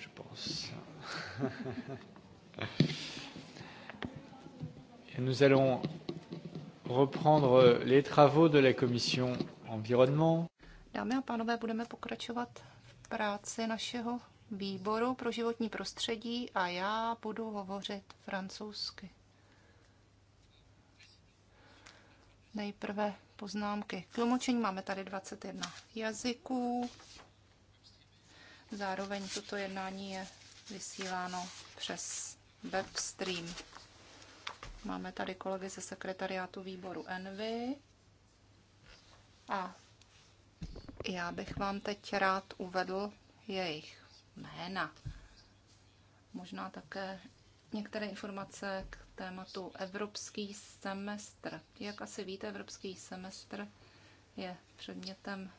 je pense. Et nous allons reprendre les travaux de la commission environnement. Dámy a pánové, budeme pokračovat v práci našeho výboru pro životní prostředí a já budu hovořit francouzsky. Nejprve poznámky. Tlumočení máme tady 21 jazyků. Zároveň toto jednání je vysíláno přes webstream. Máme tady kolegy ze sekretariátu výboru Envy a já bych vám teď rád uvedl jejich jména. Možná také některé informace k tématu Evropský semestr. Jak asi víte, Evropský semestr je předmětem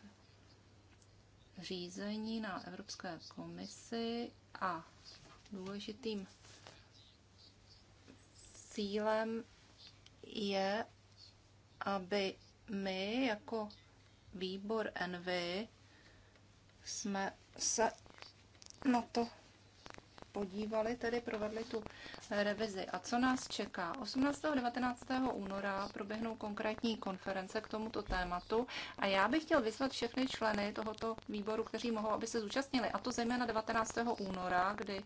řízení na Evropské komisi a důležitým cílem je, aby my jako výbor Envy jsme se na to podívali, tedy provedli tu revizi. A co nás čeká? 18. a 19. února proběhnou konkrétní konference k tomuto tématu a já bych chtěl vyslat všechny členy tohoto výboru, kteří mohou, aby se zúčastnili, a to zejména 19. února, kdy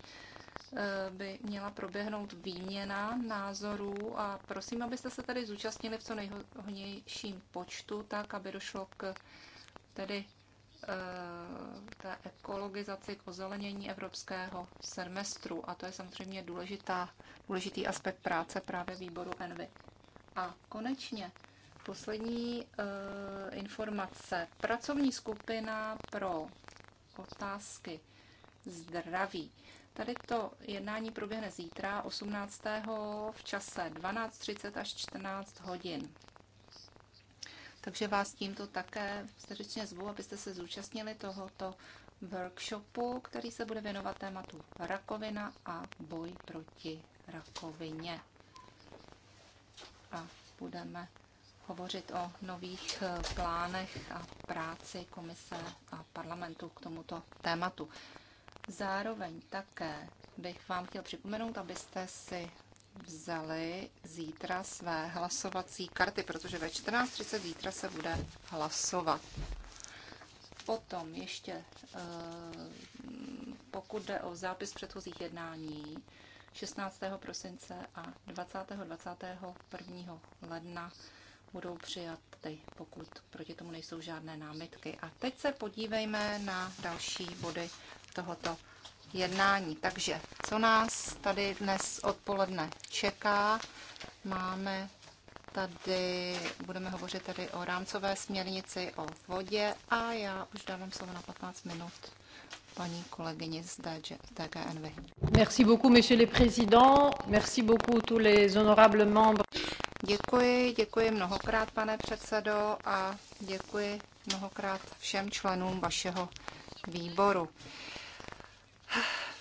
eh, by měla proběhnout výměna názorů a prosím, abyste se tady zúčastnili v co nejhodnějším počtu, tak aby došlo k tedy Eh, té ekologizaci, k ozelenění evropského semestru. A to je samozřejmě důležitá, důležitý aspekt práce právě výboru Envy. A konečně poslední e, informace. Pracovní skupina pro otázky zdraví. Tady to jednání proběhne zítra 18. v čase 12.30 až 14 hodin. Takže vás tímto také srdečně zvu, abyste se zúčastnili tohoto workshopu, který se bude věnovat tématu rakovina a boj proti rakovině. A budeme hovořit o nových eh, plánech a práci komise a parlamentu k tomuto tématu. Zároveň také bych vám chtěl připomenout, abyste si vzali zítra své hlasovací karty, protože ve 14.30 zítra se bude hlasovat. Potom ještě, eh, pokud jde o zápis předchozích jednání, 16. prosince a 20. 21. ledna budou přijaty, pokud proti tomu nejsou žádné námitky. A teď se podívejme na další body tohoto jednání. Takže co nás tady dnes odpoledne čeká? Máme tady, budeme hovořit tady o rámcové směrnici o vodě a já už dávám slovo na 15 minut paní kolegyni z DGNV. Merci beaucoup, monsieur le président. Merci beaucoup tous les honorables membres. Děkuji, děkuji mnohokrát, pane předsedo, a děkuji mnohokrát všem členům vašeho výboru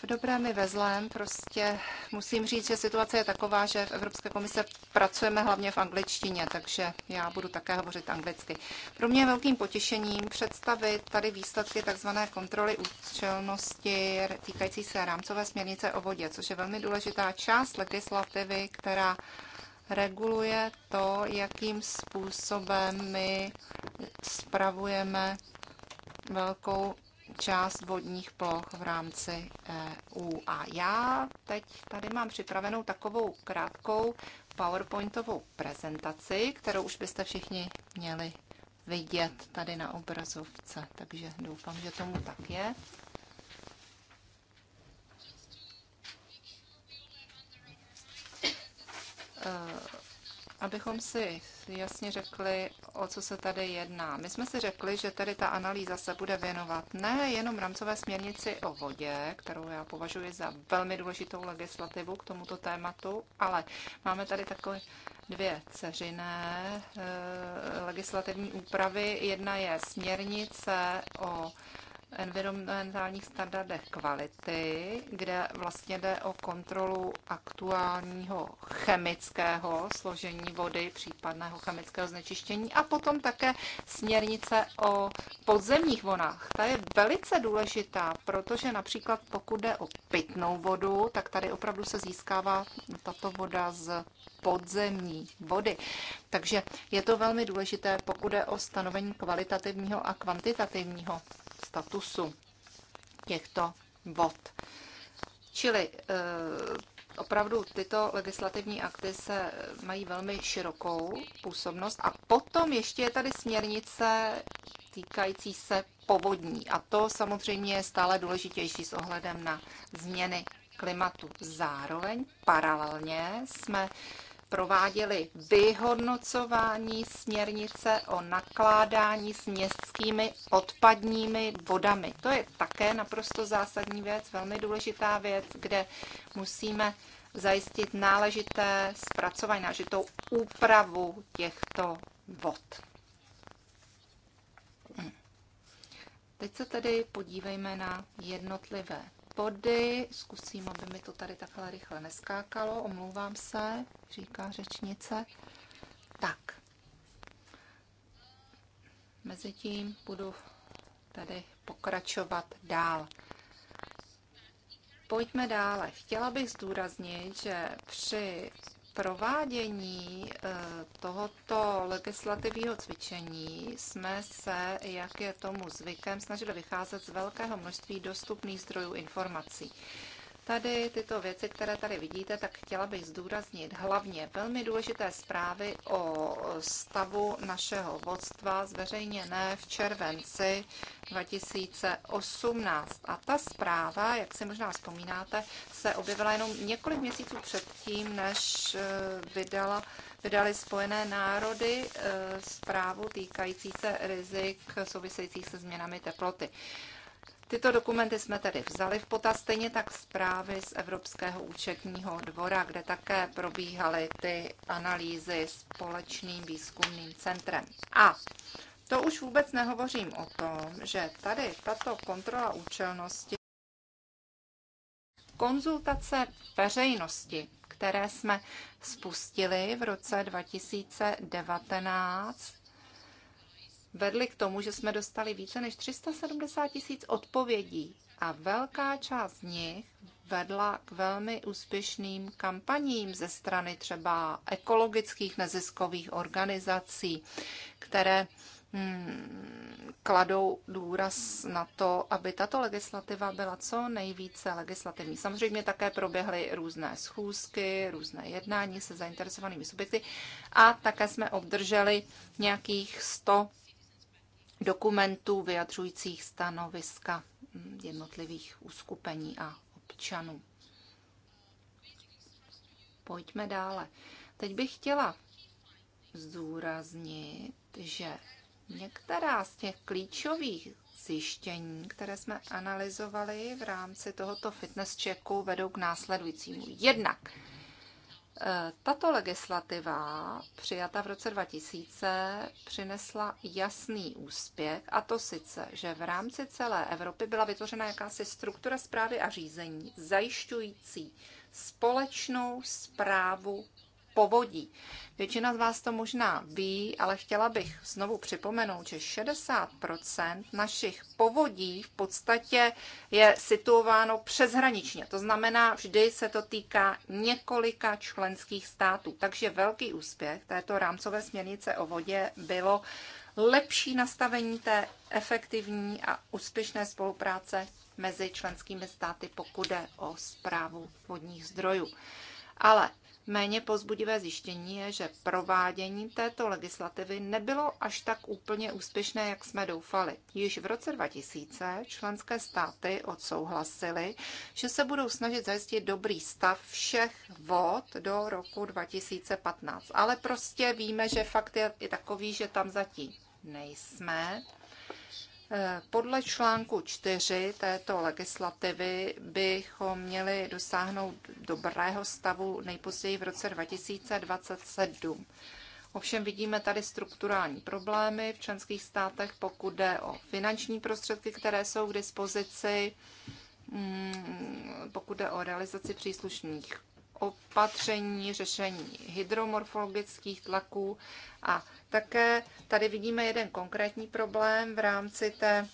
v dobrém i ve zlém. Prostě musím říct, že situace je taková, že v Evropské komise pracujeme hlavně v angličtině, takže já budu také hovořit anglicky. Pro mě je velkým potěšením představit tady výsledky tzv. kontroly účelnosti týkající se rámcové směrnice o vodě, což je velmi důležitá část legislativy, která reguluje to, jakým způsobem my spravujeme velkou část vodních ploch v rámci EU. Eh, a já teď tady mám připravenou takovou krátkou PowerPointovou prezentaci, kterou už byste všichni měli vidět tady na obrazovce, takže doufám, že tomu tak je. Uh, abychom si jasně řekli, o co se tady jedná. My jsme si řekli, že tady ta analýza se bude věnovat ne jenom rámcové směrnici o vodě, kterou já považuji za velmi důležitou legislativu k tomuto tématu, ale máme tady takové dvě ceřiné eh, legislativní úpravy. Jedna je směrnice o environmentálních standardech kvality, kde vlastně jde o kontrolu aktuálního chemického složení vody, případného chemického znečištění a potom také směrnice o podzemních vonách. Ta je velice důležitá, protože například pokud jde o pitnou vodu, tak tady opravdu se získává tato voda z podzemní vody. Takže je to velmi důležité, pokud jde o stanovení kvalitativního a kvantitativního statusu těchto vod. Čili eh, opravdu tyto legislativní akty se mají velmi širokou působnost a potom ještě je tady směrnice týkající se povodní a to samozřejmě je stále důležitější s ohledem na změny klimatu. Zároveň paralelně jsme prováděli vyhodnocování směrnice o nakládání s městskými odpadními vodami. To je také naprosto zásadní věc, velmi důležitá věc, kde musíme zajistit náležité zpracování, náležitou úpravu těchto vod. Teď se tedy podívejme na jednotlivé body. Zkusím, aby mi to tady takhle rychle neskákalo. Omlouvám se, říká řečnice. Tak. Mezitím budu tady pokračovat dál. Pojďme dále. Chtěla bych zdůraznit, že při provádění eh, tohoto legislativního cvičení jsme se, jak je tomu zvykem, snažili vycházet z velkého množství dostupných zdrojů informací. Tady tyto věci, které tady vidíte, tak chtěla bych zdůraznit hlavně velmi důležité zprávy o stavu našeho vodstva zveřejněné v červenci 2018. A ta zpráva, jak si možná vzpomínáte, se objevila jenom několik měsíců předtím, než eh, vydala, vydali Spojené národy eh, zprávu týkající se rizik souvisejících se změnami teploty. Tyto dokumenty jsme tedy vzali v potaz, stejně tak zprávy z Evropského účetního dvora, kde také probíhaly ty analýzy společným výzkumným centrem. A to už vůbec nehovořím o tom, že tady tato kontrola účelnosti konzultace veřejnosti, které jsme spustili v roce 2019, vedly k tomu, že jsme dostali více než 370 tisíc odpovědí a velká část z nich vedla k velmi úspěšným kampaním ze strany třeba ekologických neziskových organizací, které hmm, kladou důraz na to, aby tato legislativa byla co nejvíce legislativní. Samozřejmě také proběhly různé schůzky, různé jednání se zainteresovanými subjekty a také jsme obdrželi nějakých 100 dokumentů vyjadřujících stanoviska mm, jednotlivých uskupení a občanů. Pojďme dále. Teď bych chtěla zdůraznit, že některá z těch klíčových zjištění, které jsme analyzovali v rámci tohoto fitness checku, vedou k následujícímu. Jednak tato legislativa, přijata v roce 2000, přinesla jasný úspěch, a to sice, že v rámci celé Evropy byla vytvořena jakási struktura zprávy a řízení zajišťující společnou zprávu povodí. Většina z vás to možná ví, ale chtěla bych znovu připomenout, že 60% našich povodí v podstatě je situováno přeshraničně. To znamená, vždy se to týká několika členských států. Takže velký úspěch této rámcové směrnice o vodě bylo lepší nastavení té efektivní a úspěšné spolupráce mezi členskými státy, pokud jde o zprávu vodních zdrojů. Ale Méně pozbudivé zjištění je, že provádění této legislativy nebylo až tak úplně úspěšné, jak jsme doufali. Již v roce 2000 členské státy odsouhlasily, že se budou snažit zajistit dobrý stav všech vod do roku 2015. Ale prostě víme, že fakt je, i takový, že tam zatím nejsme. Podle článku 4 této legislativy bychom měli dosáhnout dobrého stavu nejpozději v roce 2027. Ovšem vidíme tady strukturální problémy v členských státech, pokud jde o finanční prostředky, které jsou k dispozici, mm, pokud jde o realizaci příslušných opatření řešení hydromorfologických tlaků a také tady vidíme jeden konkrétní problém v rámci té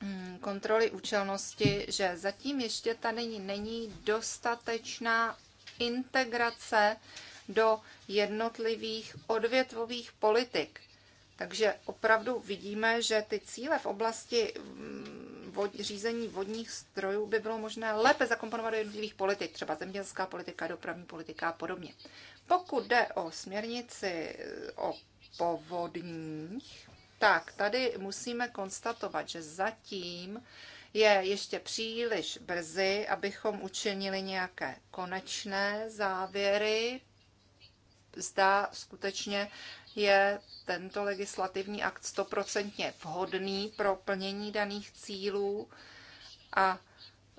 mm, kontroly účelnosti, že zatím ještě tady není dostatečná integrace do jednotlivých odvětvových politik. Takže opravdu vidíme, že ty cíle v oblasti mm, vod, řízení vodních strojů by bylo možné lépe zakomponovat do jednotlivých politik, třeba zemědělská politika, dopravní politika a podobně. Pokud jde o směrnici eh, o povodních, tak tady musíme konstatovat, že zatím je ještě příliš brzy, abychom učinili nějaké konečné závěry, zda skutečně je tento legislativní akt stoprocentně vhodný pro plnění daných cílů a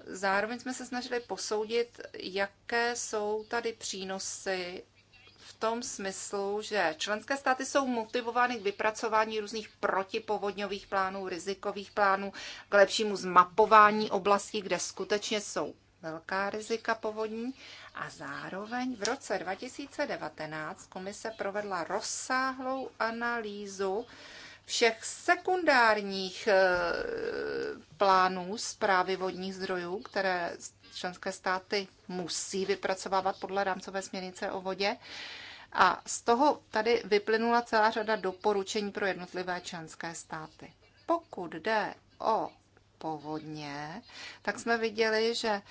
zároveň jsme se snažili posoudit, jaké jsou tady přínosy v tom smyslu, že členské státy jsou motivovány k vypracování různých protipovodňových plánů, rizikových plánů, k lepšímu zmapování oblastí, kde skutečně jsou velká rizika povodní a zároveň v roce 2019 komise provedla rozsáhlou analýzu všech sekundárních eh, plánů zprávy vodních zdrojů, které členské státy musí vypracovávat podle rámcové směrnice o vodě. A z toho tady vyplynula celá řada doporučení pro jednotlivé členské státy. Pokud jde o povodně, tak jsme viděli, že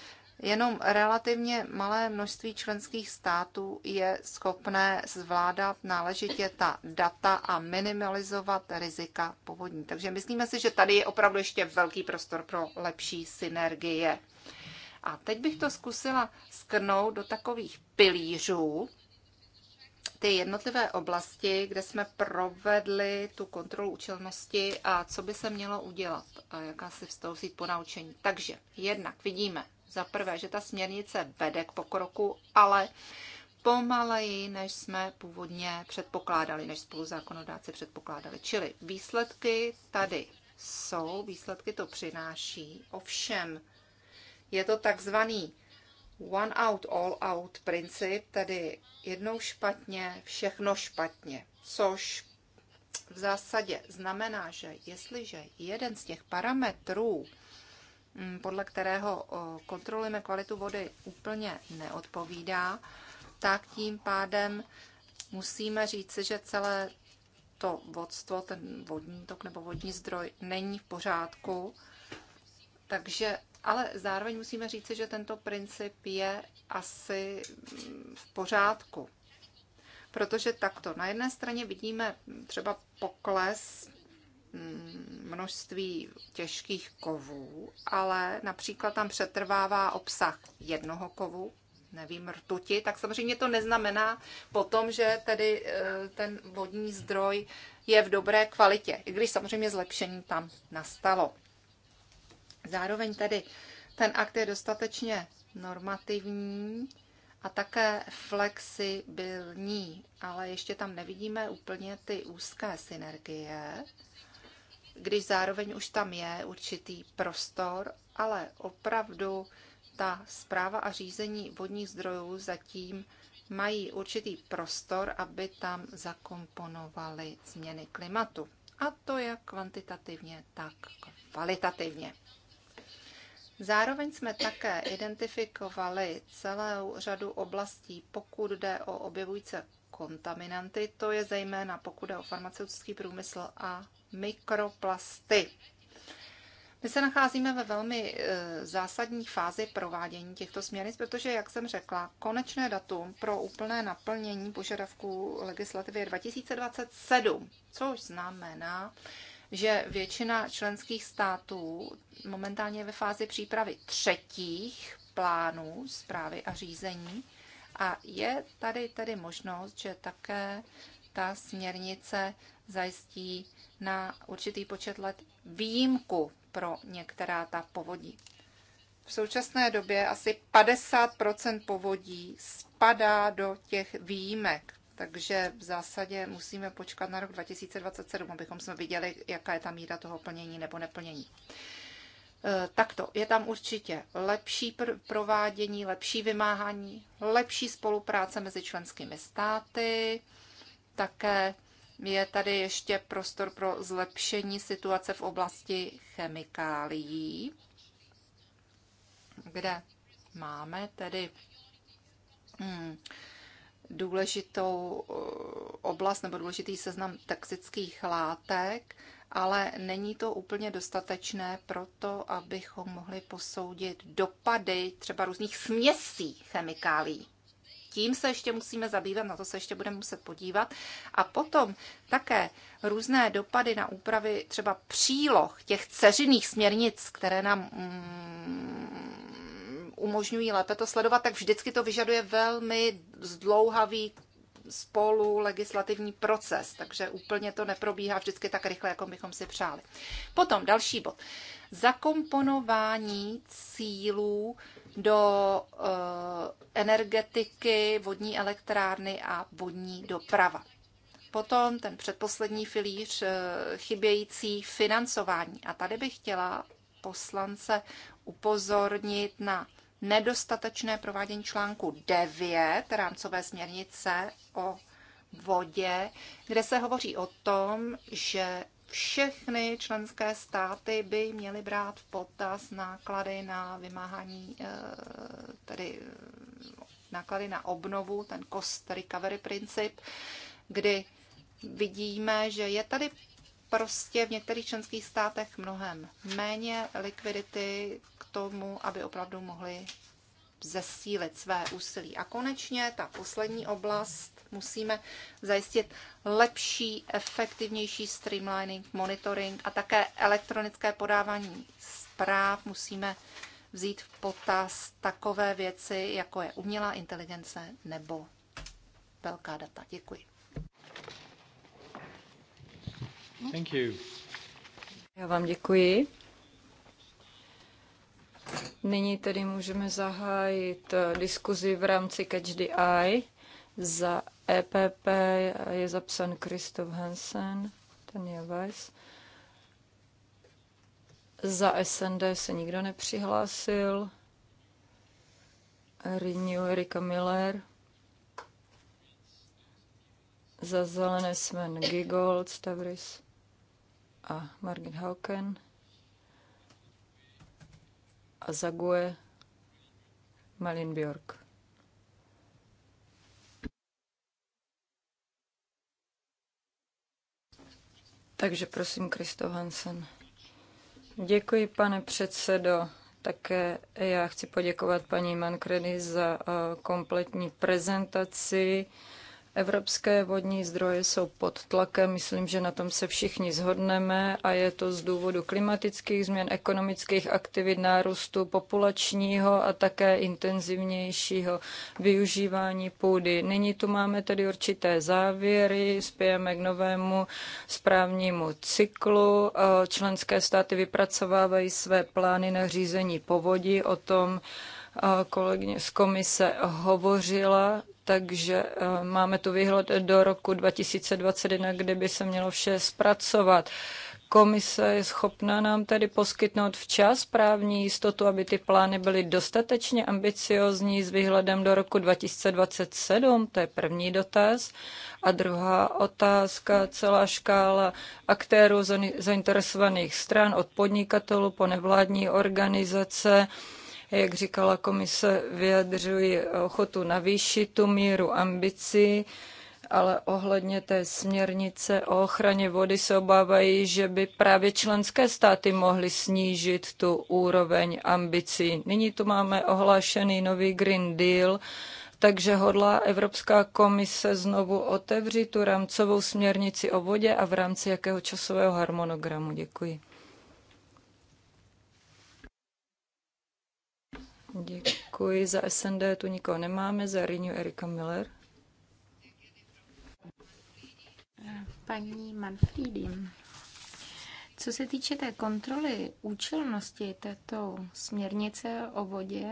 Jenom relativně malé množství členských států je schopné zvládat náležitě ta data a minimalizovat rizika povodní. Takže myslíme si, že tady je opravdu ještě velký prostor pro lepší synergie. A teď bych to zkusila skrnout do takových pilířů, ty jednotlivé oblasti, kde jsme provedli tu kontrolu účelnosti a co by se mělo udělat a jaká si z toho vzít ponaučení. Takže jednak vidíme za prvé, že ta směrnice vede k pokroku, ale pomaleji, než jsme původně předpokládali, než zákonodáci předpokládali. Čili výsledky tady jsou, výsledky to přináší, ovšem je to takzvaný one out, all out princip, tedy jednou špatně, všechno špatně, což v zásadě znamená, že jestliže jeden z těch parametrů Mm, podle kterého kontrolujeme kvalitu vody, úplně neodpovídá, tak tím pádem musíme říci, že celé to vodstvo, ten vodní tok nebo vodní zdroj není v pořádku. Takže, ale zároveň musíme říci, že tento princip je asi mm, v pořádku. Protože takto, na jedné straně vidíme třeba pokles Mm, množství těžkých kovů, ale například tam přetrvává obsah jednoho kovu, nevím, rtuti, tak samozřejmě to neznamená potom, že tedy e, ten vodní zdroj je v dobré kvalitě, i když samozřejmě zlepšení tam nastalo. Zároveň tedy ten akt je dostatečně normativní a také flexibilní, ale ještě tam nevidíme úplně ty úzké synergie když zároveň už tam je určitý prostor, ale opravdu ta zpráva a řízení vodních zdrojů zatím mají určitý prostor, aby tam zakomponovali změny klimatu. A to jak kvantitativně, tak kvalitativně. Zároveň jsme také identifikovali celou řadu oblastí, pokud jde o objevující kontaminanty, to je zejména pokud jde o farmaceutický průmysl a mikroplasty. My se nacházíme ve velmi e, zásadní fázi provádění těchto směrnic, protože, jak jsem řekla, konečné datum pro úplné naplnění požadavků legislativy je 2027, což znamená, že většina členských států momentálně je ve fázi přípravy třetích plánů zprávy a řízení. A je tady tedy možnost, že také ta směrnice zajistí na určitý počet let výjimku pro některá ta povodí. V současné době asi 50 povodí spadá do těch výjimek, takže v zásadě musíme počkat na rok 2027, abychom jsme viděli, jaká je ta míra toho plnění nebo neplnění. E, Takto, je tam určitě lepší pr- provádění, lepší vymáhání, lepší spolupráce mezi členskými státy, také je tady ještě prostor pro zlepšení situace v oblasti chemikálií, kde máme tedy hmm, důležitou eh, oblast nebo důležitý seznam toxických látek, ale není to úplně dostatečné pro to, abychom mohli posoudit dopady třeba různých směsí chemikálií tím se ještě musíme zabývat, na to se ještě budeme muset podívat. A potom také různé dopady na úpravy třeba příloh těch ceřiných směrnic, které nám mm, umožňují lépe to sledovat, tak vždycky to vyžaduje velmi zdlouhavý spolu legislativní proces, takže úplně to neprobíhá vždycky tak rychle, jako bychom si přáli. Potom další bod. Zakomponování cílů do uh, energetiky, vodní elektrárny a vodní doprava. Potom ten předposlední filíř eh, chybějící financování. A tady bych chtěla poslance upozornit na nedostatečné provádění článku 9 rámcové směrnice o vodě, kde se hovoří o tom, že všechny členské státy by měly brát v potaz náklady na vymáhání, eh, tedy eh, náklady na obnovu, ten cost recovery princip, kdy vidíme, že je tady prostě v některých členských státech mnohem méně likvidity, tomu, aby opravdu mohli zesílit své úsilí. A konečně ta poslední oblast, musíme zajistit lepší, efektivnější streamlining, monitoring a také elektronické podávání zpráv. Musíme vzít v potaz takové věci, jako je umělá inteligence nebo velká data. Děkuji. Thank you. Já vám děkuji. Nyní tedy můžeme zahájit eh, diskuzi v rámci Catch the Eye. Za EPP je zapsan Kristof Hansen, ten je Weiss. Za SND se nikdo nepřihlásil. Renew Erika Miller. Za zelené jsme Gigold, Stavris a Margit Hauken a Zague Malinbjörk. Takže prosím, Kristo Hansen. Děkuji, pane předsedo. Také já chci poděkovat paní Mankredy za eh, kompletní prezentaci. Evropské vodní zdroje jsou pod tlakem, myslím, že na tom se všichni zhodneme a je to z důvodu klimatických změn, ekonomických aktivit, nárůstu populačního a také intenzivnějšího využívání půdy. Nyní tu máme tedy určité závěry, spějeme k novému správnímu cyklu. Členské státy vypracovávají své plány na řízení povodí, o tom eh, kolegyně z komise hovořila takže eh, máme tu výhled do roku 2021, kde by se mělo vše zpracovat. Komise je schopna nám tedy poskytnout včas právní jistotu, aby ty plány byly dostatečně ambiciozní s výhledem do roku 2027? To je první dotaz. A druhá otázka, celá škála aktérů zainteresovaných stran, od podnikatelů po nevládní organizace, jak říkala komise, vyjadřuji ochotu navýšit tu míru ambicí ale ohledně té směrnice o ochraně vody se obávají, že by právě členské státy mohly snížit tu úroveň ambicí. Nyní tu máme ohlášený nový Green Deal, takže hodlá Evropská komise znovu otevřít tu rámcovou směrnici o vodě a v rámci jakého časového harmonogramu? Děkuji. Děkuji. Za SND tu nikoho nemáme, za Renew Erika Miller. Paní Manfredi, co se týče té kontroly účelnosti této směrnice o vodě,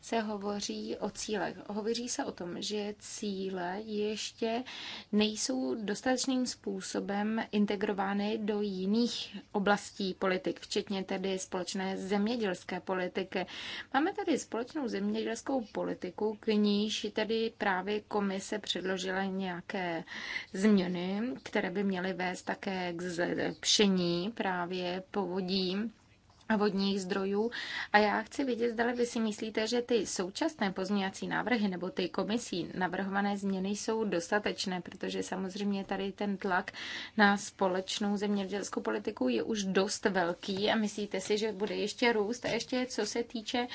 se hovoří o cílech. Hovoří se o tom, že cíle ještě nejsou dostatečným způsobem integrovány do jiných oblastí politik, včetně tedy společné zemědělské politiky. Máme tady společnou zemědělskou politiku, k níž tedy právě komise předložila nějaké změny, které by měly vést také k zlepšení právě povodí a vodních zdrojů. A já chci vidět zda vy si myslíte, že ty současné pozměňovací návrhy nebo ty komisí navrhované změny jsou dostatečné, protože samozřejmě tady ten tlak na společnou zemědělskou politiku je už dost velký a myslíte si, že bude ještě růst a ještě co se týče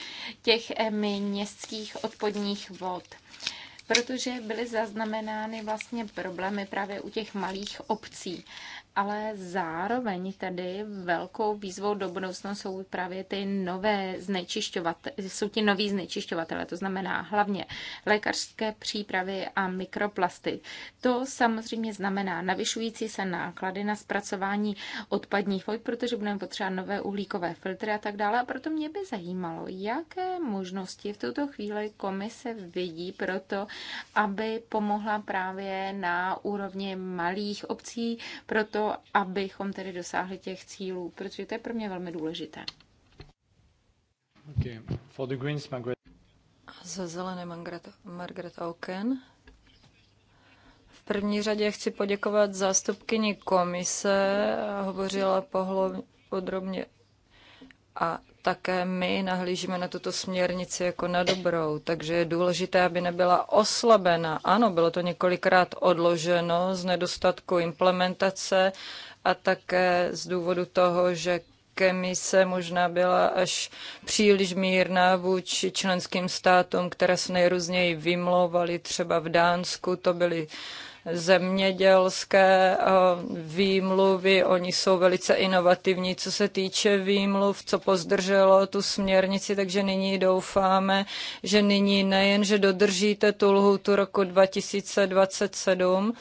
těch eh, městských odpodních vod protože byly zaznamenány vlastně problémy právě u těch malých obcí ale zároveň tady velkou výzvou do budoucna jsou právě ty nové znečišťovatele, jsou ti noví znečišťovatele, to znamená hlavně lékařské přípravy a mikroplasty. To samozřejmě znamená navyšující se náklady na zpracování odpadních vod, protože budeme potřebovat nové uhlíkové filtry a tak dále. A proto mě by zajímalo, jaké možnosti v tuto chvíli komise vidí pro to, aby pomohla právě na úrovni malých obcí, proto abychom tedy dosáhli těch cílů, protože to je pro mě velmi důležité. Okay. For the Greens, Margaret. Za zelené Margaret, Margaret Auken. V první řadě chci poděkovat zástupkyni komise, hovořila pohlo, podrobně a také my nahlížíme na tuto směrnici jako na dobrou, takže je důležité, aby nebyla oslabena. Ano, bylo to několikrát odloženo z nedostatku implementace a také z důvodu toho, že komise možná byla až příliš mírná vůči členským státům, které se nejrůzněji vymlouvaly, třeba v Dánsku to byly zemědělské eh, výmluvy. Oni jsou velice inovativní, co se týče výmluv, co pozdrželo tu směrnici, takže nyní doufáme, že nyní nejen, že dodržíte tu lhůtu roku 2027,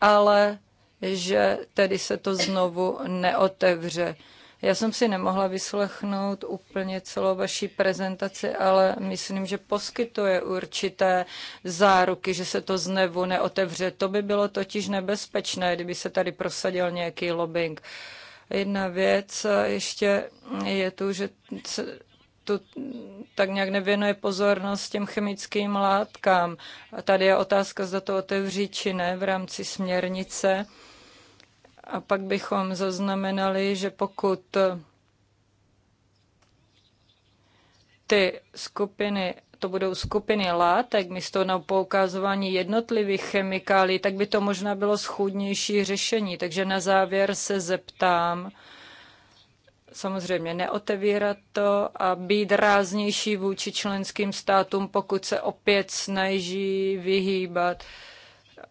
ale že tedy se to znovu neotevře. Já jsem si nemohla vyslechnout úplně celou vaší prezentaci, ale myslím, že poskytuje určité záruky, že se to znevu neotevře. To by bylo totiž nebezpečné, kdyby se tady prosadil nějaký lobbying. Jedna věc eh, ještě je tu, že tu tak nějak nevěnuje pozornost těm chemickým látkám. A tady je otázka, zda to otevří či ne v rámci směrnice. A pak bychom zaznamenali, že pokud ty skupiny, to budou skupiny látek, místo na poukazování jednotlivých chemikálí, tak by to možná bylo schůdnější řešení. Takže na závěr se zeptám, samozřejmě neotevírat to a být ráznější vůči členským státům, pokud se opět snaží vyhýbat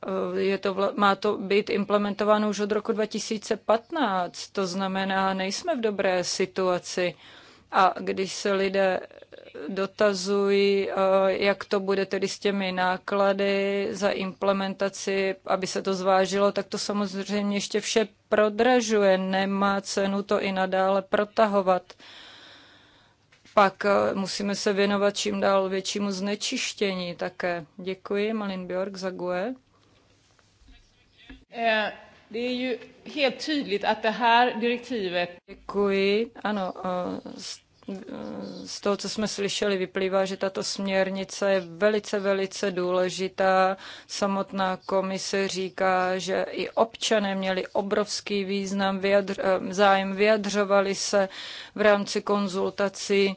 Eh, je to, má to být implementováno už od roku 2015, to znamená, nejsme v dobré situaci. A když se lidé dotazují, eh, jak to bude tedy s těmi náklady za implementaci, aby se to zvážilo, tak to samozřejmě ještě vše prodražuje. Nemá cenu to i nadále protahovat. Pak eh, musíme se věnovat čím dál většímu znečištění také. Děkuji, Malin Bjork, za GUE. Eh, det är ju helt tydligt att det här direktivet... Děkuji. Ano, eh, eh, z toho, co jsme slyšeli, vyplývá, že tato směrnice je velice, velice důležitá. Samotná komise říká, že i občané měli obrovský význam, vyjadř, zájem vyjadřovali se v rámci konzultací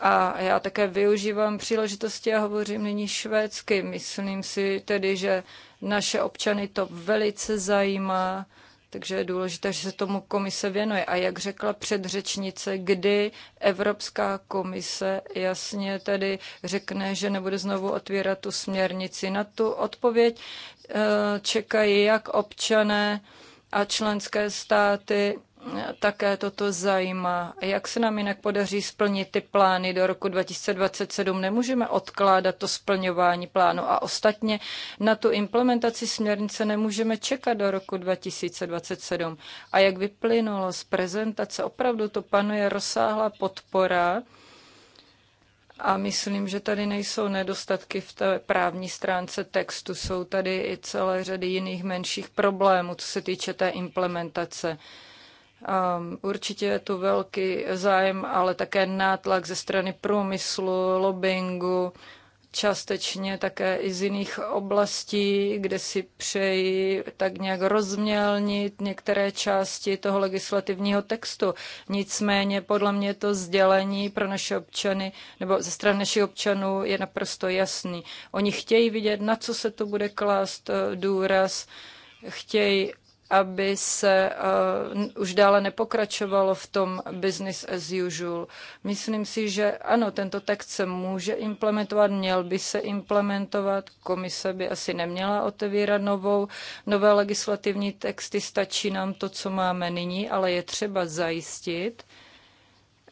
a já také využívám příležitosti a hovořím nyní švédsky. Myslím si tedy, že naše občany to velice zajímá, takže je důležité, že se tomu komise věnuje. A jak řekla předřečnice, kdy Evropská komise jasně tedy řekne, že nebude znovu otvírat tu směrnici. Na tu odpověď eh, čekají jak občané a členské státy, také toto zajímá. Jak se nám jinak podaří splnit ty plány do roku 2027? Nemůžeme odkládat to splňování plánu a ostatně na tu implementaci směrnice nemůžeme čekat do roku 2027. A jak vyplynulo z prezentace, opravdu to panuje rozsáhlá podpora a myslím, že tady nejsou nedostatky v té právní stránce textu. Jsou tady i celé řady jiných menších problémů, co se týče té implementace. Um, určitě je tu velký zájem, ale také nátlak ze strany průmyslu, lobbyingu, částečně také i z jiných oblastí, kde si přeji tak nějak rozmělnit některé části toho legislativního textu. Nicméně podle mě to sdělení pro naše občany nebo ze strany našich občanů je naprosto jasný. Oni chtějí vidět, na co se to bude klást eh, důraz, chtějí aby se uh, už dále nepokračovalo v tom business as usual. Myslím si, že ano, tento text se může implementovat, měl by se implementovat, komise by asi neměla otevírat novou, nové legislativní texty, stačí nám to, co máme nyní, ale je třeba zajistit,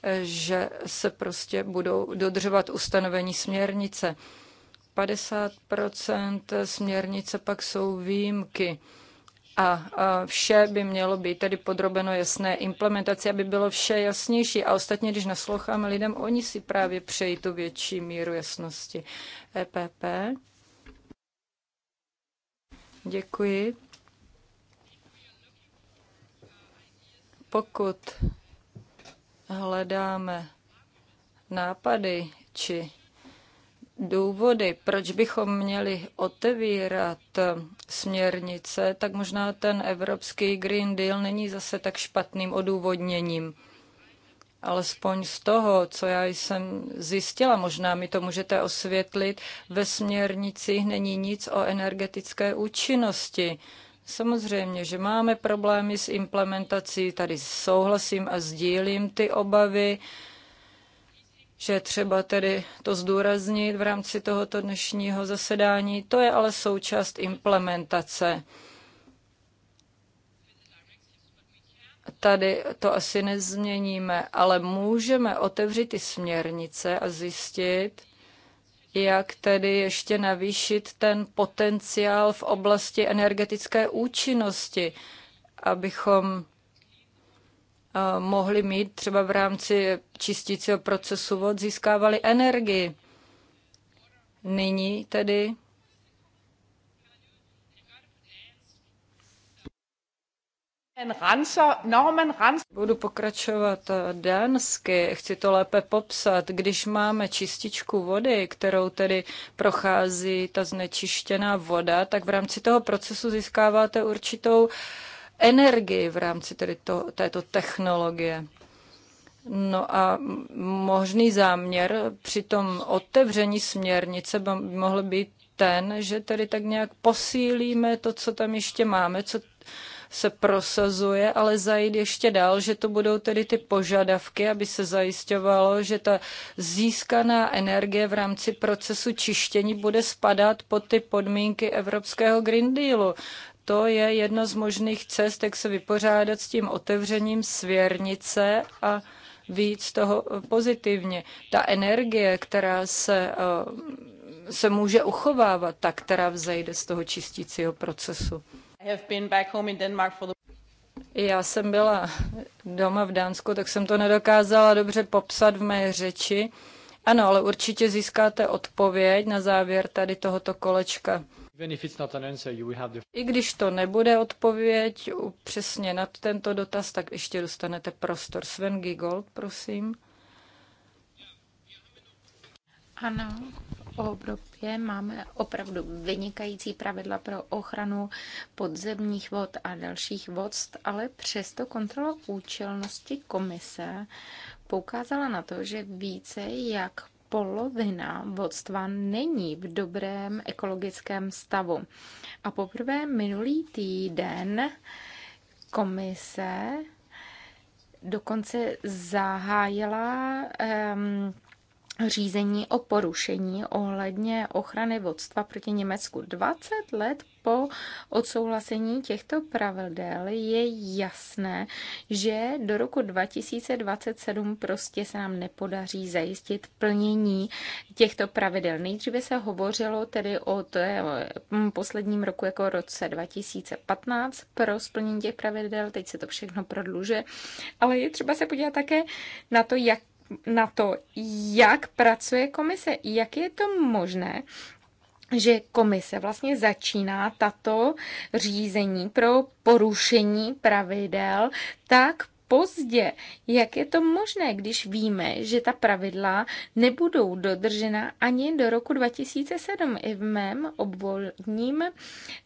eh, že se prostě budou dodržovat ustanovení směrnice. 50 směrnice pak jsou výjimky a vše by mělo být tedy podrobeno jasné implementaci, aby bylo vše jasnější. A ostatně, když nasloucháme lidem, oni si právě přejí tu větší míru jasnosti. EPP. Děkuji. Pokud hledáme nápady či důvody, proč bychom měli otevírat směrnice, tak možná ten evropský Green Deal není zase tak špatným odůvodněním. Alespoň z toho, co já jsem zjistila, možná mi to můžete osvětlit, ve směrnicích není nic o energetické účinnosti. Samozřejmě, že máme problémy s implementací, tady souhlasím a sdílím ty obavy, že třeba tedy to zdůraznit v rámci tohoto dnešního zasedání. To je ale součást implementace. Tady to asi nezměníme, ale můžeme otevřít ty směrnice a zjistit, jak tedy ještě navýšit ten potenciál v oblasti energetické účinnosti, abychom mohli mít třeba v rámci čistícího procesu vod, získávali energii. Nyní tedy Budu pokračovat eh, dánsky, chci to lépe popsat. Když máme čističku vody, kterou tedy prochází ta znečištěná voda, tak v rámci toho procesu získáváte určitou uh, energii v rámci tedy to, této technologie. No a možný záměr při tom otevření směrnice by mohl být ten, že tedy tak nějak posílíme to, co tam ještě máme, co se prosazuje, ale zajít ještě dál, že to budou tedy ty požadavky, aby se zajišťovalo, že ta získaná energie v rámci procesu čištění bude spadat pod ty podmínky Evropského Green Dealu to je jedna z možných cest, jak se vypořádat s tím otevřením svěrnice a víc toho eh, pozitivně. Ta energie, která se, eh, se může uchovávat, ta, která vzejde z toho čistícího procesu. Já jsem byla doma v Dánsku, tak jsem to nedokázala dobře popsat v mé řeči. Ano, ale určitě získáte odpověď na závěr tady tohoto kolečka. I když to nebude odpověď přesně na tento dotaz, tak ještě dostanete prostor. Sven Gigold, prosím. Ano, v Evropě máme opravdu vynikající pravidla pro ochranu podzemních vod a dalších vodst, ale přesto kontrola účelnosti komise poukázala na to, že více jak polovina vodstva není v dobrém ekologickém stavu. A poprvé minulý týden komise dokonce zahájila um, řízení o porušení ohledně ochrany vodstva proti Německu. 20 let po odsouhlasení těchto pravidel je jasné, že do roku 2027 prostě se nám nepodaří zajistit plnění těchto pravidel. Nejdříve se hovořilo tedy o mm, posledním roku jako roce 2015 pro splnění těch pravidel, teď se to všechno prodlužuje, ale je třeba se podívat také na to, jak na to, jak pracuje komise, jak je to možné, že komise vlastně začíná tato řízení pro porušení pravidel tak pozdě. Jak je to možné, když víme, že ta pravidla nebudou dodržena ani do roku 2007? I v mém obvodním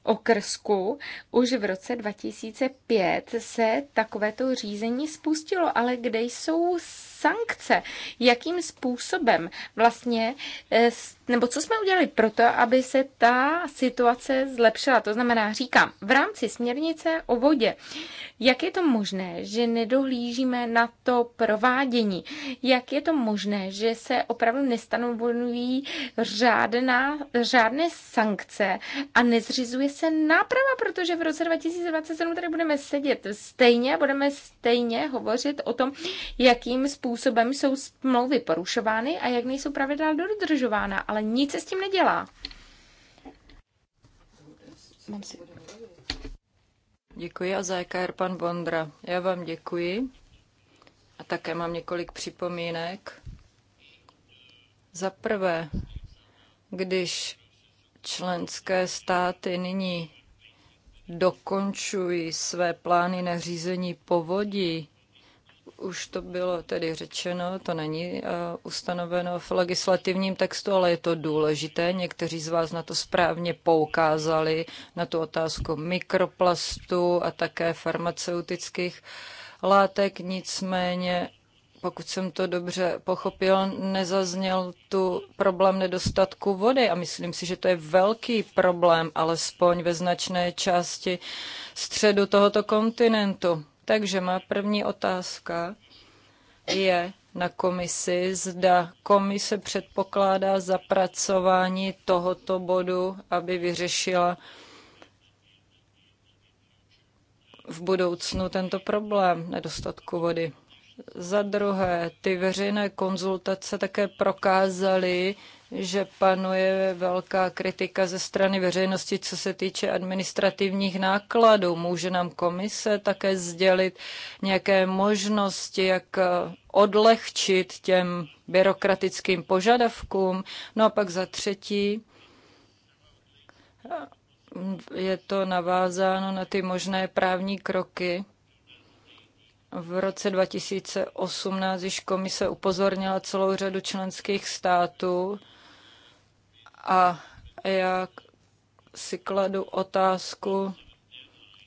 okrsku už v roce 2005 se takovéto řízení spustilo, ale kde jsou sankce? Jakým způsobem vlastně, eh, nebo co jsme udělali pro to, aby se ta situace zlepšila? To znamená, říkám, v rámci směrnice o vodě, jak je to možné, že nedo nedohlížíme na to provádění. Jak je to možné, že se opravdu nestanovují řádná, řádné sankce a nezřizuje se náprava, protože v roce 2027 tady budeme sedět stejně a budeme stejně hovořit o tom, jakým způsobem jsou smlouvy porušovány a jak nejsou pravidla dodržována, ale nic se s tím nedělá. Mám si... Děkuji a za EKR pan Bondra. Já vám děkuji a také mám několik připomínek. Za prvé, když členské státy nyní dokončují své plány na řízení povodí, už to bylo tedy řečeno, to není eh, ustanoveno v legislativním textu, ale je to důležité. Někteří z vás na to správně poukázali, na tu otázku mikroplastu a také farmaceutických látek. Nicméně, pokud jsem to dobře pochopil, nezazněl tu problém nedostatku vody a myslím si, že to je velký problém, alespoň ve značné části středu tohoto kontinentu takže má první otázka je na komisi, zda komise předpokládá zapracování tohoto bodu, aby vyřešila v budoucnu tento problém nedostatku vody. Za druhé, ty veřejné konzultace také prokázaly, že panuje velká kritika ze strany veřejnosti, co se týče administrativních nákladů. Může nám komise také sdělit nějaké možnosti, jak odlehčit těm byrokratickým požadavkům. No a pak za třetí, je to navázáno na ty možné právní kroky. V roce 2018 již komise upozornila celou řadu členských států a já si kladu otázku,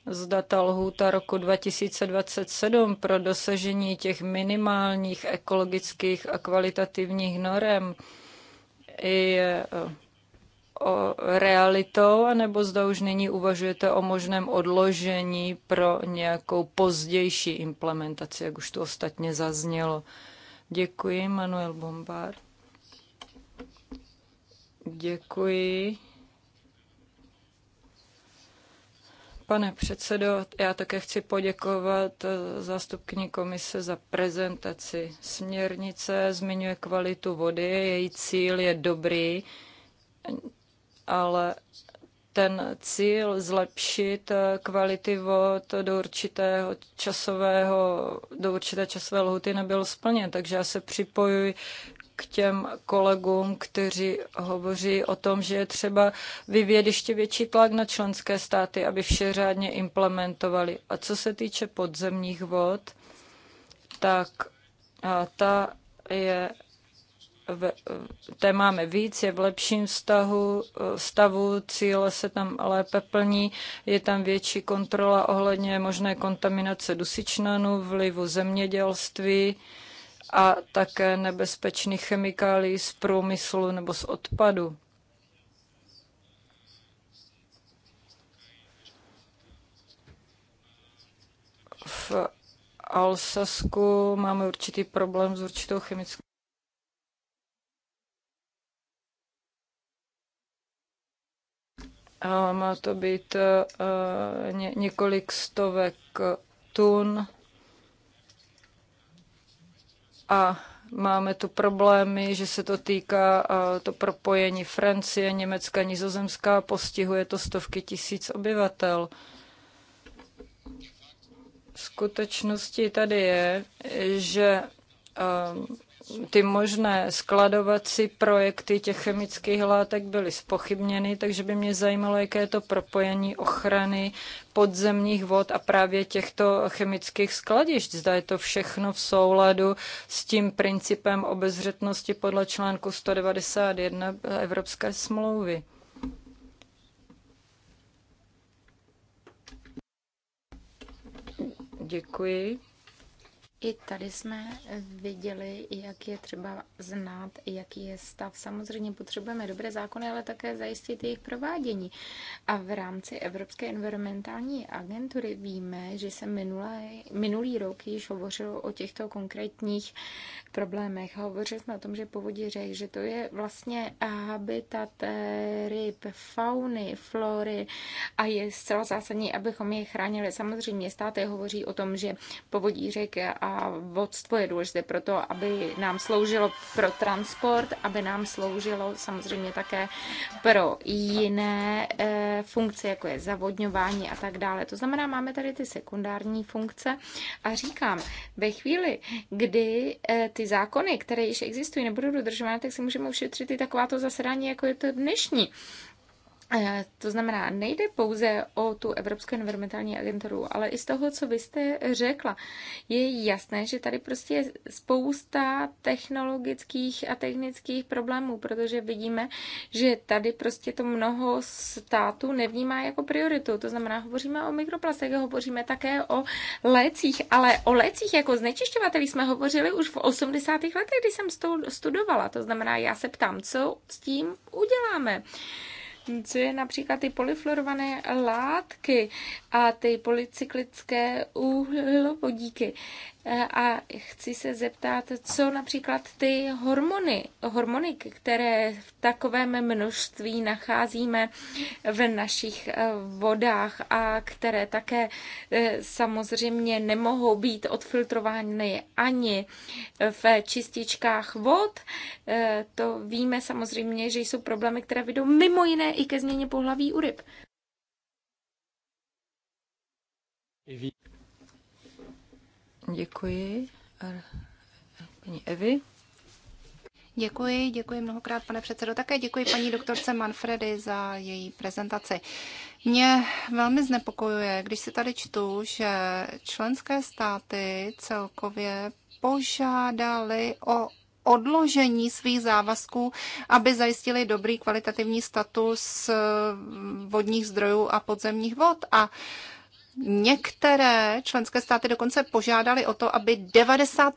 zda ta lhůta roku 2027 pro dosažení těch minimálních ekologických a kvalitativních norem je eh, o realitou, anebo zda už nyní uvažujete o možném odložení pro nějakou pozdější implementaci, jak už to ostatně zaznělo. Děkuji, Manuel Bombard. Děkuji. Pane předsedo, já také chci poděkovat eh, zástupkyni komise za prezentaci směrnice. Zmiňuje kvalitu vody, její cíl je dobrý, ale ten cíl zlepšit eh, kvality vod do určitého časového, do určité časové lhuty nebyl splněn. Takže já se připojuji k těm kolegům, kteří hovoří o tom, že je třeba vyvíjet ještě větší tlak na členské státy, aby vše řádně implementovali. A co se týče podzemních vod, tak a ta je v, té máme víc, je v lepším vztahu, stavu, cíle se tam lépe plní, je tam větší kontrola ohledně možné kontaminace dusičnanů, vlivu zemědělství, a také nebezpečných chemikálí z průmyslu nebo z odpadu. V Alsasku máme určitý problém s určitou chemickou A má to být eh, několik stovek tun a máme tu problémy, že se to týká to propojení Francie, Německa, Nizozemská, postihuje to stovky tisíc obyvatel. Skutečností tady je, že ty možné skladovací projekty těch chemických látek byly spochybněny, takže by mě zajímalo, jaké je to propojení ochrany podzemních vod a právě těchto chemických skladišť. Zda je to všechno v souladu s tím principem obezřetnosti podle článku 191 Evropské smlouvy. Děkuji. I tady jsme viděli, jak je třeba znát, jaký je stav. Samozřejmě potřebujeme dobré zákony, ale také zajistit jejich provádění. A v rámci Evropské environmentální agentury víme, že se minulé, minulý rok již hovořilo o těchto konkrétních problémech. Hovořili jsme o tom, že povodí řek, že to je vlastně habitat ryb, fauny, flory a je zcela zásadní, abychom je chránili. Samozřejmě státy hovoří o tom, že povodí řek a vodstvo je důležité pro to, aby nám sloužilo pro transport, aby nám sloužilo samozřejmě také pro jiné eh, funkce, jako je zavodňování a tak dále. To znamená, máme tady ty sekundární funkce a říkám, ve chvíli, kdy eh, ty zákony, které již existují, nebudou dodržovány, tak si můžeme ušetřit i takováto zasedání, jako je to dnešní. Eh, to znamená, nejde pouze o tu Evropskou environmentální agenturu, ale i z toho, co vy jste řekla, je jasné, že tady prostě je spousta technologických a technických problémů, protože vidíme, že tady prostě to mnoho států nevnímá jako prioritu. To znamená, hovoříme o mikroplastech, hovoříme také o lécích, ale o lécích jako znečišťovateli jsme hovořili už v 80. letech, kdy jsem studovala. To znamená, já se ptám, co s tím uděláme například ty polyfluorované látky a ty polycyklické uhlovodíky a chci se zeptat, co například ty hormony, hormony, které v takovém množství nacházíme v našich eh, vodách a které také eh, samozřejmě nemohou být odfiltrovány ani v čističkách vod. Eh, to víme samozřejmě, že jsou problémy, které vedou mimo jiné i ke změně pohlaví u ryb. Děkuji. Eh, paní Evy. Děkuji, děkuji mnohokrát, pane předsedo. Také děkuji paní doktorce Manfredy za její prezentaci. Mě velmi znepokojuje, když si tady čtu, že členské státy celkově požádali o odložení svých závazků, aby zajistili dobrý kvalitativní status eh, vodních zdrojů a podzemních vod. A Některé členské státy dokonce požádali o to, aby 90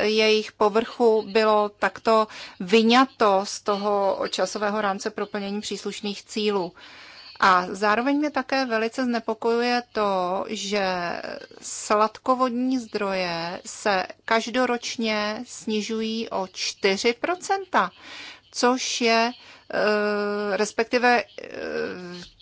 jejich povrchu bylo takto vyňato z toho časového rámce pro plnění příslušných cílů. A zároveň mě také velice znepokojuje to, že sladkovodní zdroje se každoročně snižují o 4 což je eh, respektive eh,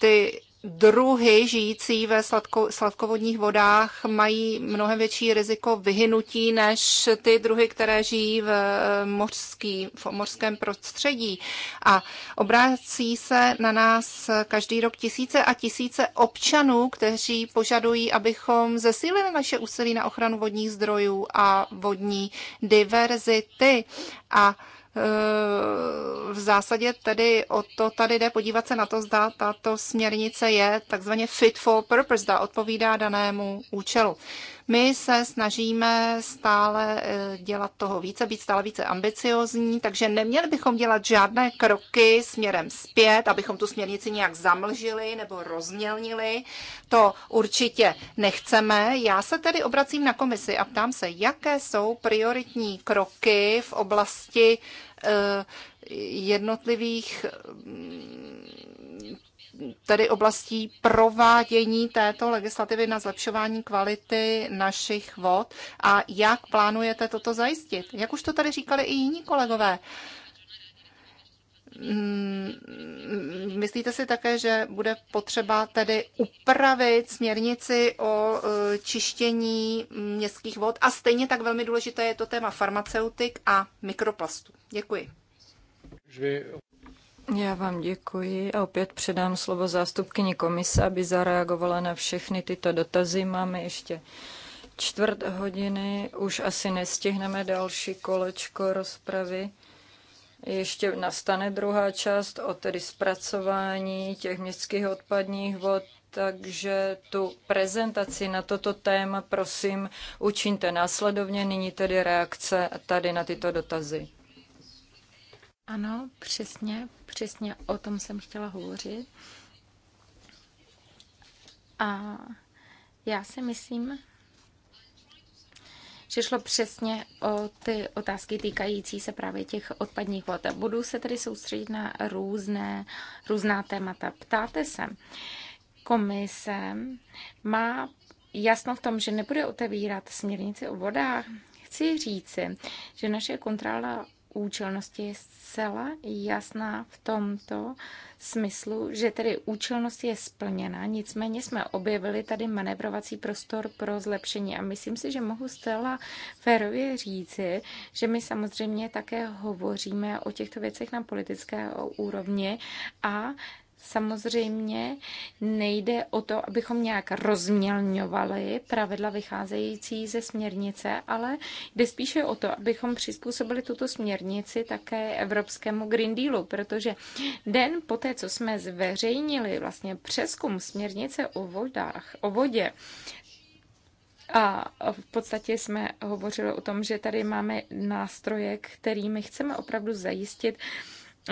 ty druhy žijící ve sladko, sladkovodních vodách mají mnohem větší riziko vyhynutí než ty druhy, které žijí v, eh, mořský, v mořském prostředí. A obrácí se na nás každý rok tisíce a tisíce občanů, kteří požadují, abychom zesílili naše úsilí na ochranu vodních zdrojů a vodní diverzity. A Eh, v zásadě tedy o to tady jde podívat se na to, zda tato směrnice je takzvaně fit for purpose, zda odpovídá danému účelu. My se snažíme stále eh, dělat toho více, být stále více ambiciozní, takže neměli bychom dělat žádné kroky směrem zpět, abychom tu směrnici nějak zamlžili nebo rozmělnili. To určitě nechceme. Já se tedy obracím na komisi a ptám se, jaké jsou prioritní kroky v oblasti eh, jednotlivých mm, tedy oblastí provádění této legislativy na zlepšování kvality našich vod a jak plánujete toto zajistit? Jak už to tady říkali i jiní kolegové, mm, Myslíte si také, že bude potřeba tedy upravit směrnici o e, čištění městských vod? A stejně tak velmi důležité je to téma farmaceutik a mikroplastů. Děkuji. Já vám děkuji a opět předám slovo zástupkyni komise, aby zareagovala na všechny tyto dotazy. Máme ještě čtvrt hodiny, už asi nestihneme další kolečko rozpravy. Ještě nastane druhá část o tedy zpracování těch městských odpadních vod, takže tu prezentaci na toto téma prosím učiňte následovně. Nyní tedy reakce tady na tyto dotazy. Ano, přesně, přesně o tom jsem chtěla hovořit. A já si myslím, že šlo přesně o ty otázky týkající se právě těch odpadních vod. Budu se tedy soustředit na různé, různá témata. Ptáte se, komise má jasno v tom, že nebude otevírat směrnici o vodách. Chci říci, že naše kontrola účelnosti je zcela jasná v tomto smyslu, že tedy účelnost je splněna, nicméně jsme objevili tady manevrovací prostor pro zlepšení a myslím si, že mohu zcela férově říci, že my samozřejmě také hovoříme o těchto věcech na politické úrovni a Samozřejmě nejde o to, abychom nějak rozmělňovali pravidla vycházející ze směrnice, ale jde spíše o to, abychom přizpůsobili tuto směrnici také Evropskému Green Dealu, protože den poté, co jsme zveřejnili vlastně přeskum směrnice o vodách, o vodě, a v podstatě jsme hovořili o tom, že tady máme nástroje, kterými chceme opravdu zajistit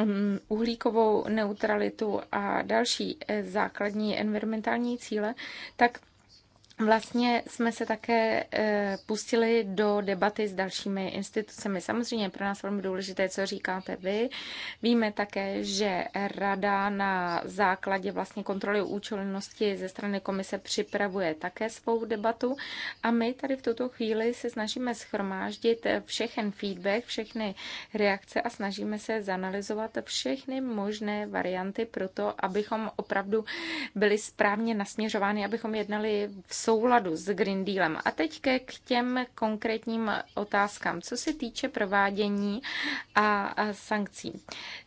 Um, uhlíkovou neutralitu a další eh, základní environmentální cíle, tak Vlastně jsme se také eh, pustili do debaty s dalšími institucemi. Samozřejmě pro nás velmi důležité, co říkáte vy. Víme také, že rada na základě vlastně kontroly účelnosti ze strany komise připravuje také svou debatu a my tady v tuto chvíli se snažíme schromáždit všechen feedback, všechny reakce a snažíme se zanalizovat všechny možné varianty pro to, abychom opravdu byli správně nasměřováni, abychom jednali v souladu s Green Dealem. A teď ke k těm konkrétním otázkám, co se týče provádění a sankcí.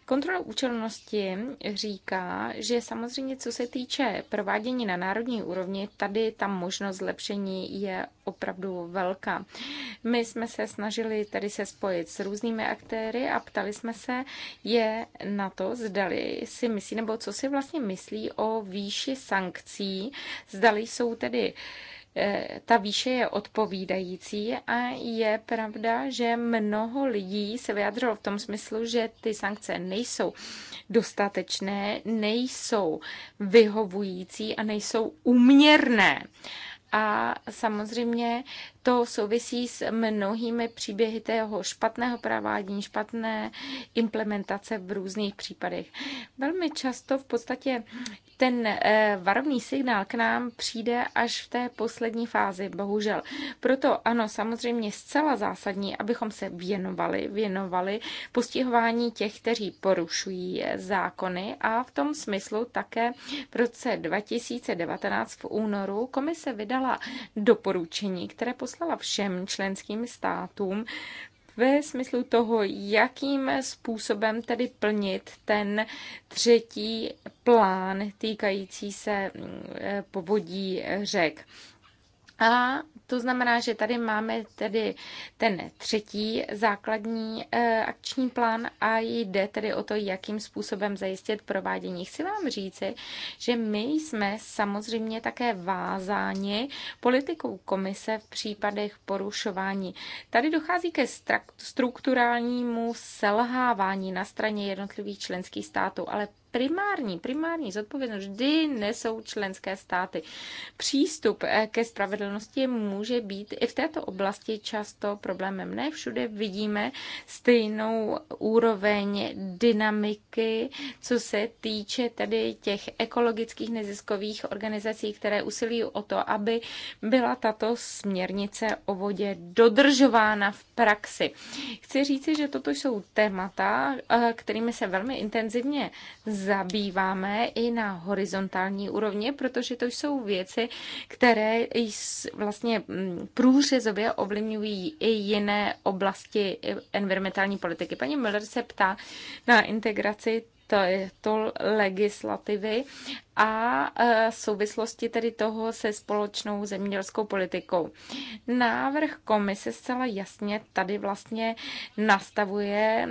Kontrola účelnosti říká, že samozřejmě co se týče provádění na národní úrovni, tady ta možnost zlepšení je opravdu velká. My jsme se snažili tady se spojit s různými aktéry a ptali jsme se je na to, zdali si myslí, nebo co si vlastně myslí o výši sankcí, zdali jsou tedy uh, E, ta výše je odpovídající a je pravda, že mnoho lidí se vyjadřilo v tom smyslu, že ty sankce nejsou dostatečné, nejsou vyhovující a nejsou uměrné. A samozřejmě to souvisí s mnohými příběhy tého špatného provádění, špatné implementace v různých případech. Velmi často v podstatě ten eh, varovný signál k nám přijde až v té poslední fázi, bohužel. Proto ano, samozřejmě zcela zásadní, abychom se věnovali, věnovali postihování těch, kteří porušují eh, zákony a v tom smyslu také v roce 2019 v únoru komise vydala doporučení, které poslední poslala všem členským státům ve smyslu toho, jakým způsobem tedy plnit ten třetí plán týkající se mm, eh, povodí řek. A to znamená, že tady máme tedy ten třetí základní eh, akční plán a jde tedy o to, jakým způsobem zajistit provádění. Chci vám říci, že my jsme samozřejmě také vázáni politikou komise v případech porušování. Tady dochází ke strukturálnímu selhávání na straně jednotlivých členských států, ale primární, primární zodpovědnost vždy nesou členské státy. Přístup eh, ke spravedlnosti musí může být i v této oblasti často problémem. Ne všude vidíme stejnou úroveň dynamiky, co se týče tedy těch ekologických neziskových organizací, které usilují o to, aby byla tato směrnice o vodě dodržována v praxi. Chci říci, že toto jsou témata, eh, kterými se velmi intenzivně zabýváme i na horizontální úrovni, protože to jsou věci, které vlastně Mm, průřezově ovlivňují i jiné oblasti environmentální politiky. Paní Miller se ptá na integraci to legislativy a e, souvislosti tedy toho se společnou zemědělskou politikou. Návrh komise zcela jasně tady vlastně nastavuje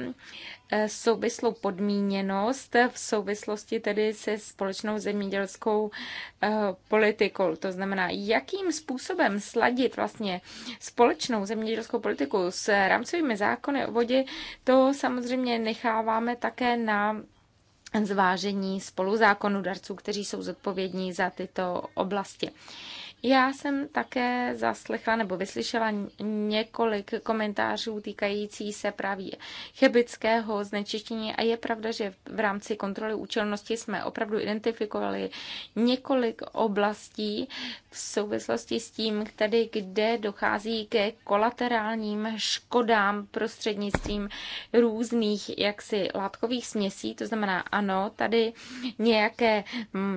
Eh, souvislou podmíněnost v souvislosti tedy se společnou zemědělskou eh, politikou. To znamená, jakým způsobem sladit vlastně společnou zemědělskou politiku s rámcovými zákony o vodě, to samozřejmě necháváme také na zvážení darců, kteří jsou zodpovědní za tyto oblasti. Já jsem také zaslechla nebo vyslyšela několik komentářů týkající se právě chybického znečištění a je pravda, že v rámci kontroly účelnosti jsme opravdu identifikovali několik oblastí v souvislosti s tím, tedy kde dochází ke kolaterálním škodám prostřednictvím různých jaksi látkových směsí, to znamená ano, tady nějaké,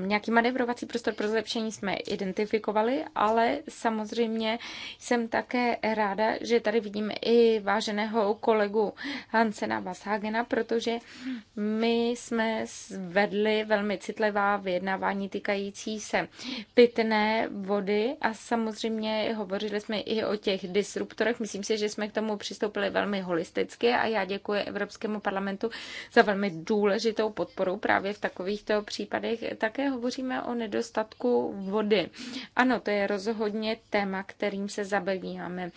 nějaký manevrovací prostor pro zlepšení jsme identifikovali, roli, ale samozřejmě jsem také ráda, že tady vidím i váženého kolegu Hansena Vashagena, protože my jsme zvedli velmi citlivá vyjednávání týkající se pitné vody a samozřejmě hovořili jsme i o těch disruptorech. Myslím si, že jsme k tomu přistoupili velmi holisticky a já děkuji Evropskému parlamentu za velmi důležitou podporu právě v takovýchto případech. Také hovoříme o nedostatku vody. Ano, to je rozhodně téma, kterým se zabýváme.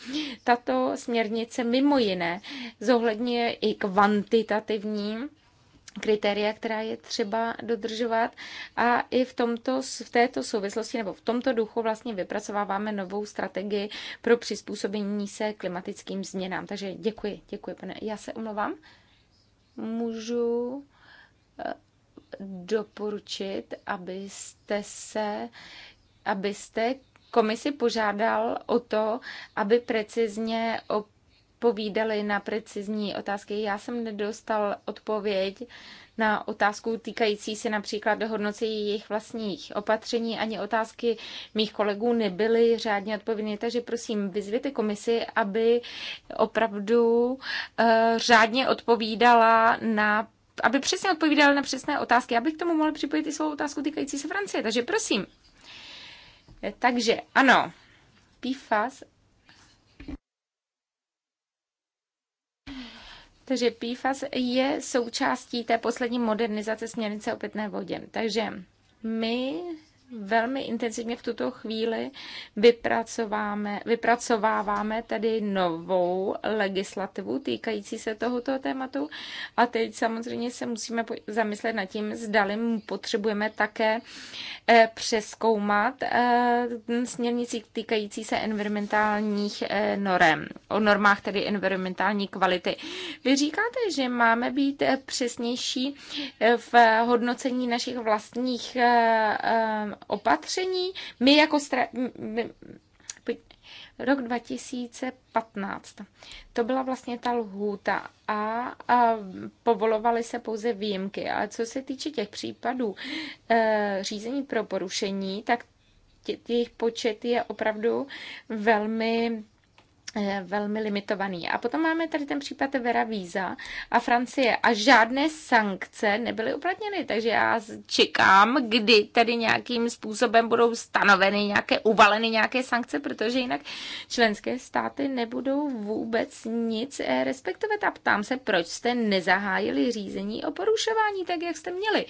Tato směrnice mimo jiné zohledňuje i kvantitativní kritéria, která je třeba dodržovat a i v, tomto, v této souvislosti nebo v tomto duchu vlastně vypracováváme novou strategii pro přizpůsobení se klimatickým změnám. Takže děkuji, děkuji, pane. Já se omlouvám. Můžu eh, doporučit, abyste se abyste komisi požádal o to, aby precizně odpovídali na precizní otázky. Já jsem nedostal odpověď na otázku týkající se například dohodnocení jejich vlastních opatření. Ani otázky mých kolegů nebyly řádně odpovědné, takže prosím, vyzvěte komisi, aby opravdu uh, řádně odpovídala na aby přesně odpovídala na přesné otázky. Já bych k tomu mohl připojit i svou otázku týkající se Francie. Takže prosím, Eh, takže ano, PFAS Takže PFAS je součástí té poslední modernizace směrnice o pitné vodě. Takže my velmi intenzivně v tuto chvíli vypracováme, vypracováváme tedy novou legislativu týkající se tohoto tématu. A teď samozřejmě se musíme zamyslet nad tím, zdali potřebujeme také eh, přeskoumat eh, směrnici týkající se environmentálních eh, norem, o normách tedy environmentální kvality. Vy říkáte, že máme být přesnější v hodnocení našich vlastních opatření. My jako stra... My... Rok 2015. To byla vlastně ta lhůta a, a povolovaly se pouze výjimky. Ale co se týče těch případů e, řízení pro porušení, tak jejich počet je opravdu velmi Eh, velmi limitovaný. A potom máme tady ten případ Vera Víza a Francie a žádné sankce nebyly uplatněny, takže já čekám, kdy tady nějakým způsobem budou stanoveny nějaké, uvaleny nějaké sankce, protože jinak členské státy nebudou vůbec nic eh, respektovat a ptám se, proč jste nezahájili řízení o porušování tak, jak jste měli.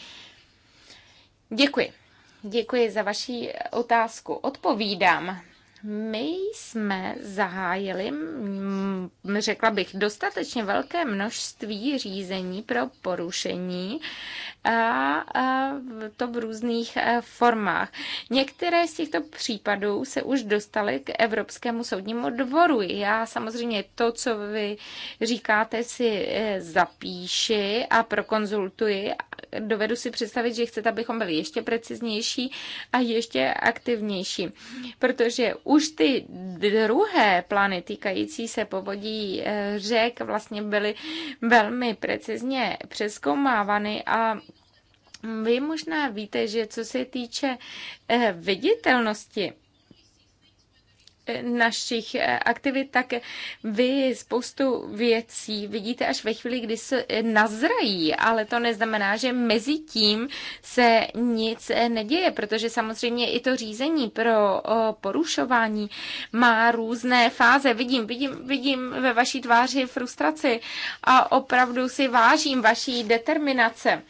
Děkuji. Děkuji za vaši otázku. Odpovídám my jsme zahájili, řekla bych, dostatečně velké množství řízení pro porušení a to v různých e, formách. Některé z těchto případů se už dostaly k Evropskému soudnímu dvoru. Já samozřejmě to, co vy říkáte, si e, zapíši a prokonzultuji. Dovedu si představit, že chcete, abychom byli ještě preciznější a ještě aktivnější, protože už ty druhé plány týkající se povodí e, řek vlastně byly velmi precizně přeskoumávány a vy možná víte, že co se týče eh, viditelnosti, eh, našich eh, aktivit, tak vy spoustu věcí vidíte až ve chvíli, kdy se nazrají, ale to neznamená, že mezi tím se nic neděje, protože samozřejmě i to řízení pro porušování má různé fáze. Vidím, vidím, vidím ve vaší tváři frustraci a opravdu si vážím vaší determinace.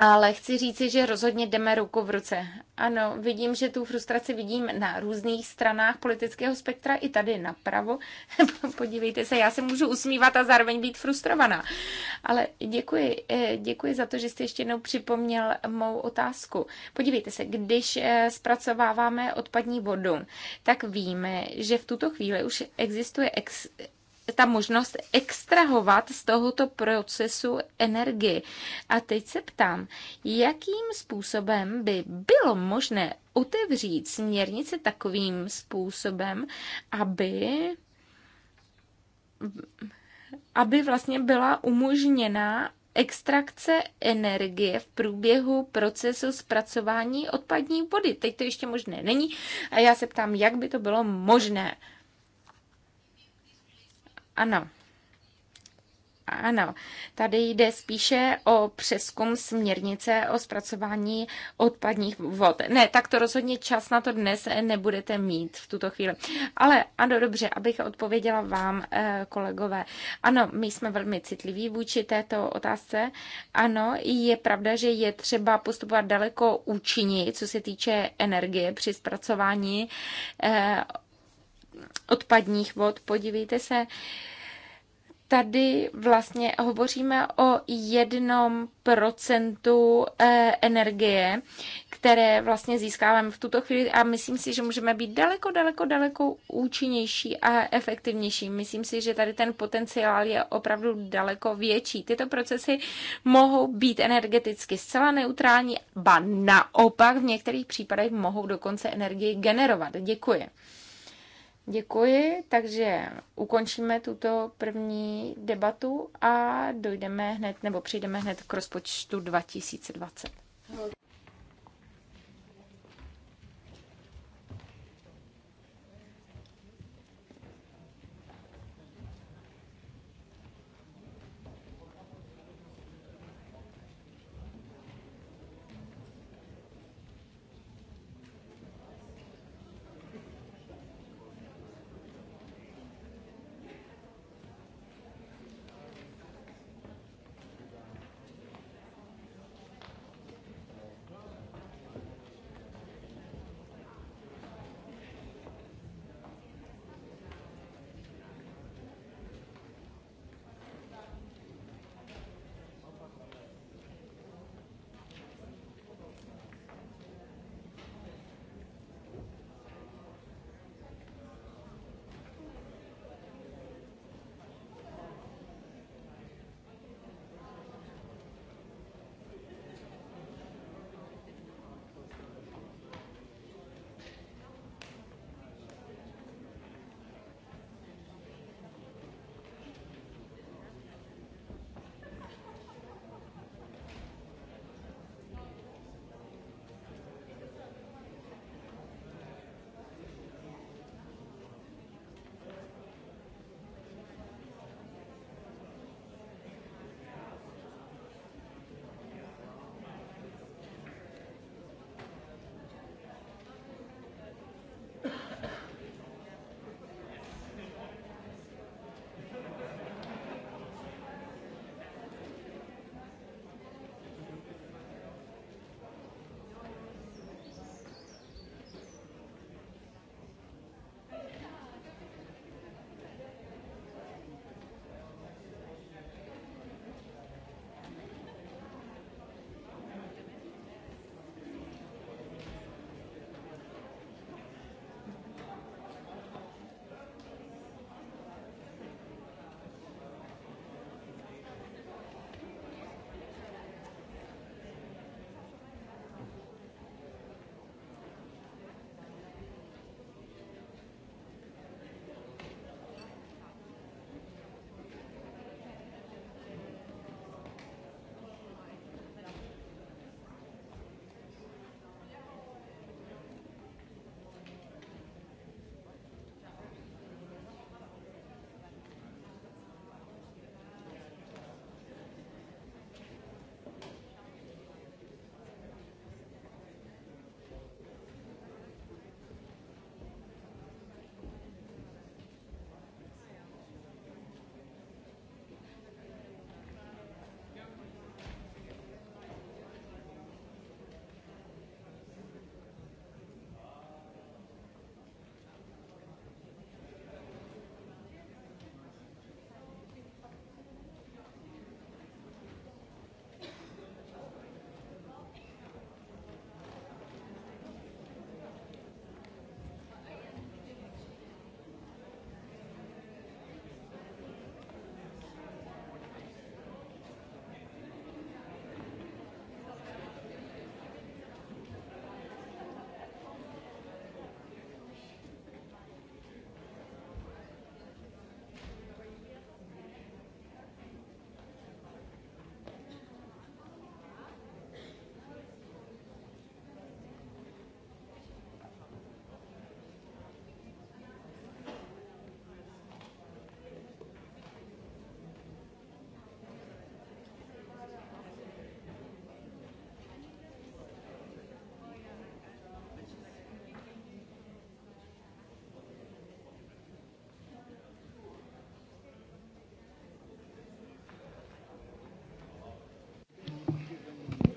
Ale chci říci, že rozhodně jdeme ruku v ruce. Ano, vidím, že tu frustraci vidím na různých stranách politického spektra, i tady napravo. Podívejte se, já se můžu usmívat a zároveň být frustrovaná. Ale děkuji, eh, děkuji za to, že jste ještě jednou připomněl mou otázku. Podívejte se, když eh, zpracováváme odpadní vodu, tak víme, že v tuto chvíli už existuje ex- ta možnost extrahovat z tohoto procesu energii. A teď se ptám, jakým způsobem by bylo možné otevřít směrnice takovým způsobem, aby aby vlastně byla umožněna extrakce energie v průběhu procesu zpracování odpadní vody. Teď to ještě možné není a já se ptám, jak by to bylo možné. Ano. Ano, tady jde spíše o přeskum směrnice o zpracování odpadních vod. Ne, tak to rozhodně čas na to dnes nebudete mít v tuto chvíli. Ale ano, dobře, abych odpověděla vám, eh, kolegové. Ano, my jsme velmi citliví vůči této otázce. Ano, je pravda, že je třeba postupovat daleko účinněji, co se týče energie při zpracování eh, odpadních vod. Podívejte se, tady vlastně hovoříme o jednom procentu eh, energie, které vlastně získáváme v tuto chvíli a myslím si, že můžeme být daleko, daleko, daleko účinnější a efektivnější. Myslím si, že tady ten potenciál je opravdu daleko větší. Tyto procesy mohou být energeticky zcela neutrální, ba naopak v některých případech mohou dokonce energii generovat. Děkuji. Děkuji, takže ukončíme tuto první debatu a dojdeme hned, nebo přijdeme hned k rozpočtu 2020.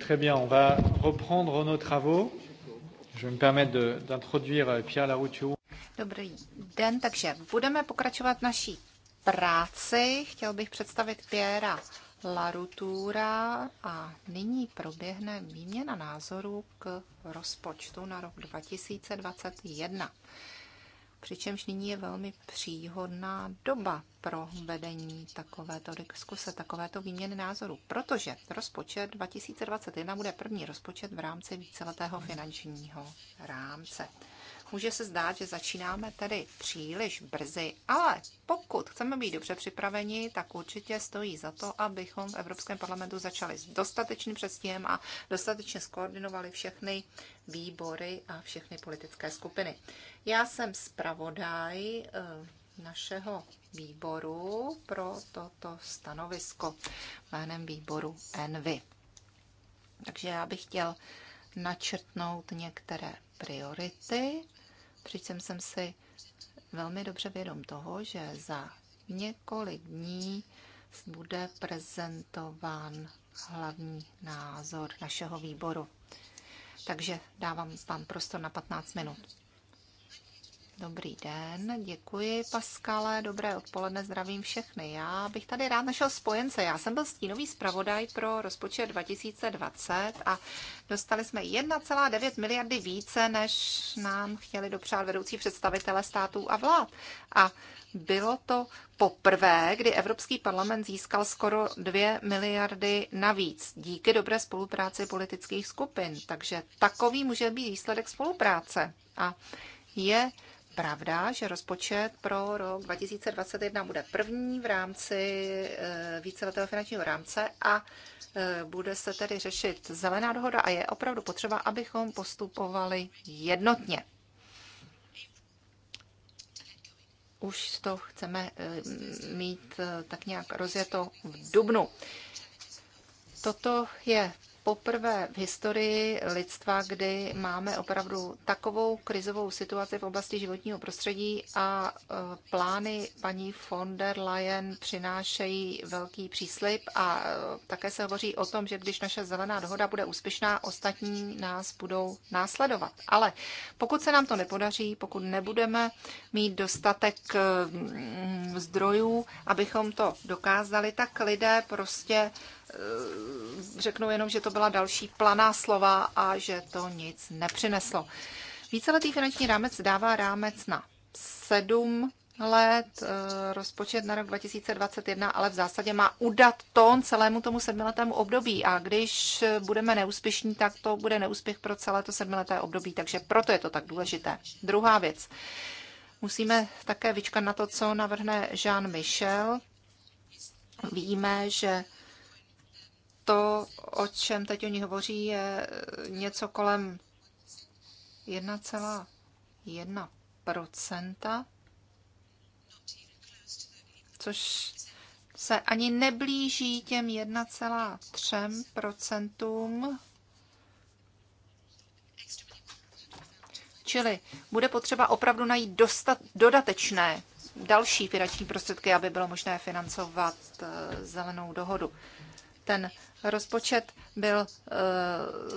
Très bien, on va reprendre nos travaux. Je vais me permettre d'introduire euh, Pierre Larouture. Dobrý den, takže budeme pokračovat naší práci. Chtěl bych představit Pierre Larutura a nyní proběhne výměna názorů k rozpočtu na rok 2021 přičemž nyní je velmi příhodná doba pro vedení takovéto diskuse, takovéto výměny názorů, protože rozpočet 2021 bude první rozpočet v rámci víceletého finančního rámce. Může se zdát, že začínáme tedy příliš brzy, ale pokud chceme být dobře připraveni, tak určitě stojí za to, abychom v Evropském parlamentu začali s dostatečným předstihem a dostatečně skoordinovali všechny výbory a všechny politické skupiny. Já jsem zpravodaj eh, našeho výboru pro toto stanovisko jménem výboru Envy. Takže já bych chtěl načrtnout některé priority přičem jsem si velmi dobře vědom toho, že za několik dní bude prezentován hlavní názor našeho výboru. Takže dávám vám prostor na 15 minut. Dobrý den, děkuji Paskale, dobré odpoledne, zdravím všechny. Já bych tady rád našel spojence. Já jsem byl stínový zpravodaj pro rozpočet 2020 a dostali jsme 1,9 miliardy více, než nám chtěli dopřát vedoucí představitele států a vlád. A bylo to poprvé, kdy Evropský parlament získal skoro 2 miliardy navíc díky dobré spolupráci politických skupin. Takže takový může být výsledek spolupráce. A je pravda, že rozpočet pro rok 2021 bude první v rámci eh, víceletého finančního rámce a eh, bude se tedy řešit zelená dohoda a je opravdu potřeba, abychom postupovali jednotně. Už to chceme eh, mít tak nějak rozjeto v dubnu. Toto je poprvé v historii lidstva, kdy máme opravdu takovou krizovou situaci v oblasti životního prostředí a e, plány paní von der Leyen přinášejí velký příslip a e, také se hovoří o tom, že když naše zelená dohoda bude úspěšná, ostatní nás budou následovat. Ale pokud se nám to nepodaří, pokud nebudeme mít dostatek e, zdrojů, abychom to dokázali, tak lidé prostě Eh, řeknou jenom, že to byla další planá slova a že to nic nepřineslo. Víceletý finanční rámec dává rámec na sedm let, eh, rozpočet na rok 2021, ale v zásadě má udat tón celému tomu sedmiletému období a když budeme neúspěšní, tak to bude neúspěch pro celé to sedmileté období, takže proto je to tak důležité. Druhá věc. Musíme také vyčkat na to, co navrhne Jean Michel. Víme, že to, o čem teď oni hovoří, je něco kolem 1,1%, což se ani neblíží těm 1,3%. Čili bude potřeba opravdu najít dostat, dodatečné další finanční prostředky, aby bylo možné financovat eh, zelenou dohodu. Ten Rozpočet byl e,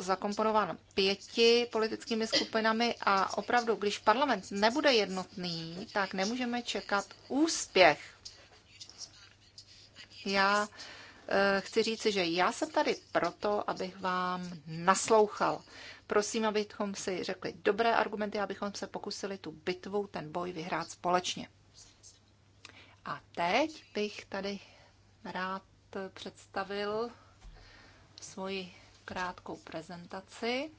zakomponován pěti politickými skupinami a opravdu, když parlament nebude jednotný, tak nemůžeme čekat úspěch. Já e, chci říci, že já jsem tady proto, abych vám naslouchal. Prosím, abychom si řekli dobré argumenty, abychom se pokusili tu bitvu, ten boj vyhrát společně. A teď bych tady rád představil svoji krátkou prezentaci.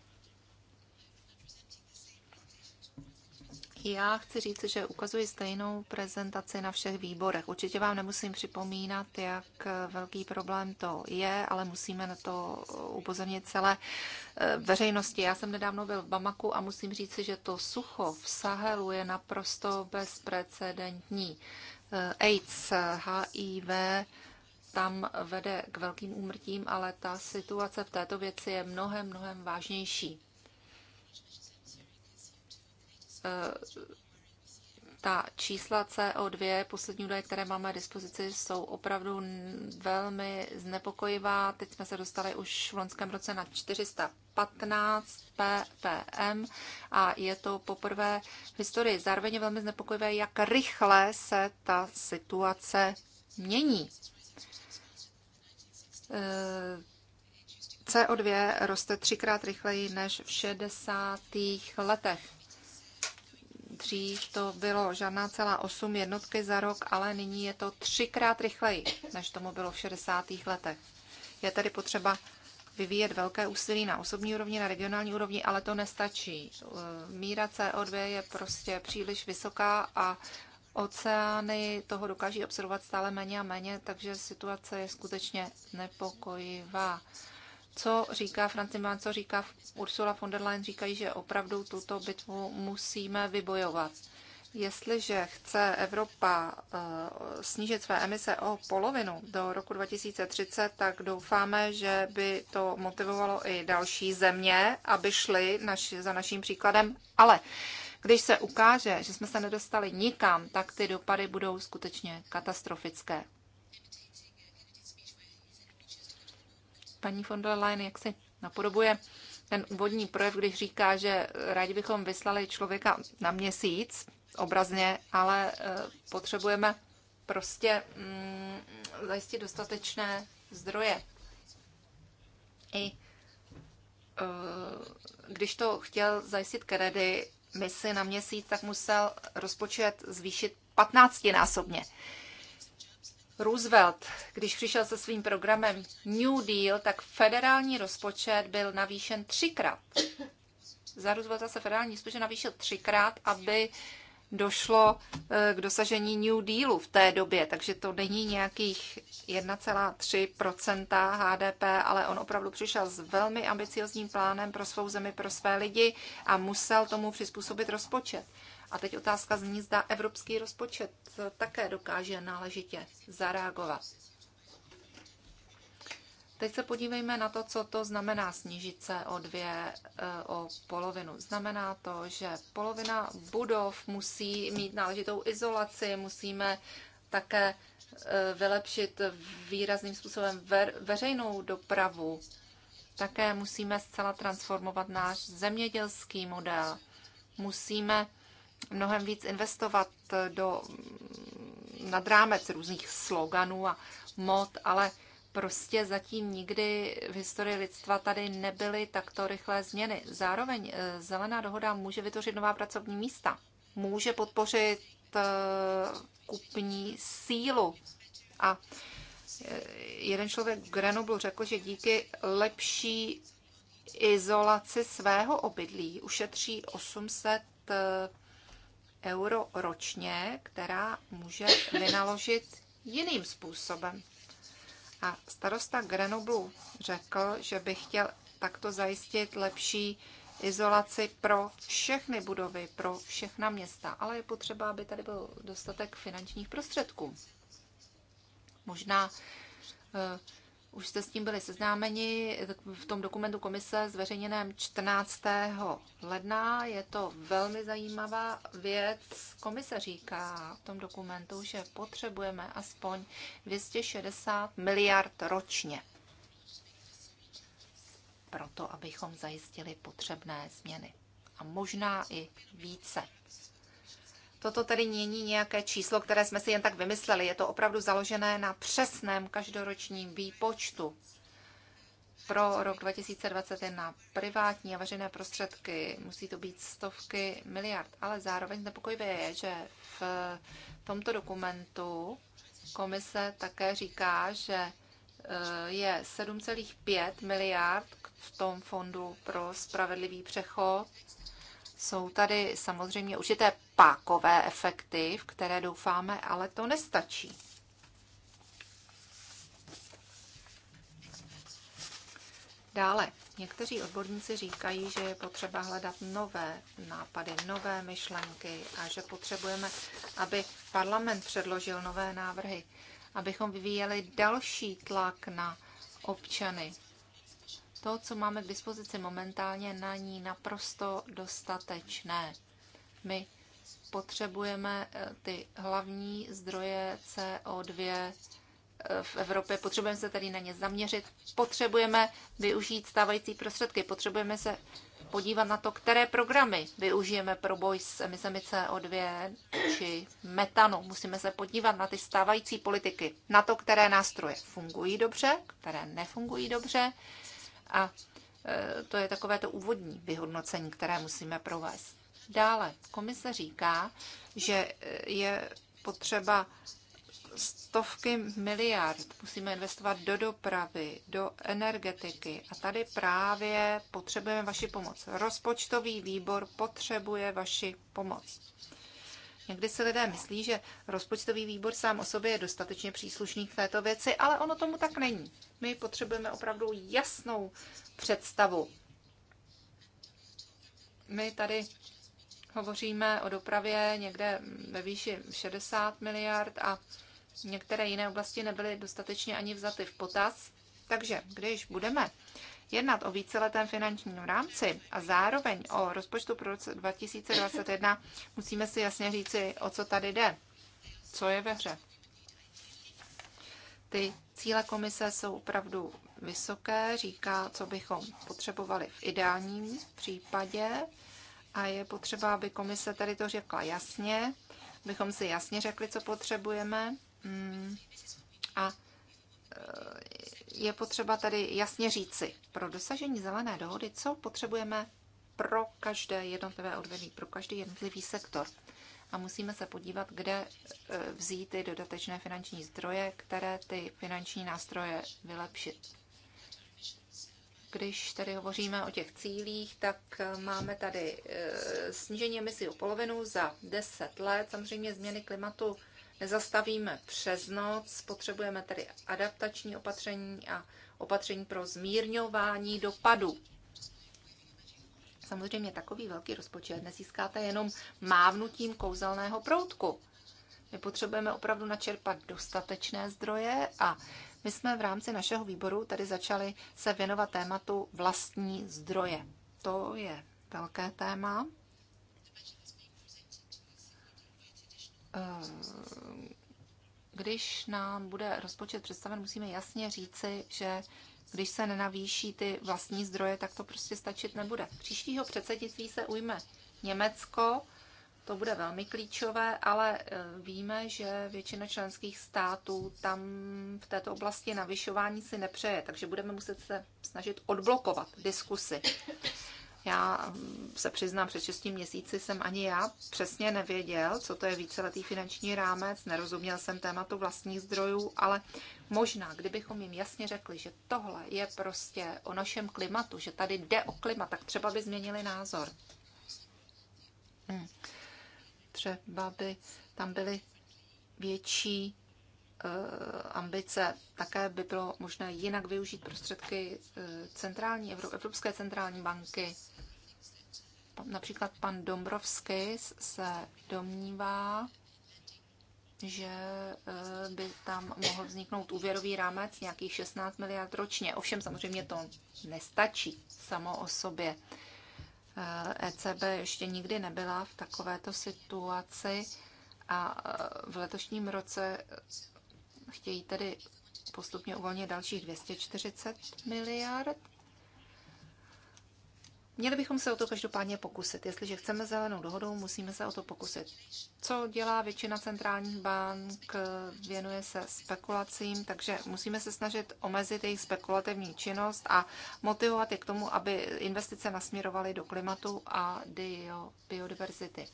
Já chci říct, že ukazuji stejnou prezentaci na všech výborech. Určitě vám nemusím připomínat, jak velký problém to je, ale musíme na to upozornit celé eh, veřejnosti. Já jsem nedávno byl v Bamaku a musím říct, že to sucho v Sahelu je naprosto bezprecedentní. Eh, AIDS, HIV, tam vede k velkým úmrtím, ale ta situace v této věci je mnohem, mnohem vážnější. Eh, ta čísla CO2, poslední údaje, které máme k dispozici, jsou opravdu velmi znepokojivá. Teď jsme se dostali už v loňském roce na 415 ppm a je to poprvé v historii. Zároveň je velmi znepokojivé, jak rychle se ta situace mění. Eh, CO2 roste třikrát rychleji než v 60. letech. Dřív to bylo žádná celá 8 jednotky za rok, ale nyní je to třikrát rychleji, než tomu bylo v 60. letech. Je tedy potřeba vyvíjet velké úsilí na osobní úrovni, na regionální úrovni, ale to nestačí. Eh, míra CO2 je prostě příliš vysoká a Oceány toho dokáží absorbovat stále méně a méně, takže situace je skutečně nepokojivá. Co říká Francimán, co říká Ursula von der Leyen, říkají, že opravdu tuto bitvu musíme vybojovat. Jestliže chce Evropa eh, snížit své emise o polovinu do roku 2030, tak doufáme, že by to motivovalo i další země, aby šly naši, za naším příkladem. Ale když se ukáže, že jsme se nedostali nikam, tak ty dopady budou skutečně katastrofické. Paní von der Leyen, jak si napodobuje ten úvodní projev, když říká, že rádi bychom vyslali člověka na měsíc, obrazně, ale eh, potřebujeme prostě mm, zajistit dostatečné zdroje. I eh, když to chtěl zajistit Kennedy, misi na měsíc, tak musel rozpočet zvýšit 15-násobně. Roosevelt, když přišel se svým programem New Deal, tak federální rozpočet byl navýšen třikrát. Za Roosevelta se federální rozpočet navýšil třikrát, aby došlo eh, k dosažení New Dealu v té době, takže to není nějakých 1,3 HDP, ale on opravdu přišel s velmi ambiciozním plánem pro svou zemi, pro své lidi a musel tomu přizpůsobit rozpočet. A teď otázka zní, zda evropský rozpočet také dokáže náležitě zareagovat. Teď se podívejme na to, co to znamená snížit o dvě, eh, o polovinu. Znamená to, že polovina budov musí mít náležitou izolaci, musíme také eh, vylepšit výrazným způsobem veřejnou dopravu. Také musíme zcela transformovat náš zemědělský model. Musíme mnohem víc investovat do nad rámec různých sloganů a mod, ale Prostě zatím nikdy v historii lidstva tady nebyly takto rychlé změny. Zároveň eh, zelená dohoda může vytvořit nová pracovní místa, může podpořit eh, kupní sílu. A eh, jeden člověk v Grenoblu řekl, že díky lepší izolaci svého obydlí ušetří 800 euro ročně, která může vynaložit jiným způsobem. A starosta Grenoblu řekl, že by chtěl takto zajistit lepší izolaci pro všechny budovy, pro všechna města, ale je potřeba, aby tady byl dostatek finančních prostředků. Možná eh, už jste s tím byli seznámeni v tom dokumentu komise zveřejněném 14. ledna. Je to velmi zajímavá věc. Komise říká v tom dokumentu, že potřebujeme aspoň 260 miliard ročně proto, abychom zajistili potřebné změny. A možná i více. Toto tedy není nějaké číslo, které jsme si jen tak vymysleli. Je to opravdu založené na přesném každoročním výpočtu pro rok 2021 privátní a veřejné prostředky musí to být stovky miliard, ale zároveň nepokojivé je, že v tomto dokumentu komise také říká, že eh, je 7,5 miliard v tom fondu pro spravedlivý přechod jsou tady samozřejmě určité pákové efekty, v které doufáme, ale to nestačí. Dále, někteří odborníci říkají, že je potřeba hledat nové nápady, nové myšlenky a že potřebujeme, aby parlament předložil nové návrhy, abychom vyvíjeli další tlak na občany, to, co máme k dispozici momentálně, na ní naprosto dostatečné. My potřebujeme eh, ty hlavní zdroje CO2 eh, v Evropě, potřebujeme se tady na ně zaměřit, potřebujeme využít stávající prostředky, potřebujeme se podívat na to, které programy využijeme pro boj s emisemi CO2 či metanu. Musíme se podívat na ty stávající politiky, na to, které nástroje fungují dobře, které nefungují dobře a e, to je takové to úvodní vyhodnocení, které musíme provést. Dále komise říká, že e, je potřeba stovky miliard. Musíme investovat do dopravy, do energetiky a tady právě potřebujeme vaši pomoc. Rozpočtový výbor potřebuje vaši pomoc. Někdy si lidé myslí, že rozpočtový výbor sám o sobě je dostatečně příslušný k této věci, ale ono tomu tak není. My potřebujeme opravdu jasnou představu. My tady hovoříme o dopravě někde ve výši 60 miliard a některé jiné oblasti nebyly dostatečně ani vzaty v potaz. Takže když budeme Jednat o víceletém finančním rámci a zároveň o rozpočtu pro roce 2021 musíme si jasně říci, o co tady jde, co je ve hře. Ty cíle komise jsou opravdu vysoké, říká, co bychom potřebovali v ideálním případě a je potřeba, aby komise tady to řekla jasně, bychom si jasně řekli, co potřebujeme hmm. a je potřeba tady jasně říci, pro dosažení zelené dohody, co potřebujeme pro každé jednotlivé odvětví, pro každý jednotlivý sektor. A musíme se podívat, kde e, vzít ty dodatečné finanční zdroje, které ty finanční nástroje vylepšit. Když tady hovoříme o těch cílích, tak e, máme tady e, snížení emisí o polovinu za 10 let. Samozřejmě změny klimatu nezastavíme přes noc, potřebujeme tedy adaptační opatření a opatření pro zmírňování dopadů. Samozřejmě takový velký rozpočet nezískáte jenom mávnutím kouzelného proutku. My potřebujeme opravdu načerpat dostatečné zdroje a my jsme v rámci našeho výboru tady začali se věnovat tématu vlastní zdroje. To je velké téma. Eh, když nám bude rozpočet představen, musíme jasně říci, že když se nenavýší ty vlastní zdroje, tak to prostě stačit nebude. Příštího předsednictví se ujme Německo, to bude velmi klíčové, ale eh, víme, že většina členských států tam v této oblasti navyšování si nepřeje, takže budeme muset se snažit odblokovat diskusy. Já mm, se přiznám, před 6 měsíci jsem ani já přesně nevěděl, co to je víceletý finanční rámec, nerozuměl jsem tématu vlastních zdrojů, ale možná, kdybychom jim jasně řekli, že tohle je prostě o našem klimatu, že tady jde o klima, tak třeba by změnili názor. Hmm. Třeba by tam byly větší Eh, ambice, také by bylo možné jinak využít prostředky eh, centrální, Evropské centrální banky. Například pan Dombrovský se domnívá, že eh, by tam mohl vzniknout úvěrový rámec nějakých 16 miliard ročně. Ovšem samozřejmě to nestačí samo o sobě. ECB e ještě nikdy nebyla v takovéto situaci a v letošním roce Chtějí tedy postupně uvolnit dalších 240 miliard. Měli bychom se o to každopádně pokusit. Jestliže chceme zelenou dohodu, musíme se o to pokusit. Co dělá většina centrálních bank, věnuje se spekulacím, takže musíme se snažit omezit jejich spekulativní činnost a motivovat je k tomu, aby investice nasměrovaly do klimatu a biodiverzity. Bio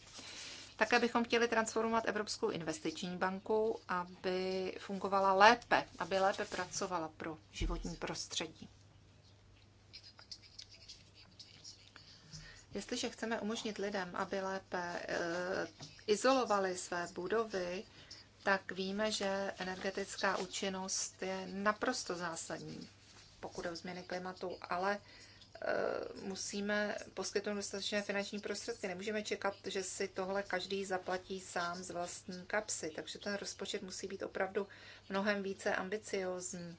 také bychom chtěli transformovat Evropskou investiční banku, aby fungovala lépe, aby lépe pracovala pro životní prostředí. Jestliže chceme umožnit lidem, aby lépe eh, izolovali své budovy, tak víme, že energetická účinnost je naprosto zásadní, pokud o změny klimatu, ale Eh, musíme poskytnout dostatečné finanční prostředky. Nemůžeme čekat, že si tohle každý zaplatí sám z vlastní kapsy, takže ten rozpočet musí být opravdu mnohem více ambiciozní.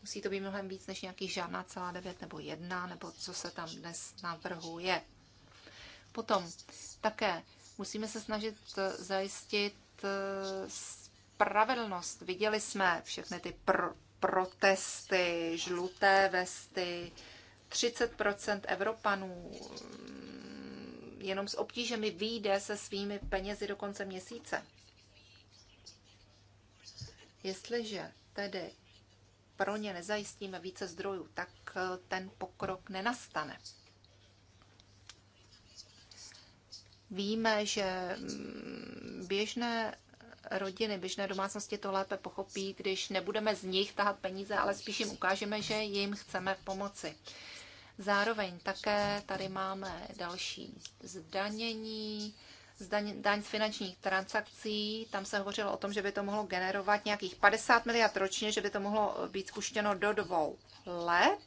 Musí to být mnohem víc než nějaký žádná celá devět nebo jedna, nebo co se tam dnes navrhuje. Potom také musíme se snažit zajistit eh, spravedlnost. Viděli jsme všechny ty pr- protesty, žluté vesty, 30 Evropanů mm, jenom s obtížemi vyjde se svými penězi do konce měsíce. Jestliže tedy pro ně nezajistíme více zdrojů, tak eh, ten pokrok nenastane. Víme, že mm, běžné rodiny, běžné domácnosti to lépe pochopí, když nebudeme z nich tahat peníze, ale spíš jim ukážeme, že jim chceme pomoci. Zároveň také tady máme další zdanění, zdaň, daň z finančních transakcí. Tam se hovořilo o tom, že by to mohlo generovat nějakých 50 miliard ročně, že by to mohlo být spuštěno do dvou let.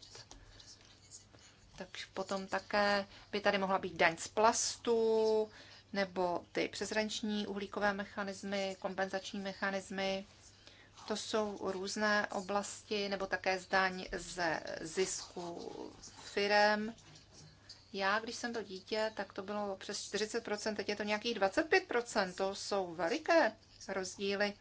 Tak potom také by tady mohla být daň z plastu, nebo ty přezranční uhlíkové mechanismy, kompenzační mechanismy. To jsou různé oblasti, nebo také zdaň ze zisku firem. Já, když jsem byl dítě, tak to bylo přes 40%, teď je to nějakých 25%, to jsou veliké rozdíly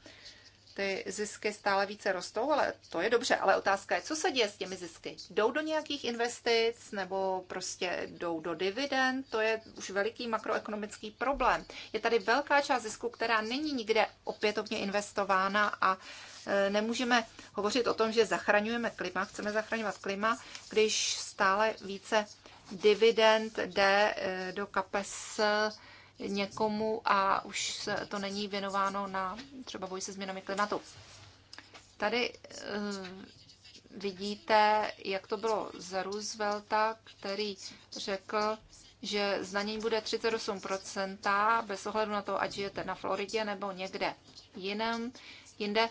ty zisky stále více rostou, ale to je dobře. Ale otázka je, co se děje s těmi zisky? Jdou do nějakých investic nebo prostě jdou do dividend? To je už veliký makroekonomický problém. Je tady velká část zisku, která není nikde opětovně investována a e, nemůžeme hovořit o tom, že zachraňujeme klima, chceme zachraňovat klima, když stále více dividend jde e, do kapes někomu a už to není věnováno na třeba boj se změnami klimatu. Tady eh, vidíte, jak to bylo za Roosevelta, který řekl, že zdanění bude 38% bez ohledu na to, ať žijete na Floridě nebo někde jiném, jinde.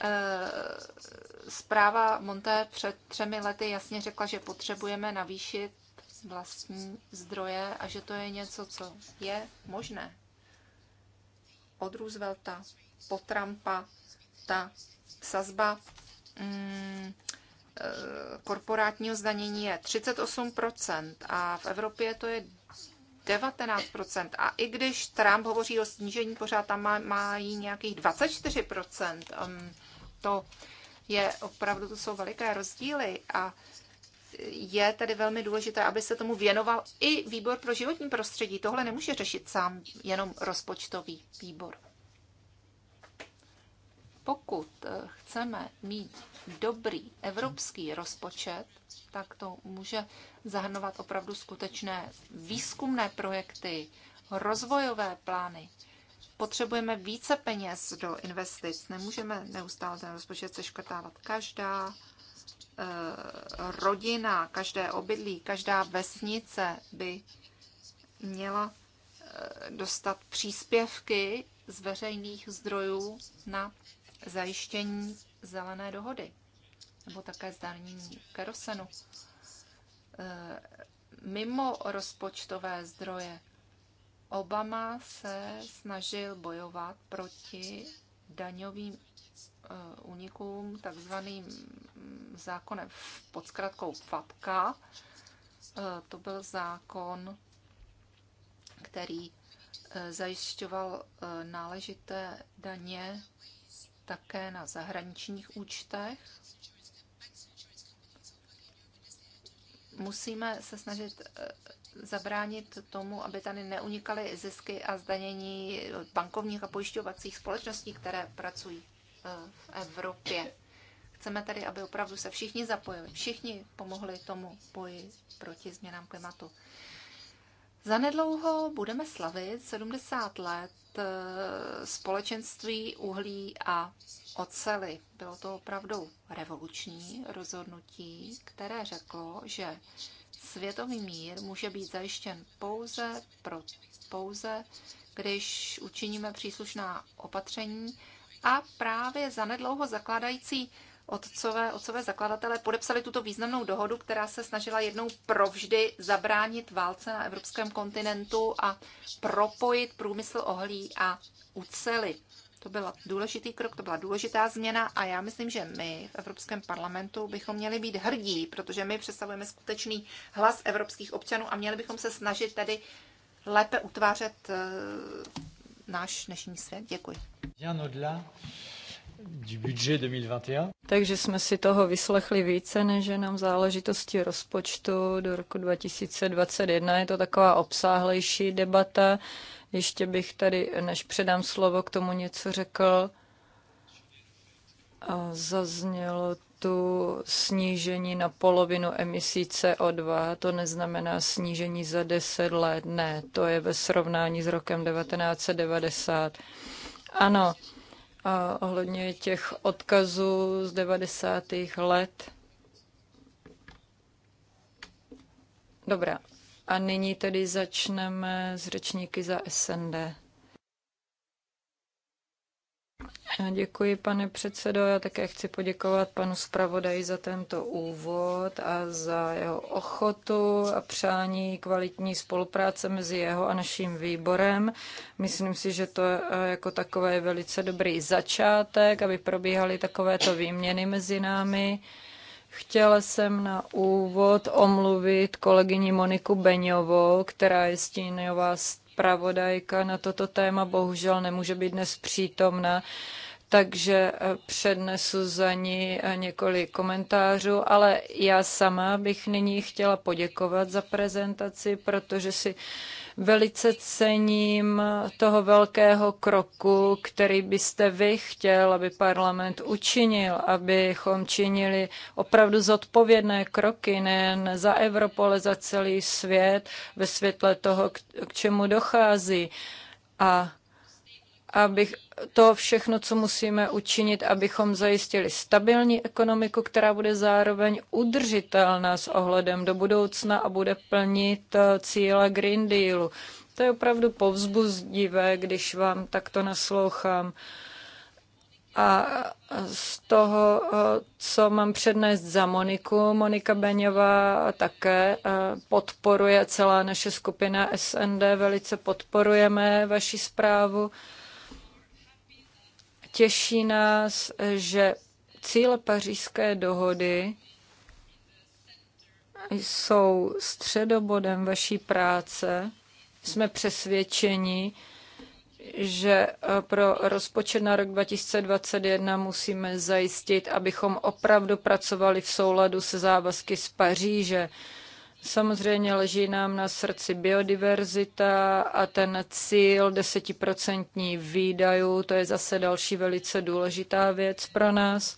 Eh, zpráva Monte před třemi lety jasně řekla, že potřebujeme navýšit vlastní zdroje a že to je něco, co je možné. Od Roosevelta po Trumpa ta sazba mm, eh, korporátního zdanění je 38% a v Evropě to je 19%. A i když Trump hovoří o snížení, pořád tam mají nějakých 24%. to je opravdu, to jsou veliké rozdíly a je tedy velmi důležité, aby se tomu věnoval i výbor pro životní prostředí. Tohle nemůže řešit sám jenom rozpočtový výbor. Pokud eh, chceme mít dobrý evropský rozpočet, tak to může zahrnovat opravdu skutečné výzkumné projekty, rozvojové plány. Potřebujeme více peněz do investic. Nemůžeme neustále ten rozpočet seškrtávat. Každá Eh, rodina, každé obydlí, každá vesnice by měla eh, dostat příspěvky z veřejných zdrojů na zajištění zelené dohody nebo také zdanění kerosenu. Eh, mimo rozpočtové zdroje Obama se snažil bojovat proti daňovým unikům, eh, takzvaným mm, zákonem pod zkratkou FATKA. Eh, to byl zákon, který eh, zajišťoval náležité daně také na zahraničních účtech. Musíme se snažit zabránit tomu, aby tady neunikaly zisky a zdanění bankovních a pojišťovacích společností, které pracují Eh, v Evropě. Chceme tedy, aby opravdu se všichni zapojili, všichni pomohli tomu boji proti změnám klimatu. Zanedlouho budeme slavit 70 let eh, společenství uhlí a ocely. Bylo to opravdu revoluční rozhodnutí, které řeklo, že světový mír může být zajištěn pouze, pro, pouze když učiníme příslušná opatření, a právě zanedlouho zakládající otcové, otcové zakladatelé podepsali tuto významnou dohodu, která se snažila jednou provždy zabránit válce na evropském kontinentu a propojit průmysl ohlí a ucely. To byl důležitý krok, to byla důležitá změna a já myslím, že my v Evropském parlamentu bychom měli být hrdí, protože my představujeme skutečný hlas evropských občanů a měli bychom se snažit tedy lépe utvářet eh, náš dnešní svět. Děkuji. Takže jsme si toho vyslechli více, než nám záležitosti rozpočtu do roku 2021. Je to taková obsáhlejší debata. Ještě bych tady, než předám slovo, k tomu něco řekl. A zaznělo tu snížení na polovinu emisí CO2, to neznamená snížení za 10 let, ne, to je ve srovnání s rokem 1990. Ano, a ohledně těch odkazů z 90. let. Dobrá, a nyní tedy začneme s řečníky za SND. Děkuji, pane předsedo. Já také chci poděkovat panu zpravodaji za tento úvod a za jeho ochotu a přání kvalitní spolupráce mezi jeho a naším výborem. Myslím si, že to jako takové je velice dobrý začátek, aby probíhaly takovéto výměny mezi námi. Chtěla jsem na úvod omluvit kolegyni Moniku Beňovou, která je stínová zpravodajka na toto téma bohužel nemůže být dnes přítomna, takže eh, přednesu za ní eh, několik komentářů, ale já sama bych nyní chtěla poděkovat za prezentaci, protože si Velice cením toho velkého kroku, který byste vy chtěl, aby parlament učinil, abychom činili opravdu zodpovědné kroky nejen za Evropu, ale za celý svět ve světle toho, k čemu dochází. A abych to všechno, co musíme učinit, abychom zajistili stabilní ekonomiku, která bude zároveň udržitelná s ohledem do budoucna a bude plnit eh, cíle Green Dealu. To je opravdu povzbuzdivé, když vám takto naslouchám. A eh, z toho, eh, co mám přednést za Moniku, Monika Beňová také podporuje, celá naše skupina SND velice podporujeme vaši zprávu. Těší nás, že cíle pařížské dohody jsou středobodem vaší práce. Jsme přesvědčeni, že pro rozpočet na rok 2021 musíme zajistit, abychom opravdu pracovali v souladu se závazky z Paříže. Samozřejmě leží nám na srdci biodiverzita a ten cíl desetiprocentní výdajů, to je zase další velice důležitá věc pro nás.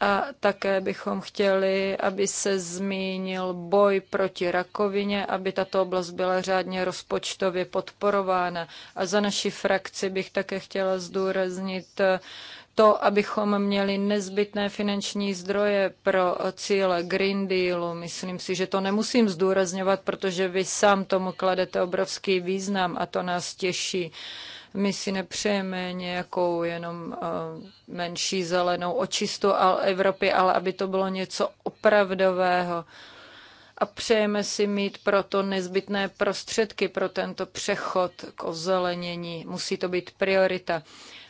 A také bychom chtěli, aby se zmínil boj proti rakovině, aby tato oblast byla řádně rozpočtově podporována. A za naši frakci bych také chtěla zdůraznit to, abychom měli nezbytné finanční zdroje pro cíle Green Dealu. Myslím si, že to nemusím zdůrazňovat, protože vy sám tomu kladete obrovský význam a to nás těší. My si nepřejeme nějakou jenom eh, menší zelenou očistu Evropy, ale aby to bylo něco opravdového a přejeme si mít proto nezbytné prostředky pro tento přechod k ozelenění. Musí to být priorita.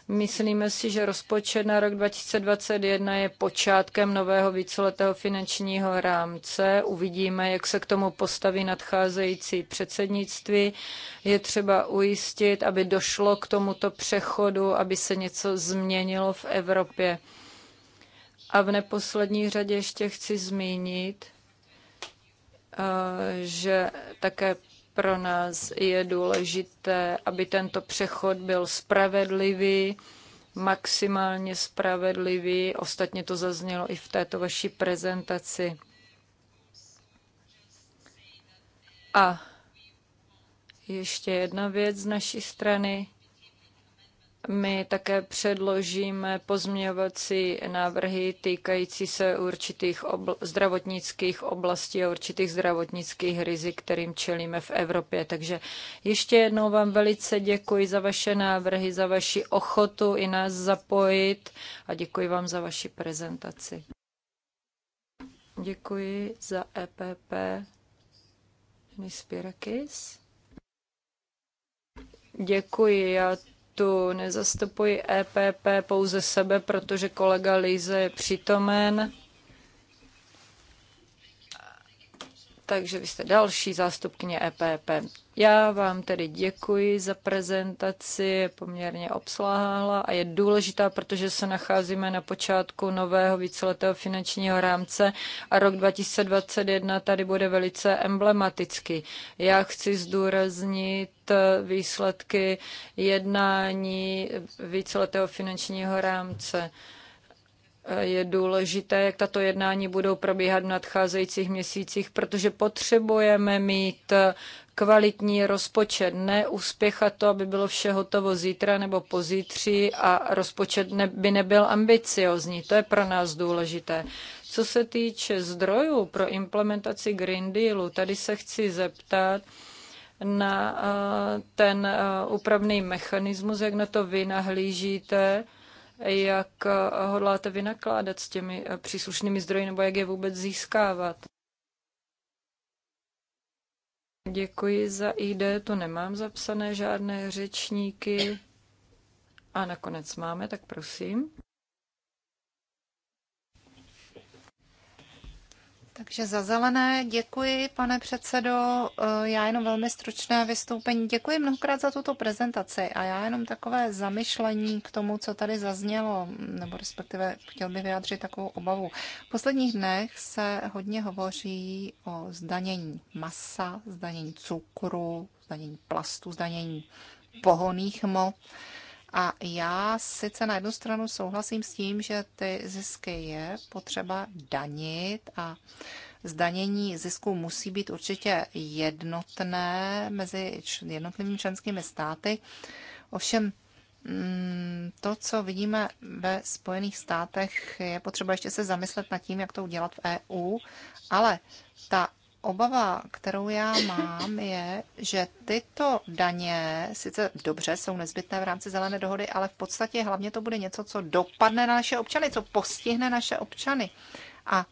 Myslíme si, že rozpočet na rok 2021 je počátkem nového víceletého finančního rámce. Uvidíme, jak se k tomu postaví nadcházející předsednictví. Je třeba ujistit, aby došlo k tomuto přechodu, aby se něco změnilo v Evropě. A v neposlední řadě ještě chci zmínit, eh, že také pro nás je důležité, aby tento přechod byl spravedlivý, maximálně spravedlivý. Ostatně to zaznělo i v této vaší prezentaci. A ještě jedna věc z naší strany. My také předložíme pozměňovací návrhy týkající se určitých obl- zdravotnických oblastí a určitých zdravotnických rizik, kterým čelíme v Evropě. Takže ještě jednou vám velice děkuji za vaše návrhy, za vaši ochotu i nás zapojit a děkuji vám za vaši prezentaci. Děkuji za EPP. Miss Pirakis. Děkuji, já tu nezastupuji EPP, pouze sebe, protože kolega Líze je přítomen. takže vy jste další zástupkyně EPP. Já vám tedy děkuji za prezentaci, je poměrně obsláhla a je důležitá, protože se nacházíme na počátku nového víceletého finančního rámce a rok 2021 tady bude velice emblematický. Já chci zdůraznit výsledky jednání víceletého finančního rámce je důležité, jak tato jednání budou probíhat v nadcházejících měsících, protože potřebujeme mít kvalitní rozpočet, ne uspěchat to, aby bylo vše hotovo zítra nebo pozítří a rozpočet ne, by nebyl ambiciozní. To je pro nás důležité. Co se týče zdrojů pro implementaci Green Dealu, tady se chci zeptat, na eh, ten upravný eh, mechanismus, jak na to vy nahlížíte jak eh, hodláte vynakládat s těmi eh, příslušnými zdroji nebo jak je vůbec získávat. Děkuji za ID, to nemám zapsané žádné řečníky. A nakonec máme, tak prosím. Takže za zelené děkuji, pane předsedo. E, já jenom velmi stručné vystoupení. Děkuji mnohokrát za tuto prezentaci a já jenom takové zamyšlení k tomu, co tady zaznělo, nebo respektive chtěl bych vyjádřit takovou obavu. V posledních dnech se hodně hovoří o zdanění masa, zdanění cukru, zdanění plastu, zdanění pohoných hmot. A já sice na jednu stranu souhlasím s tím, že ty zisky je potřeba danit a zdanění zisku musí být určitě jednotné mezi jednotlivými členskými státy. Ovšem mm, to, co vidíme ve Spojených státech, je potřeba ještě se zamyslet nad tím, jak to udělat v EU, ale ta obava, kterou já mám, je, že tyto daně sice dobře jsou nezbytné v rámci zelené dohody, ale v podstatě hlavně to bude něco, co dopadne na naše občany, co postihne naše občany. A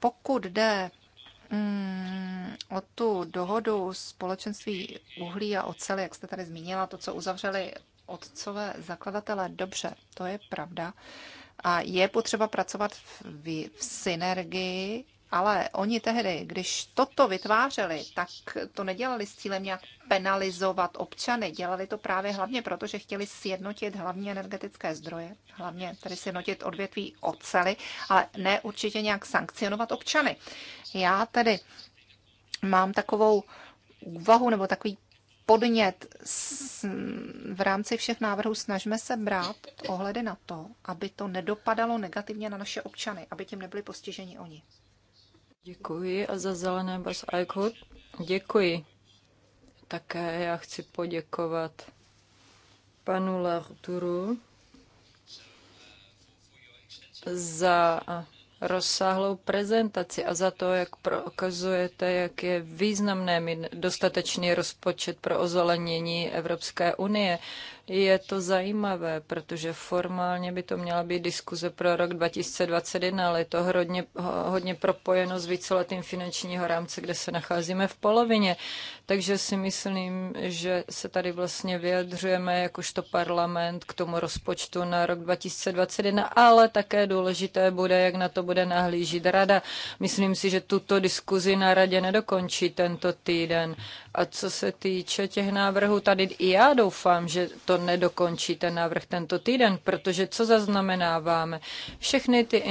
pokud jde mm, o tu dohodu společenství uhlí a oceli, jak jste tady zmínila, to, co uzavřeli otcové zakladatelé, dobře, to je pravda. A je potřeba pracovat v, v synergii ale oni tehdy, když toto vytvářeli, tak to nedělali s cílem nějak penalizovat občany. Dělali to právě hlavně proto, že chtěli sjednotit hlavně energetické zdroje, hlavně tedy sjednotit odvětví ocely, ale ne určitě nějak sankcionovat občany. Já tedy mám takovou úvahu nebo takový podnět v rámci všech návrhů snažme se brát ohledy na to, aby to nedopadalo negativně na naše občany, aby tím nebyli postiženi oni. Děkuji a za zelené Bas Eichhut. Děkuji. Také já chci poděkovat panu Larturu za rozsáhlou prezentaci a za to, jak prokazujete, jak je významné mít dostatečný rozpočet pro ozelenění Evropské unie je to zajímavé, protože formálně by to měla být diskuze pro rok 2021, ale je to hodně, hodně propojeno s víceletým finančního rámce, kde se nacházíme v polovině. Takže si myslím, že se tady vlastně vyjadřujeme jakožto parlament k tomu rozpočtu na rok 2021, ale také důležité bude, jak na to bude nahlížit rada. Myslím si, že tuto diskuzi na radě nedokončí tento týden. A co se týče těch návrhů, tady i já doufám, že to nedokončí ten návrh tento týden, protože co zaznamenáváme? Všechny ty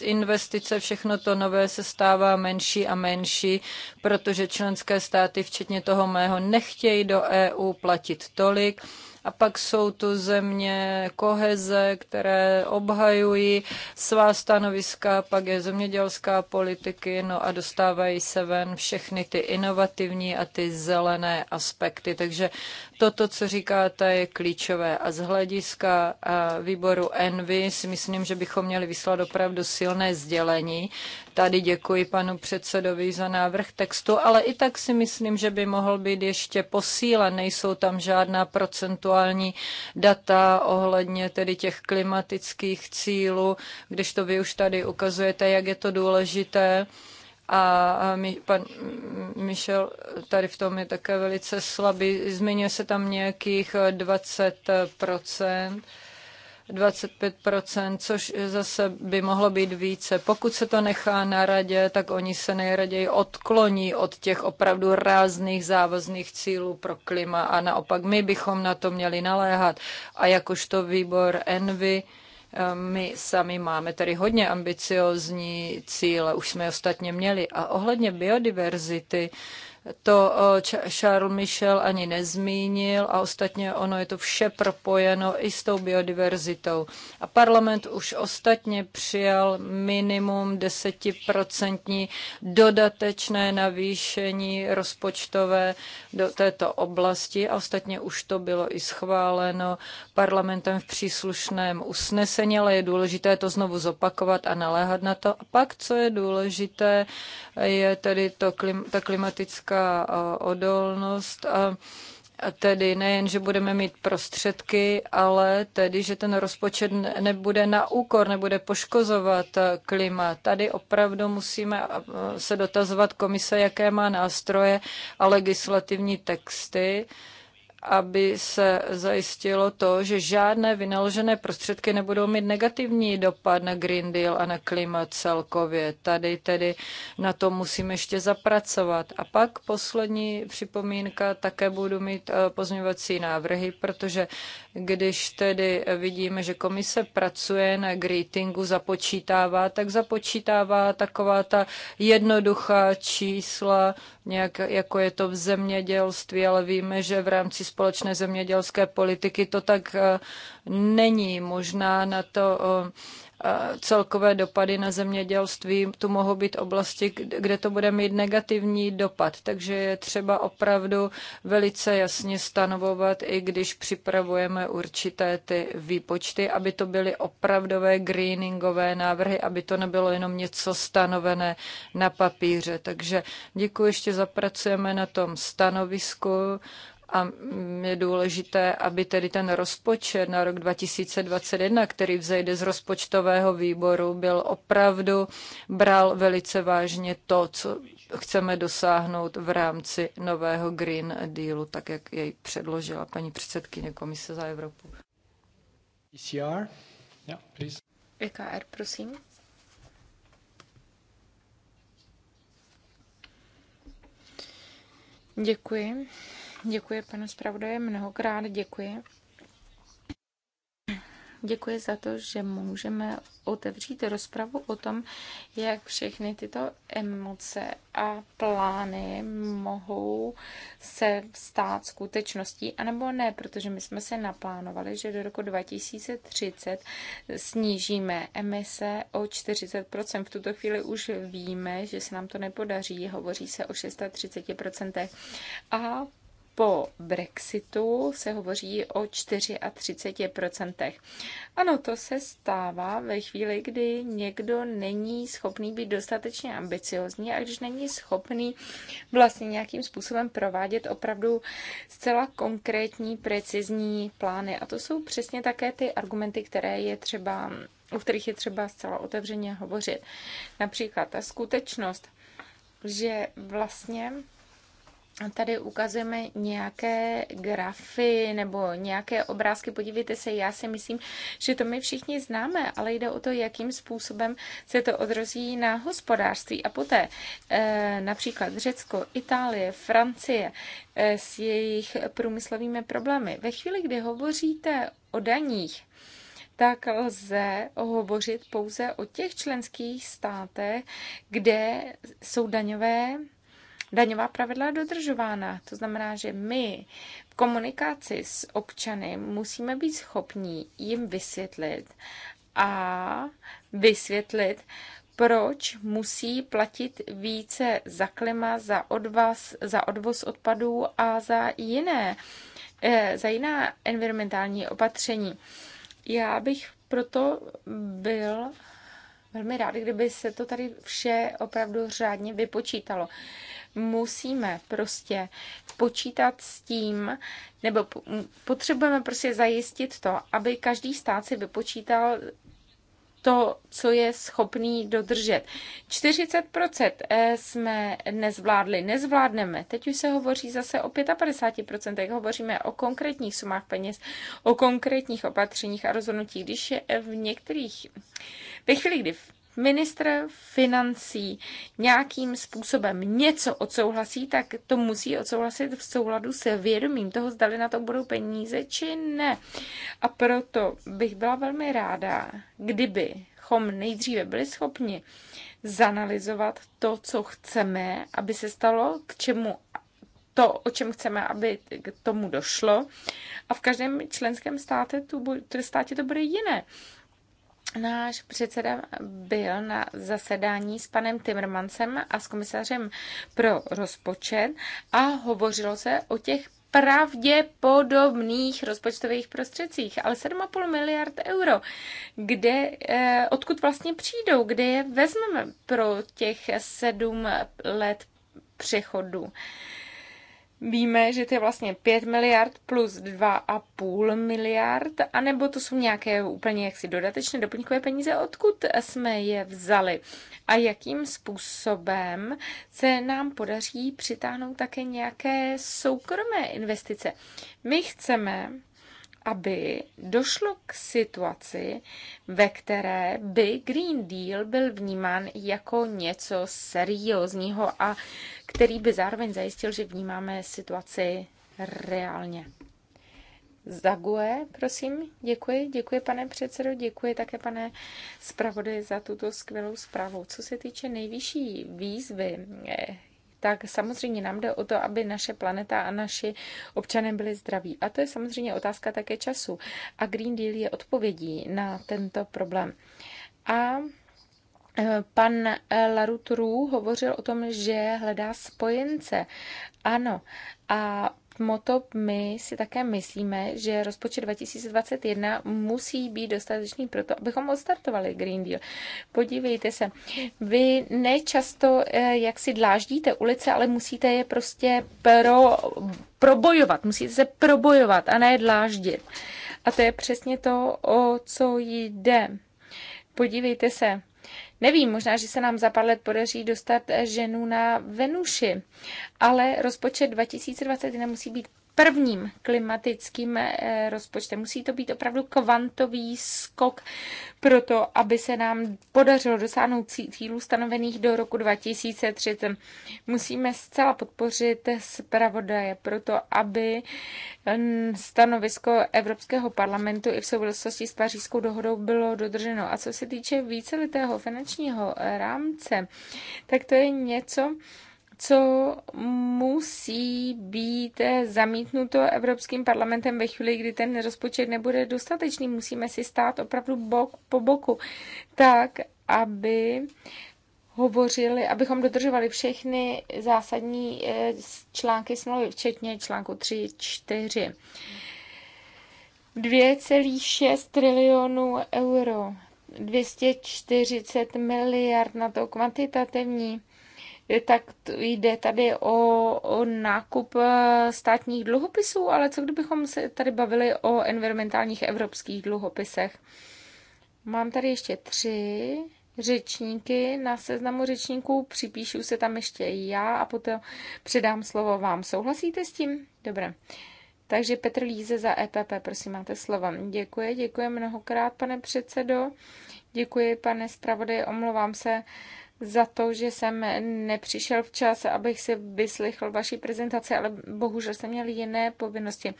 investice, všechno to nové se stává menší a menší, protože členské státy, včetně toho mého, nechtějí do EU platit tolik a pak jsou tu země koheze, které obhajují svá stanoviska, pak je zemědělská politiky, no a dostávají se ven všechny ty inovativní a ty zelené aspekty. Takže Toto, co říkáte, je klíčové. A z hlediska výboru Envy si myslím, že bychom měli vyslat opravdu silné sdělení. Tady děkuji panu předsedovi za návrh textu, ale i tak si myslím, že by mohl být ještě posílen. Nejsou tam žádná procentuální data ohledně tedy těch klimatických cílů, když to vy už tady ukazujete, jak je to důležité. A my, pan Michel tady v tom je také velice slabý. Zmiňuje se tam nějakých 20 eh, 25%, eh, což zase by mohlo být více. Pokud se to nechá na radě, tak oni se nejraději odkloní od těch opravdu rázných závazných cílů pro klima a naopak my bychom na to měli naléhat. A jakožto výbor Envy, my sami máme tady hodně ambiciozní cíle, už jsme ostatně měli. A ohledně biodiverzity, to Charles Michel ani nezmínil a ostatně ono je to vše propojeno i s tou biodiverzitou. A parlament už ostatně přijal minimum desetiprocentní dodatečné navýšení rozpočtové do této oblasti a ostatně už to bylo i schváleno parlamentem v příslušném usnesení, ale je důležité to znovu zopakovat a naléhat na to. A pak, co je důležité, je tedy to klim, ta klimatická politická eh, odolnost a a tedy nejen, že budeme mít prostředky, ale tedy, že ten rozpočet nebude na úkor, nebude poškozovat eh, klima. Tady opravdu musíme eh, se dotazovat komise, jaké má nástroje a legislativní texty, aby se zajistilo to, že žádné vynaložené prostředky nebudou mít negativní dopad na Green Deal a na klima celkově. Tady tedy na to musíme ještě zapracovat. A pak poslední připomínka, také budu mít eh, pozměňovací návrhy, protože když tedy vidíme, že komise pracuje na greetingu, započítává, tak započítává taková ta jednoduchá čísla, nějak jako je to v zemědělství, ale víme, že v rámci společné zemědělské politiky to tak eh, není. Možná na to eh, celkové dopady na zemědělství. Tu mohou být oblasti, kde to bude mít negativní dopad, takže je třeba opravdu velice jasně stanovovat, i když připravujeme určité ty výpočty, aby to byly opravdové greeningové návrhy, aby to nebylo jenom něco stanovené na papíře. Takže děkuji, ještě zapracujeme na tom stanovisku a mm, je důležité, aby tedy ten rozpočet na rok 2021, který vzejde z rozpočtového výboru, byl opravdu bral velice vážně to, co chceme dosáhnout v rámci nového Green Dealu, tak jak jej předložila paní předsedkyně Komise za Evropu. ECR? Yeah, please. EKR, prosím. Děkuji. Děkuji, pane zpravodaje, mnohokrát děkuji. Děkuji za to, že můžeme otevřít rozpravu o tom, jak všechny tyto emoce a plány mohou se stát skutečností, anebo ne, protože my jsme se naplánovali, že do roku 2030 snížíme emise o 40%. V tuto chvíli už víme, že se nám to nepodaří, hovoří se o 630%. A po Brexitu se hovoří o 34%. Ano, to se stává ve chvíli, kdy někdo není schopný být dostatečně ambiciozní a když není schopný vlastně nějakým způsobem provádět opravdu zcela konkrétní, precizní plány. A to jsou přesně také ty argumenty, které je třeba, o kterých je třeba zcela otevřeně hovořit. Například ta skutečnost, že vlastně tady ukazujeme nějaké grafy nebo nějaké obrázky. Podívejte se, já si myslím, že to my všichni známe, ale jde o to, jakým způsobem se to odrozí na hospodářství. A poté eh, například Řecko, Itálie, Francie eh, s jejich průmyslovými problémy. Ve chvíli, kdy hovoříte o daních, tak lze hovořit pouze o těch členských státech, kde jsou daňové daňová pravidla dodržována. To znamená, že my v komunikaci s občany musíme být schopní jim vysvětlit a vysvětlit, proč musí platit více za klima, za, odvaz, za odvoz odpadů a za jiné, eh, za jiná environmentální opatření. Já bych proto byl velmi rád, kdyby se to tady vše opravdu řádně vypočítalo musíme prostě počítat s tím, nebo potřebujeme prostě zajistit to, aby každý stát si vypočítal to, co je schopný dodržet. 40% eh, jsme nezvládli, nezvládneme. Teď už se hovoří zase o 55%, hovoříme o konkrétních sumách peněz, o konkrétních opatřeních a rozhodnutích, když je v některých, ve chvíli, kdy v ministr financí nějakým způsobem něco odsouhlasí, tak to musí odsouhlasit v souladu se vědomím toho, zdali na to budou peníze či ne. A proto bych byla velmi ráda, kdybychom nejdříve byli schopni zanalizovat to, co chceme, aby se stalo, k čemu to, o čem chceme, aby k tomu došlo. A v každém členském státě tu státě to bude jiné. Náš předseda byl na zasedání s panem Timmermansem a s komisařem pro rozpočet a hovořilo se o těch pravděpodobných rozpočtových prostředcích, ale 7,5 miliard euro, kde, eh, odkud vlastně přijdou, kde je vezmeme pro těch sedm let přechodu víme, že to je vlastně 5 miliard plus 2,5 miliard, anebo to jsou nějaké úplně jaksi dodatečné doplňkové peníze, odkud jsme je vzali a jakým způsobem se nám podaří přitáhnout také nějaké soukromé investice. My chceme aby došlo k situaci, ve které by Green Deal byl vnímán jako něco seriózního a který by zároveň zajistil, že vnímáme situaci reálně. Zague, prosím, děkuji, děkuji pane předsedo, děkuji také pane zpravodaji za tuto skvělou zprávu. Co se týče nejvyšší výzvy, eh, tak samozřejmě nám jde o to, aby naše planeta a naši občané byli zdraví. A to je samozřejmě otázka také času. A Green Deal je odpovědí na tento problém. A e, Pan e, Larutru hovořil o tom, že hledá spojence. Ano, a moto my si také myslíme, že rozpočet 2021 musí být dostatečný pro to, abychom odstartovali Green Deal. Podívejte se, vy nečasto eh, jak si dláždíte ulice, ale musíte je prostě pro, probojovat, musíte se probojovat a ne dláždit. A to je přesně to, o co jde. Podívejte se, Nevím, možná, že se nám za pár let podaří dostat eh, ženu na Venuši, ale rozpočet 2021 musí být prvním klimatickým eh, rozpočtem. Musí to být opravdu kvantový skok pro to, aby se nám podařilo dosáhnout cílů stanovených do roku 2030. Musíme zcela podpořit zpravodaje pro to, aby eh, stanovisko Evropského parlamentu i v souvislosti s pařížskou dohodou bylo dodrženo. A co se týče víceletého finančního eh, rámce, tak to je něco, co musí být zamítnuto Evropským parlamentem ve chvíli, kdy ten rozpočet nebude dostatečný. Musíme si stát opravdu bok po boku, tak aby hovořili, abychom dodržovali všechny zásadní eh, články smlouvy, včetně článku 3, 4. 2,6 trilionů euro, 240 miliard na to kvantitativní tak jde tady o, o nákup eh, státních dluhopisů, ale co kdybychom se tady bavili o environmentálních evropských dluhopisech? Mám tady ještě tři řečníky na seznamu řečníků, připíšu se tam ještě já a potom předám slovo vám. Souhlasíte s tím? Dobré. Takže Petr Líze za EPP, prosím, máte slovo. Děkuji, děkuji mnohokrát, pane předsedo. Děkuji, pane zpravodaj, omlouvám se za to, že jsem nepřišel včas, abych si vyslychl vaši prezentaci, ale bohužel jsem měl jiné povinnosti.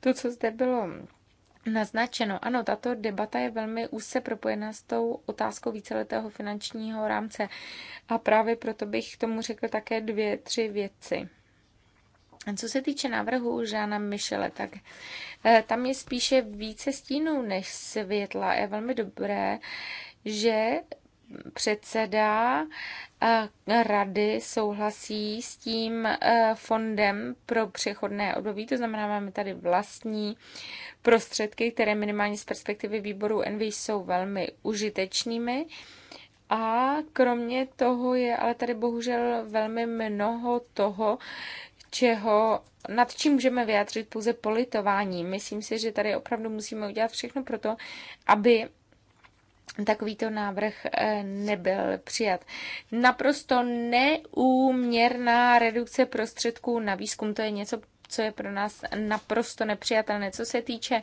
To, co zde bylo naznačeno, ano, tato debata je velmi úzce propojena s tou otázkou víceletého finančního rámce a právě proto bych k tomu řekl také dvě, tři věci. Co se týče návrhu Žána Michele, tak eh, tam je spíše více stínů než světla. Je velmi dobré, že předseda eh, rady souhlasí s tím eh, fondem pro přechodné období, to znamená, máme tady vlastní prostředky, které minimálně z perspektivy výboru NV jsou velmi užitečnými. A kromě toho je ale tady bohužel velmi mnoho toho, čeho, nad čím můžeme vyjádřit pouze politování. Myslím si, že tady opravdu musíme udělat všechno pro to, aby takovýto návrh eh, nebyl přijat. Naprosto neúměrná redukce prostředků na výzkum, to je něco, co je pro nás naprosto nepřijatelné. Co se týče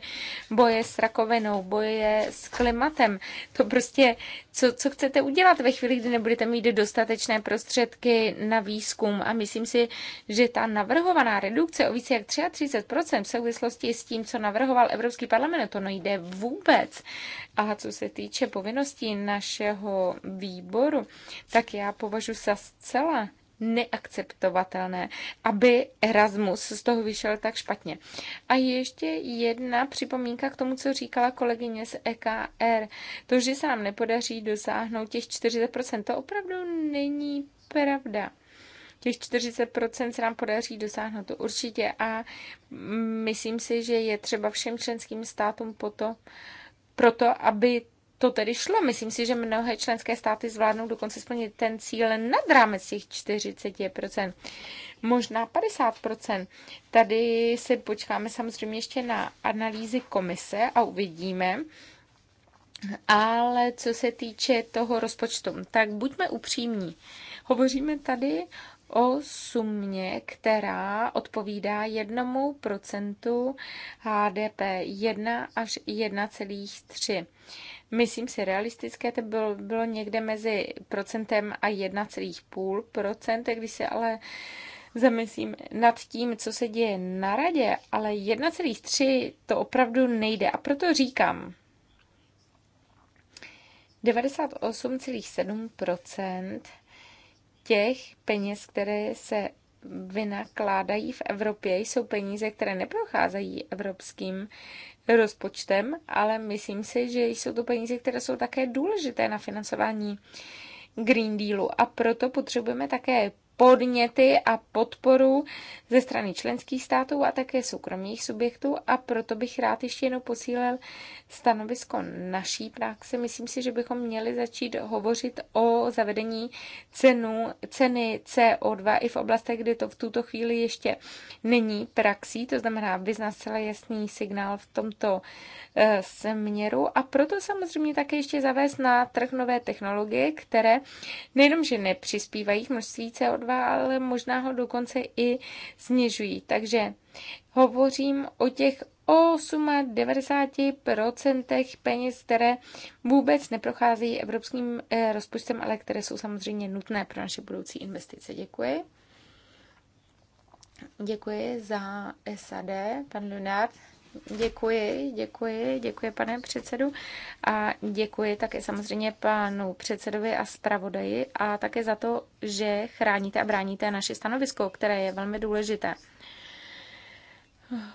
boje s rakovinou, boje s klimatem, to prostě, co, co chcete udělat ve chvíli, kdy nebudete mít dostatečné prostředky na výzkum. A myslím si, že ta navrhovaná redukce o více jak 33% v souvislosti s tím, co navrhoval Evropský parlament, to nejde vůbec. A co se týče povinností našeho výboru, tak já považuji za zcela neakceptovatelné, aby Erasmus z toho vyšel tak špatně. A ještě jedna připomínka k tomu, co říkala kolegyně z EKR. To, že se nám nepodaří dosáhnout těch 40%, to opravdu není pravda těch 40% se nám podaří dosáhnout, to určitě. A myslím si, že je třeba všem členským státům po to, proto, aby to tedy šlo. Myslím si, že mnohé členské státy zvládnou dokonce splnit ten cíl nad rámec těch 40%, možná 50%. Tady se počkáme samozřejmě ještě na analýzy komise a uvidíme, ale co se týče toho rozpočtu, tak buďme upřímní. Hovoříme tady o sumě, která odpovídá jednomu procentu HDP 1 až 1,3 myslím si, realistické to bylo, bylo někde mezi procentem a 1,5%, když se ale zamyslím nad tím, co se děje na radě, ale 1,3 to opravdu nejde. A proto říkám, 98,7% těch peněz, které se vynakládají v Evropě, jsou peníze, které neprocházejí evropským rozpočtem, ale myslím si, že jsou to peníze, které jsou také důležité na financování Green Dealu a proto potřebujeme také podněty a podporu ze strany členských států a také soukromých subjektů a proto bych rád ještě jenom posílil stanovisko naší praxe. Myslím si, že bychom měli začít hovořit o zavedení cenu, ceny CO2 i v oblastech, kde to v tuto chvíli ještě není praxí, to znamená, vyznat z celý jasný signál v tomto eh, směru a proto samozřejmě také ještě zavést na trh nové technologie, které nejenom, že nepřispívají k množství CO2, 2 ale možná ho dokonce i snižují. Takže hovořím o těch 98% peněz, které vůbec neprochází evropským eh, rozpočtem, ale které jsou samozřejmě nutné pro naše budoucí investice. Děkuji. Děkuji za SAD, pan Lunard. Děkuji, děkuji, děkuji pane předsedu a děkuji také samozřejmě panu předsedovi a zpravodaji a také za to, že chráníte a bráníte naše stanovisko, které je velmi důležité.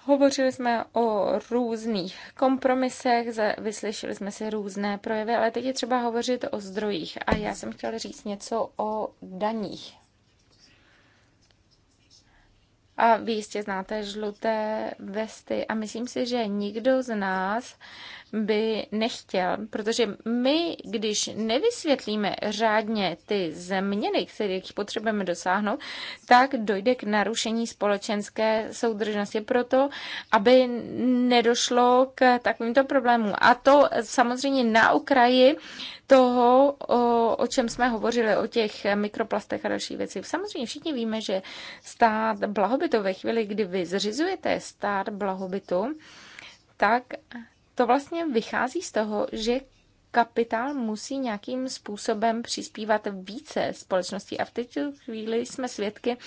Hovořili jsme o různých kompromisech, vyslyšeli jsme si různé projevy, ale teď je třeba hovořit o zdrojích. A já jsem chtěla říct něco o daních a vy jistě znáte žluté vesty. A myslím si, že nikdo z nás by nechtěl, protože my, když nevysvětlíme řádně ty změny, které potřebujeme dosáhnout, tak dojde k narušení společenské soudržnosti proto, aby nedošlo k takovýmto problémům. A to samozřejmě na okraji toho, o, o čem jsme hovořili, o těch mikroplastech a další věci. Samozřejmě všichni víme, že stát blahobytu ve chvíli, kdy vy zřizujete stát blahobytu, tak to vlastně vychází z toho, že kapitál musí nějakým způsobem přispívat více společnosti. A v této chvíli jsme svědky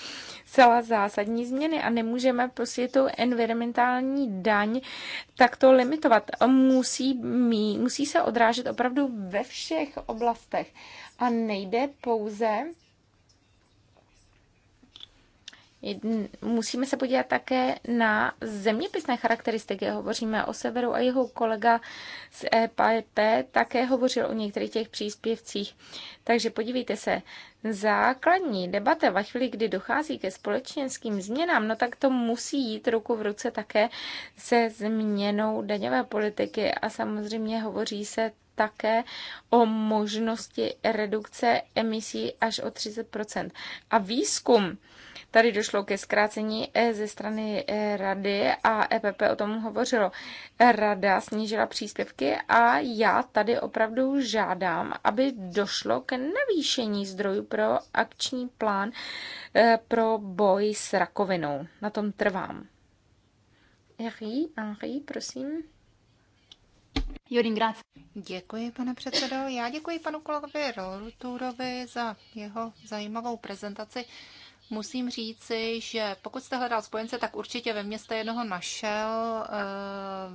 celá zásadní změny a nemůžeme prostě tu environmentální daň takto limitovat. Musí, mít, musí se odrážet opravdu ve všech oblastech. A nejde pouze Musíme se podívat také na zeměpisné charakteristiky. Hovoříme o severu a jeho kolega z EPP také hovořil o některých těch příspěvcích. Takže podívejte se, základní debata ve chvíli, kdy dochází ke společenským změnám, no tak to musí jít ruku v ruce také se změnou daňové politiky a samozřejmě hovoří se také o možnosti redukce emisí až o 30 A výzkum Tady došlo ke zkrácení eh, ze strany eh, rady a EPP o tom hovořilo. Rada snížila příspěvky a já tady opravdu žádám, aby došlo k navýšení zdrojů pro akční plán eh, pro boj s rakovinou. Na tom trvám. Henri, Henri, prosím. Děkuji, pane předsedo. Já děkuji panu kolegovi Rolturovi za jeho zajímavou prezentaci musím říci, že pokud jste hledal spojence, tak určitě ve mně jste jednoho našel. Eh,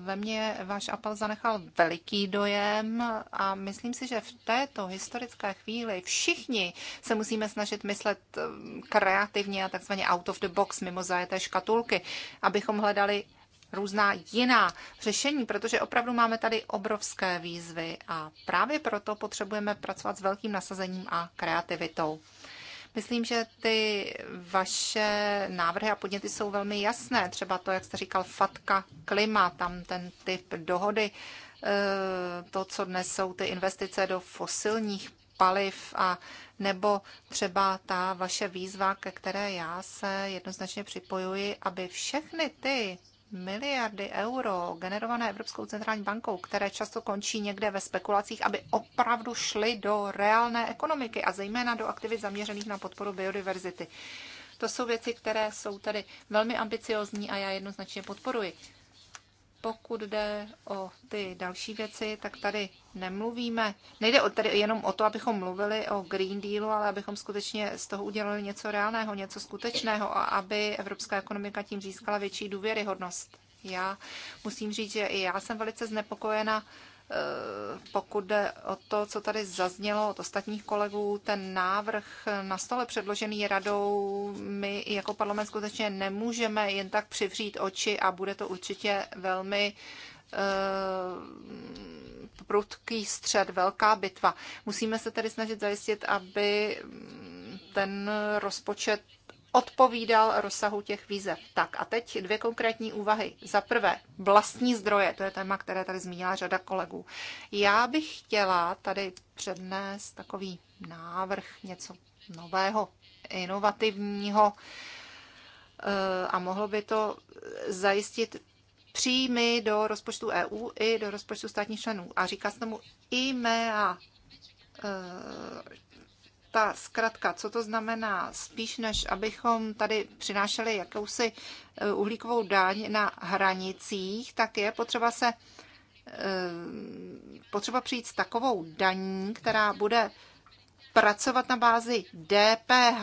ve mně váš apel zanechal veliký dojem a myslím si, že v této historické chvíli všichni se musíme snažit myslet eh, kreativně a takzvaně out of the box, mimo zajeté škatulky, abychom hledali různá jiná řešení, protože opravdu máme tady obrovské výzvy a právě proto potřebujeme pracovat s velkým nasazením a kreativitou. Myslím, že ty vaše návrhy a podněty jsou velmi jasné. Třeba to, jak jste říkal, fatka klima, tam ten typ dohody, eh, to, co dnes jsou ty investice do fosilních paliv a nebo třeba ta vaše výzva, ke které já se jednoznačně připojuji, aby všechny ty miliardy euro generované Evropskou centrální bankou, které často končí někde ve spekulacích, aby opravdu šly do reálné ekonomiky a zejména do aktivit zaměřených na podporu biodiverzity. To jsou věci, které jsou tady velmi ambiciozní a já jednoznačně podporuji. Pokud jde o ty další věci, tak tady nemluvíme. Nejde o, tady jenom o to, abychom mluvili o Green Dealu, ale abychom skutečně z toho udělali něco reálného, něco skutečného a aby evropská ekonomika tím získala větší důvěryhodnost. Já musím říct, že i já jsem velice znepokojena Eh, pokud jde o to, co tady zaznělo od ostatních kolegů, ten návrh na stole předložený radou, my jako parlament skutečně nemůžeme jen tak přivřít oči a bude to určitě velmi eh, prudký střed, velká bitva. Musíme se tedy snažit zajistit, aby ten rozpočet odpovídal rozsahu těch výzev. Tak a teď dvě konkrétní úvahy. Za prvé, vlastní zdroje, to je téma, které tady zmínila řada kolegů. Já bych chtěla tady přednést takový návrh, něco nového, inovativního eh, a mohlo by to zajistit příjmy do rozpočtu EU i do rozpočtu státních členů. A říká se tomu IMEA, eh, ta zkratka, co to znamená, spíš než abychom tady přinášeli jakousi eh, uhlíkovou daň na hranicích, tak je potřeba se eh, potřeba přijít s takovou daní, která bude pracovat na bázi DPH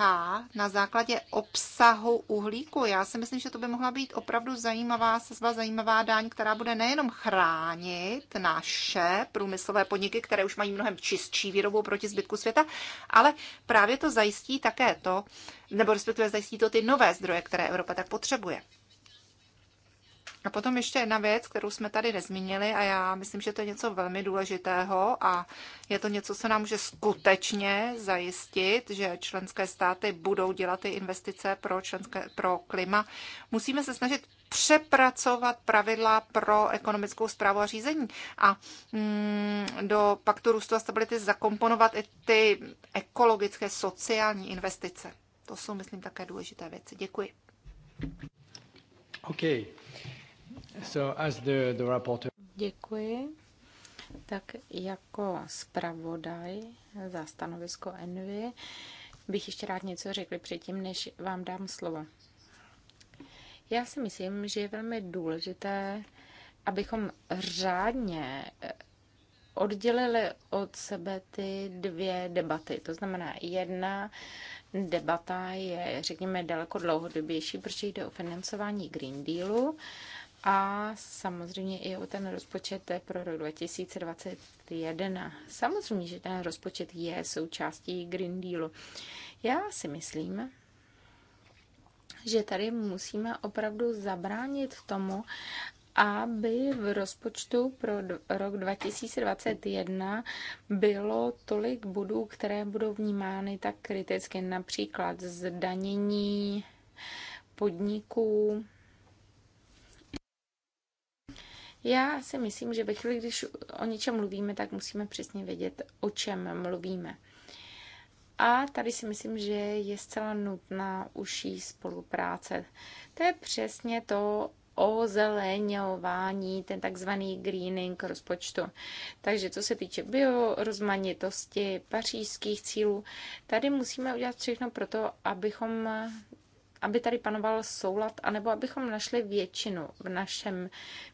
na základě obsahu uhlíku. Já si myslím, že to by mohla být opravdu zajímavá sazba, zajímavá daň, která bude nejenom chránit naše průmyslové podniky, které už mají mnohem čistší výrobu proti zbytku světa, ale právě to zajistí také to, nebo respektive zajistí to ty nové zdroje, které Evropa tak potřebuje. A potom ještě jedna věc, kterou jsme tady nezmínili a já myslím, že to je něco velmi důležitého a je to něco, co nám může skutečně zajistit, že členské státy budou dělat ty investice pro, členské, pro klima. Musíme se snažit přepracovat pravidla pro ekonomickou zprávu a řízení a mm, do paktu růstu a stability zakomponovat i ty ekologické sociální investice. To jsou, myslím, také důležité věci. Děkuji. Okay. Děkuji. Tak jako zpravodaj za stanovisko Envy bych ještě rád něco řekl předtím, než vám dám slovo. Já si myslím, že je velmi důležité, abychom řádně eh, oddělili od sebe ty dvě debaty. To znamená, jedna debata je, řekněme, daleko dlouhodobější, protože jde o financování Green Dealu a samozřejmě i o ten rozpočet pro rok 2021. Samozřejmě, že ten rozpočet je součástí Green Dealu. Já si myslím, že tady musíme opravdu zabránit tomu, aby v rozpočtu pro rok 2021 bylo tolik bodů, které budou vnímány tak kriticky, například zdanění podniků, Já si myslím, že ve chvíli, když o něčem mluvíme, tak musíme přesně vědět, o čem mluvíme. A tady si myslím, že je zcela nutná užší spolupráce. To je přesně to, ozeleňování, ten takzvaný greening rozpočtu. Takže co se týče biorozmanitosti, pařížských cílů, tady musíme udělat všechno pro to, abychom aby tady panoval soulad, anebo abychom našli většinu v našem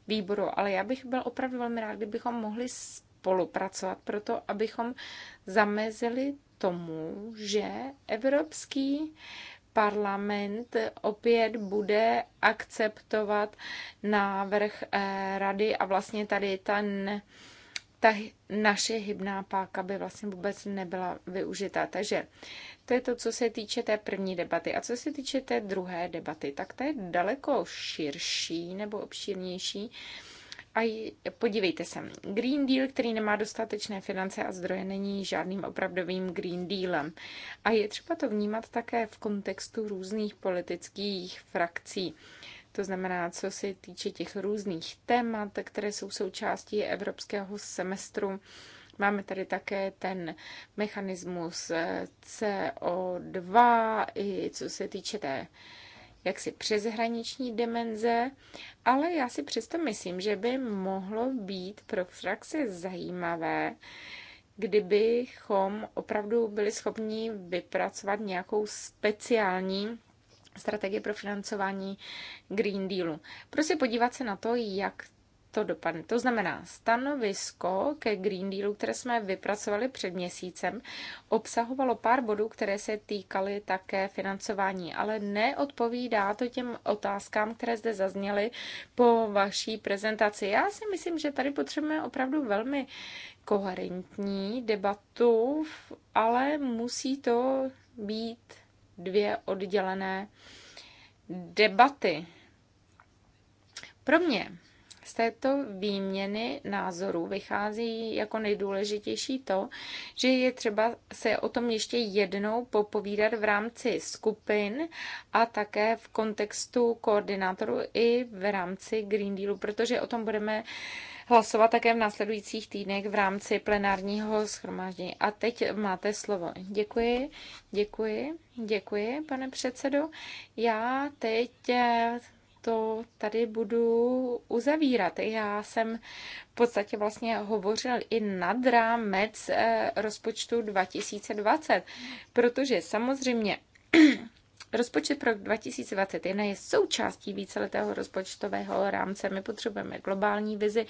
výboru. Ale já bych byl opravdu velmi rád, kdybychom mohli spolupracovat to, abychom zamezili tomu, že Evropský parlament opět bude akceptovat návrh eh, rady a vlastně tady ten, ta naše hybná páka by vlastně vůbec nebyla využita. Takže to je to, co se týče té první debaty. A co se týče té druhé debaty, tak to je daleko širší nebo obširnější. A podívejte se, Green Deal, který nemá dostatečné finance a zdroje, není žádným opravdovým Green Dealem. A je třeba to vnímat také v kontextu různých politických frakcí. To znamená, co se týče těch různých témat, které jsou součástí evropského semestru, Máme tady také ten mechanismus eh, CO2, i co se týče té jaksi přeshraniční dimenze, ale já si přesto myslím, že by mohlo být pro frakce zajímavé, kdybychom opravdu byli schopni vypracovat nějakou speciální strategie pro financování Green Dealu. Prostě podívat se na to, jak to dopadne. To znamená, stanovisko ke Green Dealu, které jsme vypracovali před měsícem, obsahovalo pár bodů, které se týkaly také financování, ale neodpovídá to těm otázkám, které zde zazněly po vaší prezentaci. Já si myslím, že tady potřebujeme opravdu velmi koherentní debatu, ale musí to být dvě oddělené debaty. Pro mě z této výměny názorů vychází jako nejdůležitější to, že je třeba se o tom ještě jednou popovídat v rámci skupin a také v kontextu koordinátoru i v rámci Green Dealu, protože o tom budeme hlasovat také v následujících týdnech v rámci plenárního schromáždění. A teď máte slovo. Děkuji, děkuji, děkuji, pane předsedo. Já teď eh, to tady budu uzavírat. Já jsem v podstatě vlastně hovořil i nad rámec eh, rozpočtu 2020, protože samozřejmě Rozpočet pro 2021 je součástí víceletého rozpočtového rámce. My potřebujeme globální vizi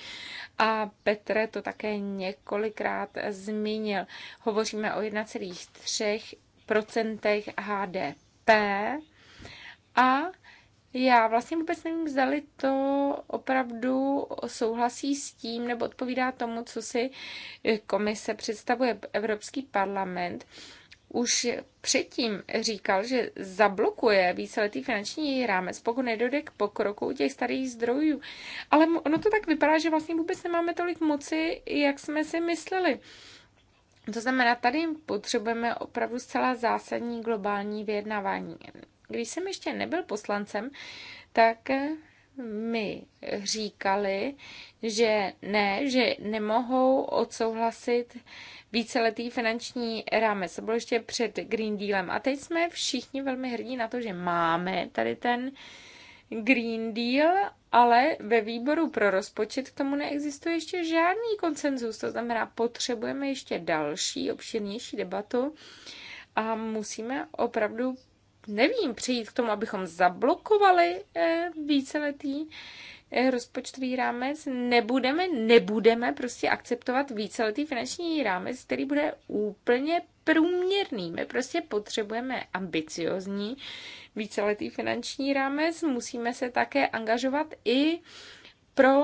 a Petr to také několikrát zmínil. Hovoříme o 1,3 procentech HDP a já vlastně vůbec nevím, zdali to opravdu souhlasí s tím nebo odpovídá tomu, co si komise představuje Evropský parlament už předtím říkal, že zablokuje víceletý finanční rámec, pokud nedojde k pokroku těch starých zdrojů. Ale ono to tak vypadá, že vlastně vůbec nemáme tolik moci, jak jsme si mysleli. To znamená, tady potřebujeme opravdu zcela zásadní globální vyjednávání. Když jsem ještě nebyl poslancem, tak eh, mi říkali, že ne, že nemohou odsouhlasit víceletý finanční rámec. To bylo ještě před Green Dealem. A teď jsme všichni velmi hrdí na to, že máme tady ten Green Deal, ale ve výboru pro rozpočet k tomu neexistuje ještě žádný konsenzus. To znamená, potřebujeme ještě další, obširnější debatu a musíme opravdu nevím, přijít k tomu, abychom zablokovali eh, víceletý eh, rozpočtový rámec, nebudeme, nebudeme prostě akceptovat víceletý finanční rámec, který bude úplně průměrný. My prostě potřebujeme ambiciozní víceletý finanční rámec, musíme se také angažovat i pro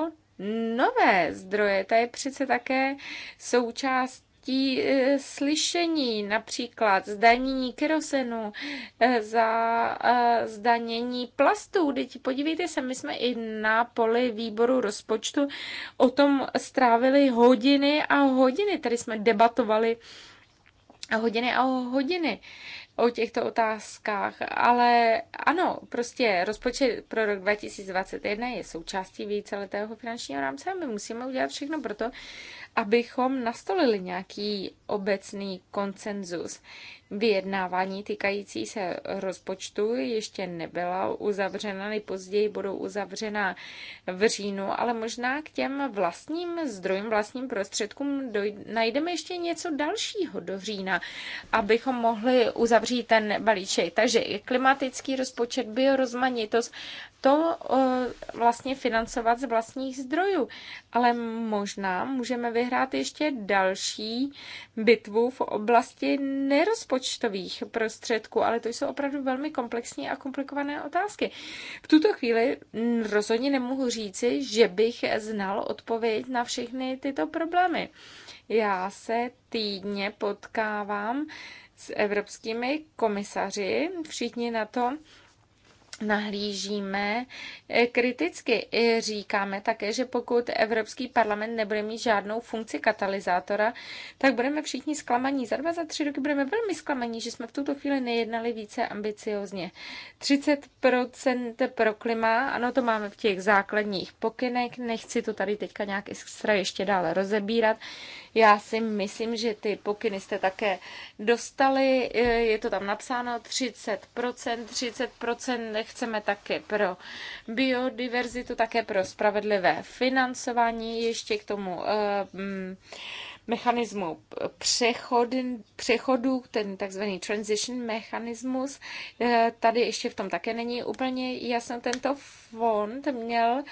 nové zdroje. To je přece také součást velký slyšení, například zdanění kerosenu, e, za e, zdanění plastů. Teď podívejte se, my jsme i na poli výboru rozpočtu o tom strávili hodiny a hodiny. Tady jsme debatovali hodiny a hodiny o těchto otázkách, ale ano, prostě rozpočet pro rok 2021 je součástí víceletého finančního rámce a my musíme udělat všechno pro to, abychom nastolili nějaký obecný koncenzus vyjednávání týkající se rozpočtu ještě nebyla uzavřena, nejpozději budou uzavřena v říjnu, ale možná k těm vlastním zdrojům, vlastním prostředkům doj- najdeme ještě něco dalšího do října, abychom mohli uzavřít ten balíček. Takže klimatický rozpočet, biorozmanitost, to eh, vlastně financovat z vlastních zdrojů ale možná můžeme vyhrát ještě další bitvu v oblasti nerozpočtových prostředků, ale to jsou opravdu velmi komplexní a komplikované otázky. V tuto chvíli rozhodně nemohu říci, že bych znal odpověď na všechny tyto problémy. Já se týdně potkávám s evropskými komisaři, všichni na to nahlížíme eh, kriticky. říkáme také, že pokud Evropský parlament nebude mít žádnou funkci katalyzátora, tak budeme všichni zklamaní. Za dva, za tři roky budeme velmi zklamaní, že jsme v tuto chvíli nejednali více ambiciozně. 30% pro klima, ano, to máme v těch základních pokynek, nechci to tady teďka nějak extra ještě dále rozebírat. Já si myslím, že ty pokyny jste také dostali, eh, je to tam napsáno 30%, 30% chceme také pro biodiverzitu, také pro spravedlivé financování, ještě k tomu eh, mm, mechanismu přechod, přechodu, ten takzvaný transition mechanismus. Eh, tady ještě v tom také není úplně jasno. Tento fond měl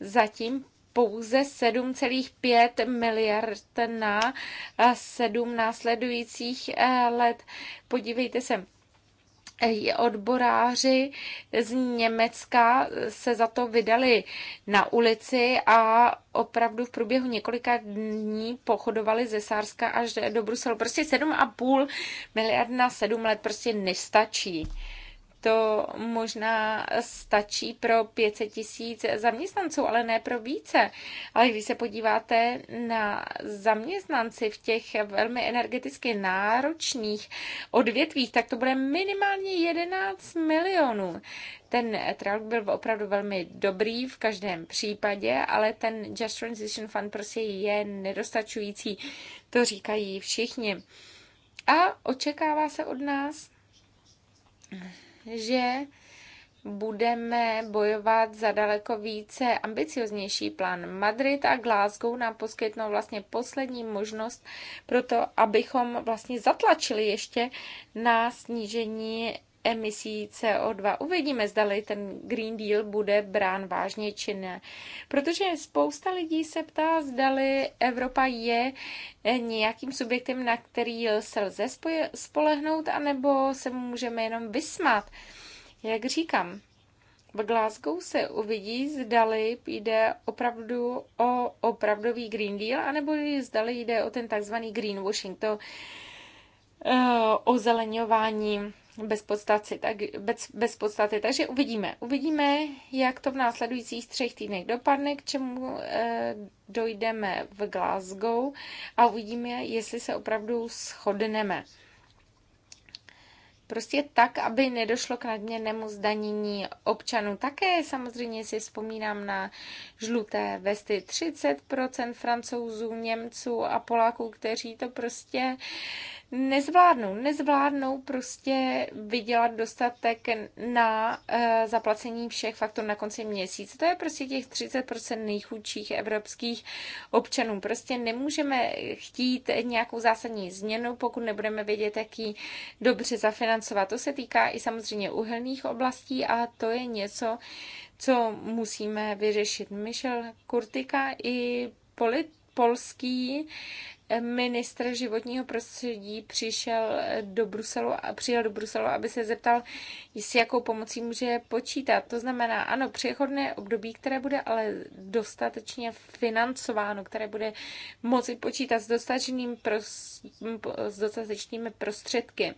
zatím pouze 7,5 miliard na eh, sedm následujících let. Podívejte se, odboráři z Německa se za to vydali na ulici a opravdu v průběhu několika dní pochodovali ze Sárska až do Bruselu. Prostě 7,5 miliard na 7 let prostě nestačí to možná stačí pro 500 tisíc zaměstnanců, ale ne pro více. Ale když se podíváte na zaměstnanci v těch velmi energeticky náročných odvětvích, tak to bude minimálně 11 milionů. Ten trialog byl opravdu velmi dobrý v každém případě, ale ten Just Transition Fund prostě je nedostačující. To říkají všichni. A očekává se od nás že budeme bojovat za daleko více ambicioznější plán. Madrid a Glasgow nám poskytnou vlastně poslední možnost pro to, abychom vlastně zatlačili ještě na snížení emisí CO2. Uvidíme, zdali ten Green Deal bude brán vážně či ne. Protože spousta lidí se ptá, zdali Evropa je eh, nějakým subjektem, na který se lze spolehnout, anebo se můžeme jenom vysmát. Jak říkám, v Glasgow se uvidí, zdali jde opravdu o opravdový Green Deal, anebo zdali jde o ten takzvaný greenwashing, to uh, ozeleňování bez podstaty, tak, bez, bez podstaty. Takže uvidíme. Uvidíme, jak to v následujících třech týdnech dopadne, k čemu eh, dojdeme v Glasgow a uvidíme, jestli se opravdu shodneme. Prostě tak, aby nedošlo k nadměrnému zdanění občanů. Také samozřejmě si vzpomínám na žluté vesty 30% francouzů, Němců a Poláků, kteří to prostě nezvládnou. Nezvládnou prostě vydělat dostatek na e, zaplacení všech faktur na konci měsíce. To je prostě těch 30% nejchudších evropských občanů. Prostě nemůžeme chtít nějakou zásadní změnu, pokud nebudeme vědět, jak ji dobře zafinancovat. To se týká i samozřejmě uhelných oblastí a to je něco, co musíme vyřešit. Michel Kurtika i politik, polský eh, ministr životního prostředí přišel eh, do Bruselu a přijel do Bruselu, aby se zeptal, jestli jakou pomocí může počítat. To znamená, ano, přechodné období, které bude ale dostatečně financováno, které bude moci počítat s, dostatečným pros, s dostatečnými prostředky.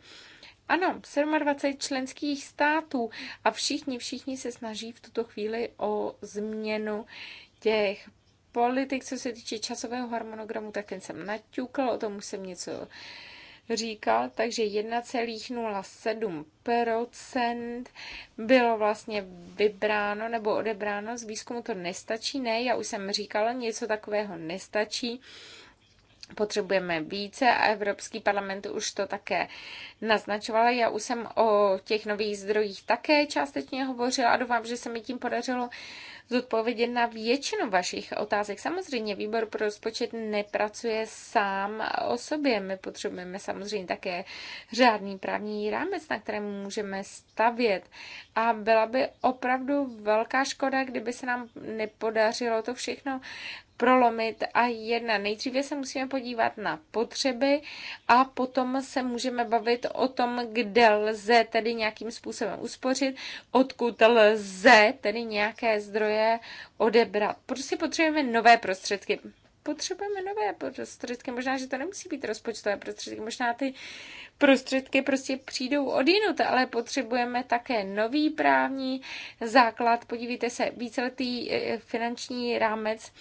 Ano, 27 členských států a všichni, všichni se snaží v tuto chvíli o změnu těch politik, co se týče časového harmonogramu, tak ten jsem naťukl, o tom už jsem něco říkal, takže 1,07% bylo vlastně vybráno nebo odebráno z výzkumu. To nestačí, ne, já už jsem říkala, něco takového nestačí potřebujeme více a Evropský parlament už to také naznačovala Já už jsem o těch nových zdrojích také částečně hovořila a doufám, že se mi tím podařilo zodpovědět na většinu vašich otázek. Samozřejmě výbor pro rozpočet nepracuje sám o sobě. My potřebujeme samozřejmě také řádný právní rámec, na kterém můžeme stavět. A byla by opravdu velká škoda, kdyby se nám nepodařilo to všechno prolomit a jedna. Nejdříve se musíme podívat na potřeby a potom se můžeme bavit o tom, kde lze tedy nějakým způsobem uspořit, odkud lze tedy nějaké zdroje odebrat. Prostě potřebujeme nové prostředky potřebujeme nové prostředky. Možná, že to nemusí být rozpočtové prostředky, možná ty prostředky prostě přijdou od jinut, ale potřebujeme také nový právní základ. Podívejte se, víceletý eh, finanční rámec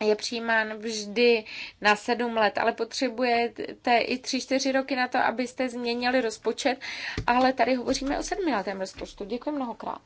je přijímán vždy na sedm let, ale potřebujete i tři, čtyři roky na to, abyste změnili rozpočet, ale tady hovoříme o sedmiletém rozpočtu. Děkuji mnohokrát.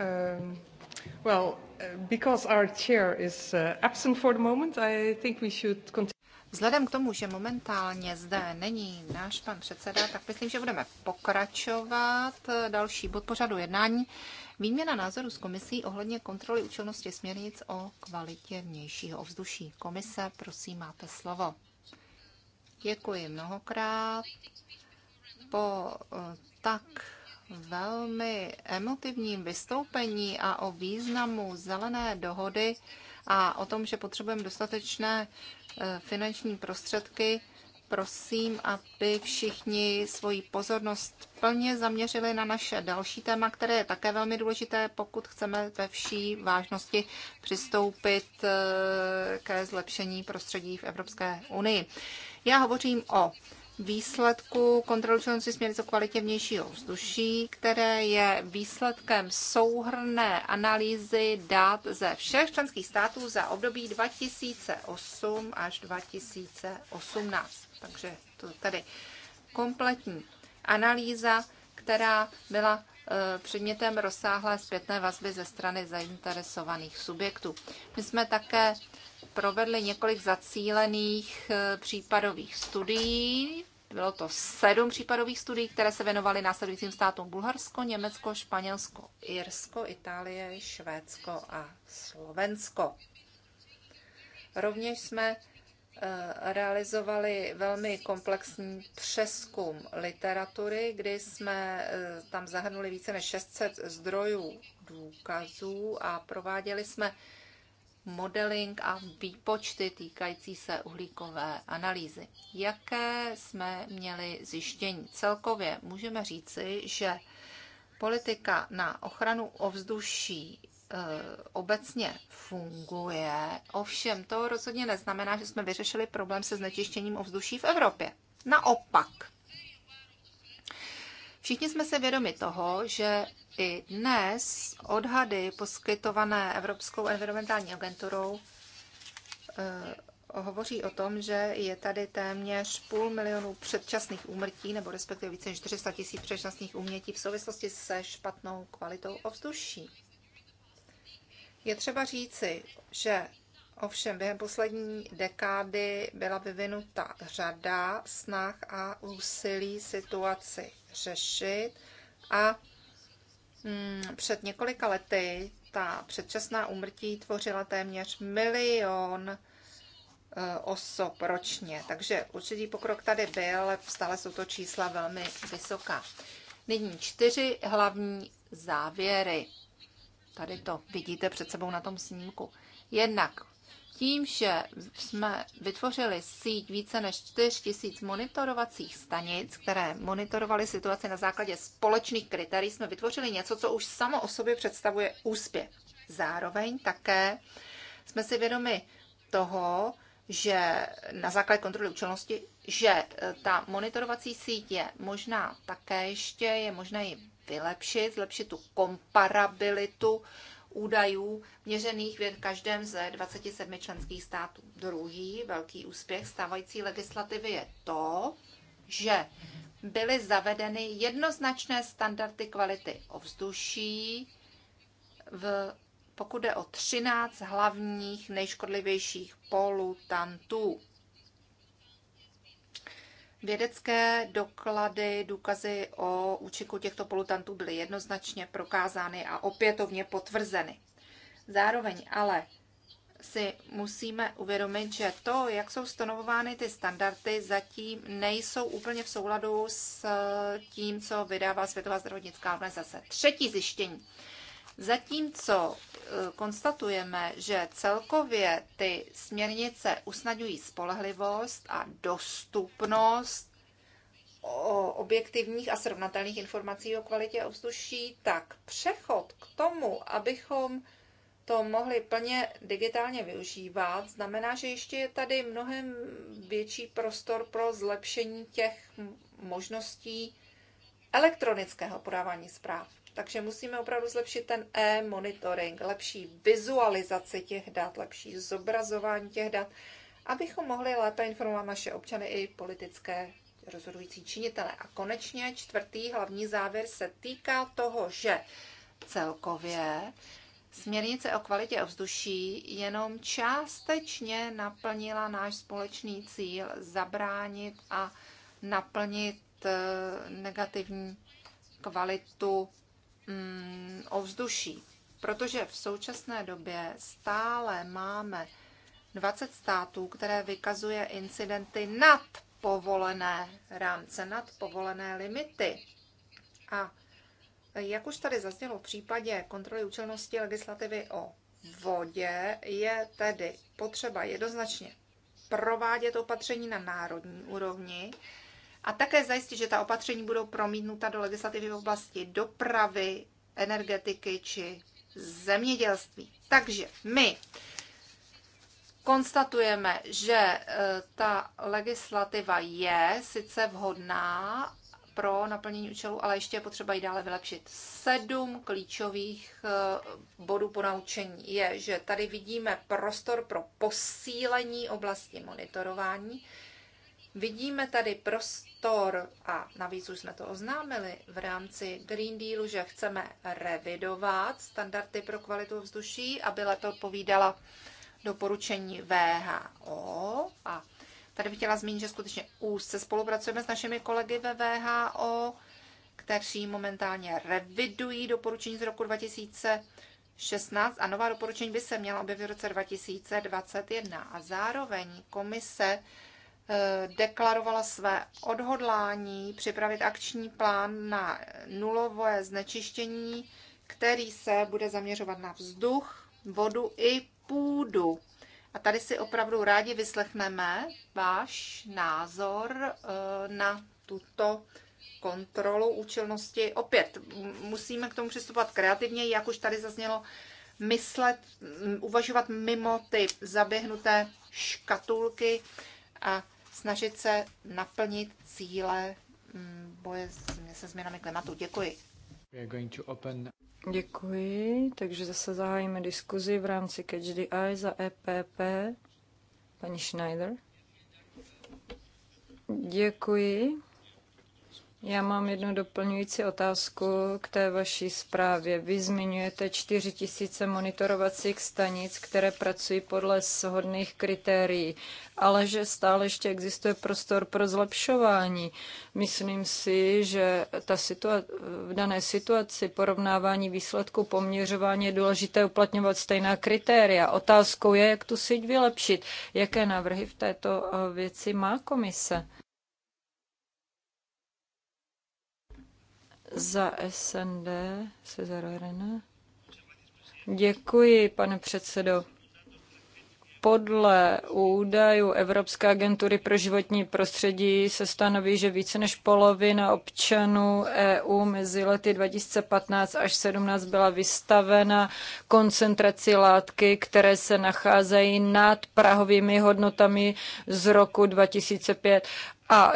Um, well, uh, because our chair is uh, absent for the moment, I think we should continue. Vzhledem k tomu, že momentálně zde není náš pan předseda, tak myslím, že budeme pokračovat. Další bod pořadu jednání. Výměna názoru s komisí ohledně kontroly účelnosti směrnic o kvalitě vnějšího ovzduší. Komise, prosím, máte slovo. Děkuji mnohokrát. Po eh, tak velmi emotivním vystoupení a o významu zelené dohody a o tom, že potřebujeme dostatečné e, finanční prostředky, prosím, aby všichni svoji pozornost plně zaměřili na naše další téma, které je také velmi důležité, pokud chceme ve vší vážnosti přistoupit e, ke zlepšení prostředí v Evropské unii. Já hovořím o výsledku kontroly činnosti směrnice o kvalitě vnějšího vzduší, které je výsledkem souhrné analýzy dat ze všech členských států za období 2008 až 2018. Takže to tady kompletní analýza, která byla e, předmětem rozsáhlé zpětné vazby ze strany zainteresovaných subjektů. My jsme také provedli několik zacílených eh, případových studií. Bylo to sedm případových studií, které se věnovaly následujícím státům Bulharsko, Německo, Španělsko, Irsko, Itálie, Švédsko a Slovensko. Rovněž jsme eh, realizovali velmi komplexní přeskum literatury, kdy jsme eh, tam zahrnuli více než 600 zdrojů důkazů a prováděli jsme modeling a výpočty týkající se uhlíkové analýzy. Jaké jsme měli zjištění? Celkově můžeme říci, že politika na ochranu ovzduší eh, obecně funguje, ovšem to rozhodně neznamená, že jsme vyřešili problém se znečištěním ovzduší v Evropě. Naopak, Všichni jsme se vědomi toho, že i dnes odhady poskytované Evropskou environmentální agenturou eh, hovoří o tom, že je tady téměř půl milionu předčasných úmrtí, nebo respektive více než 400 tisíc předčasných úmrtí v souvislosti se špatnou kvalitou ovzduší. Je třeba říci, že ovšem během poslední dekády byla vyvinuta řada snah a úsilí situaci řešit. A mm, před několika lety ta předčasná úmrtí tvořila téměř milion e, osob ročně. Takže určitý pokrok tady byl, ale stále jsou to čísla velmi vysoká. Nyní čtyři hlavní závěry. Tady to vidíte před sebou na tom snímku. Jednak tím, že jsme vytvořili síť více než 4 000 monitorovacích stanic, které monitorovaly situaci na základě společných kritérií, jsme vytvořili něco, co už samo o sobě představuje úspěch. Zároveň také jsme si vědomi toho, že na základě kontroly účelnosti, že e, ta monitorovací síť je možná také ještě, je možné ji vylepšit, zlepšit tu komparabilitu údajů měřených v každém ze 27 členských států. Druhý velký úspěch stávající legislativy je to, že byly zavedeny jednoznačné standardy kvality ovzduší, v, pokud jde o 13 hlavních nejškodlivějších polutantů. Vědecké doklady, důkazy o účiku těchto polutantů byly jednoznačně prokázány a opětovně potvrzeny. Zároveň ale si musíme uvědomit, že to, jak jsou stanovovány ty standardy, zatím nejsou úplně v souladu s tím, co vydává Světová zdravotnická organizace. Třetí zjištění. Zatímco e, konstatujeme, že celkově ty směrnice usnadňují spolehlivost a dostupnost objektivních a srovnatelných informací o kvalitě ovzduší, tak přechod k tomu, abychom to mohli plně digitálně využívat, znamená, že ještě je tady mnohem větší prostor pro zlepšení těch možností elektronického podávání zpráv. Takže musíme opravdu zlepšit ten e-monitoring, lepší vizualizaci těch dat, lepší zobrazování těch dat, abychom mohli lépe informovat naše občany i politické rozhodující činitele. A konečně čtvrtý hlavní závěr se týká toho, že celkově směrnice o kvalitě ovzduší jenom částečně naplnila náš společný cíl zabránit a naplnit eh, negativní kvalitu mm, ovzduší, protože v současné době stále máme 20 států, které vykazuje incidenty nad povolené rámce, nad povolené limity. A jak už tady zaznělo v případě kontroly účelnosti legislativy o vodě, je tedy potřeba jednoznačně provádět opatření na národní úrovni a také zajistit, že ta opatření budou promítnuta do legislativy v oblasti dopravy, energetiky či zemědělství. Takže my konstatujeme, že e, ta legislativa je sice vhodná pro naplnění účelu, ale ještě je potřeba ji dále vylepšit. Sedm klíčových e, bodů ponaučení je, že tady vidíme prostor pro posílení oblasti monitorování, Vidíme tady prostor, a navíc už jsme to oznámili v rámci Green Dealu, že chceme revidovat standardy pro kvalitu vzduší, aby lépe odpovídala doporučení VHO. A tady bych chtěla zmínit, že skutečně úzce spolupracujeme s našimi kolegy ve VHO, kteří momentálně revidují doporučení z roku 2016 a nová doporučení by se měla objevit v roce 2021. A zároveň komise Eh, deklarovala své odhodlání připravit akční plán na nulové znečištění, který se bude zaměřovat na vzduch, vodu i půdu. A tady si opravdu rádi vyslechneme váš názor eh, na tuto kontrolu účelnosti. Opět musíme k tomu přistupovat kreativně, jak už tady zaznělo, myslet, uvažovat mimo ty zaběhnuté škatulky a snažit se naplnit cíle mm, boje se změnami klimatu. Děkuji. Děkuji, takže zase zahájíme diskuzi v rámci Catch the Eye za EPP. Paní Schneider. Děkuji. Já mám jednu doplňující otázku k té vaší zprávě. Vy zmiňujete 4 000 monitorovacích stanic, které pracují podle shodných kritérií, ale že stále ještě existuje prostor pro zlepšování. Myslím si, že ta situa- v dané situaci porovnávání výsledků poměřování je důležité uplatňovat stejná kritéria. Otázkou je, jak tu síť vylepšit. Jaké návrhy v této eh, věci má komise? Za SND se Arena. Děkuji, pane předsedo. Podle údajů Evropské agentury pro životní prostředí se stanoví, že více než polovina občanů EU mezi lety 2015 až 17 byla vystavena koncentraci látky, které se nacházejí nad prahovými hodnotami z roku 2005 a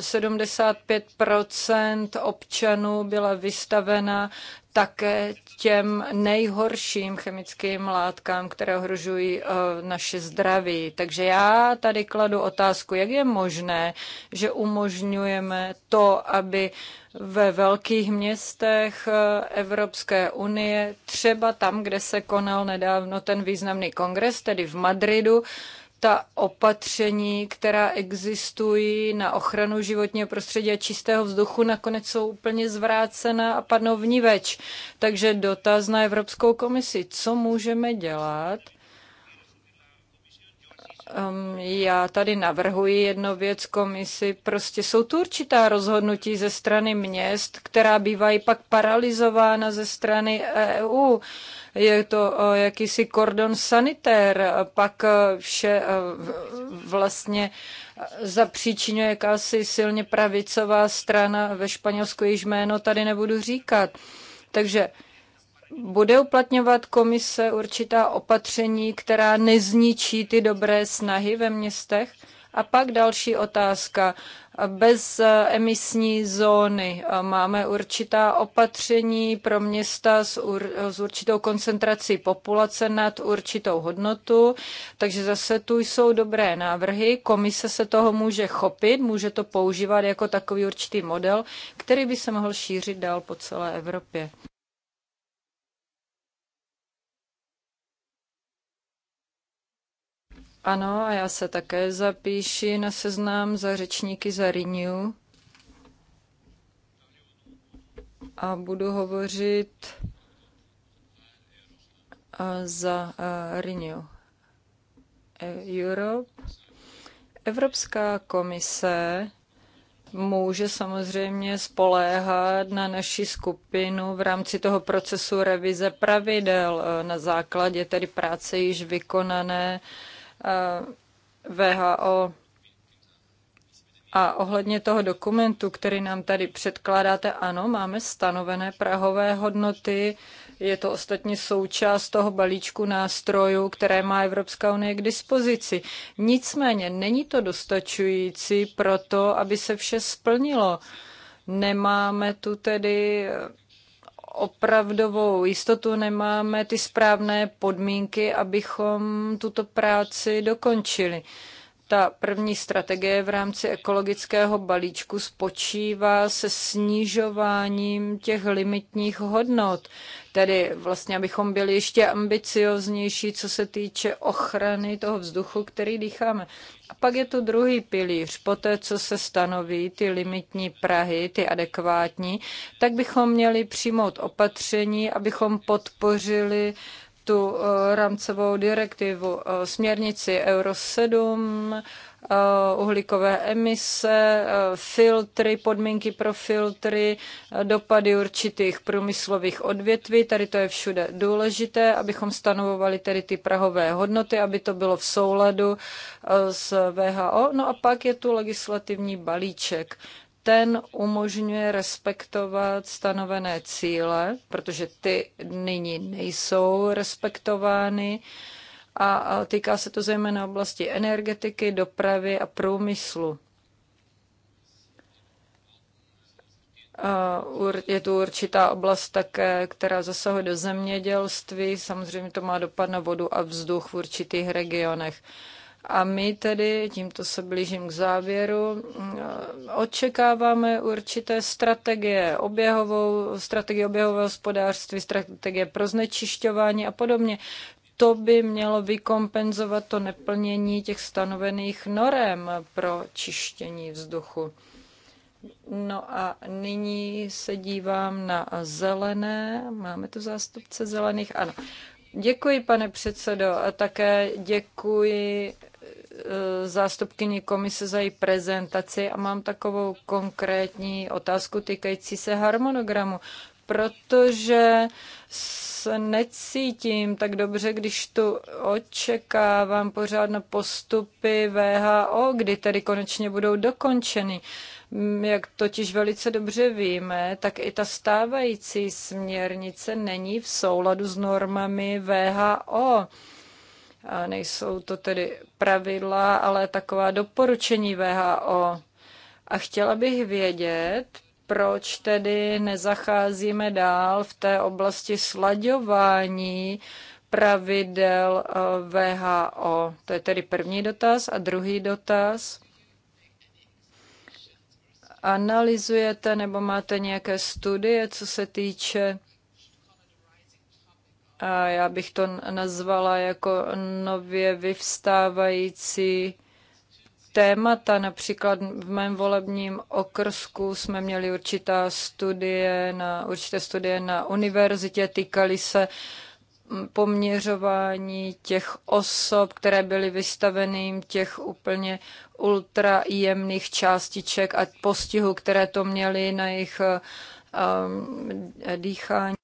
75 eh, občanů byla vystavena také těm nejhorším chemickým látkám, které ohrožují eh, naše zdraví. Takže já tady kladu otázku, jak je možné, že umožňujeme to, aby ve velkých městech eh, Evropské unie, třeba tam, kde se konal nedávno ten významný kongres, tedy v Madridu, ta opatření, která existují na ochranu životního prostředí a čistého vzduchu, nakonec jsou úplně zvrácena a padnou v ní več. Takže dotaz na Evropskou komisi, co můžeme dělat, Um, já tady navrhuji jedno věc komisi. Prostě jsou tu určitá rozhodnutí ze strany měst, která bývají pak paralizována ze strany EU. Je to eh, jakýsi kordon sanitér, eh, pak eh, vše vlastně zapříčinuje jakási silně pravicová strana ve Španělsku, jejíž jméno tady nebudu říkat. Takže bude uplatňovat komise určitá opatření, která nezničí ty dobré snahy ve městech? A pak další otázka. Bez emisní zóny máme určitá opatření pro města s, ur, s určitou koncentrací populace nad určitou hodnotu, takže zase tu jsou dobré návrhy. Komise se toho může chopit, může to používat jako takový určitý model, který by se mohl šířit dál po celé Evropě. Ano, a já se také zapíši na seznam za řečníky za Renew. A budu hovořit za Renew e, Europe. Evropská komise může samozřejmě spoléhat na naši skupinu v rámci toho procesu revize pravidel e, na základě tedy práce již vykonané Eh, VHO. A ohledně toho dokumentu, který nám tady předkládáte, ano, máme stanovené prahové hodnoty. Je to ostatně součást toho balíčku nástrojů, které má Evropská unie k dispozici. Nicméně není to dostačující pro to, aby se vše splnilo. Nemáme tu tedy opravdovou jistotu, nemáme ty správné podmínky, abychom tuto práci dokončili. Ta první strategie v rámci ekologického balíčku spočívá se snižováním těch limitních hodnot, tedy vlastně, abychom byli ještě ambicioznější, co se týče ochrany toho vzduchu, který dýcháme. A pak je to druhý pilíř. Poté, co se stanoví ty limitní Prahy, ty adekvátní, tak bychom měli přijmout opatření, abychom podpořili tu eh, rámcovou direktivu, eh, směrnici Euro 7, eh, uhlíkové emise, filtry, podmínky pro filtry, dopady určitých průmyslových odvětví. Tady to je všude důležité, abychom stanovovali tedy ty prahové hodnoty, aby to bylo v souladu s VHO. No a pak je tu legislativní balíček ten umožňuje respektovat stanovené cíle, protože ty nyní nejsou respektovány a týká se to zejména oblasti energetiky, dopravy a průmyslu. Je tu určitá oblast také, která zasahuje do zemědělství. Samozřejmě to má dopad na vodu a vzduch v určitých regionech. A my tedy, tímto se blížím k závěru, očekáváme určité strategie oběhovou, strategie oběhového hospodářství, strategie pro znečišťování a podobně. To by mělo vykompenzovat to neplnění těch stanovených norem pro čištění vzduchu. No a nyní se dívám na zelené. Máme tu zástupce zelených? Ano. Děkuji, pane předsedo, a také děkuji eh, zástupkyni komise za její prezentaci a mám takovou konkrétní otázku týkající se harmonogramu, protože se necítím tak dobře, když tu očekávám pořád na postupy VHO, kdy tedy konečně budou dokončeny. Uh, Mm, jak totiž velice dobře víme, tak i ta stávající směrnice není v souladu s normami VHO. A nejsou to tedy pravidla, ale taková doporučení VHO. A chtěla bych vědět, proč tedy nezacházíme dál v té oblasti slaďování pravidel eh, VHO. To je tedy první dotaz. A druhý dotaz analyzujete nebo máte nějaké studie, co se týče a já bych to nazvala jako nově vyvstávající témata. Například v mém volebním okrsku jsme měli určitá studie na, určité studie na univerzitě, týkaly se poměřování těch osob, které byly vystaveny těch úplně ultra jemných částiček a postihu, které to měly na jejich um, dýchání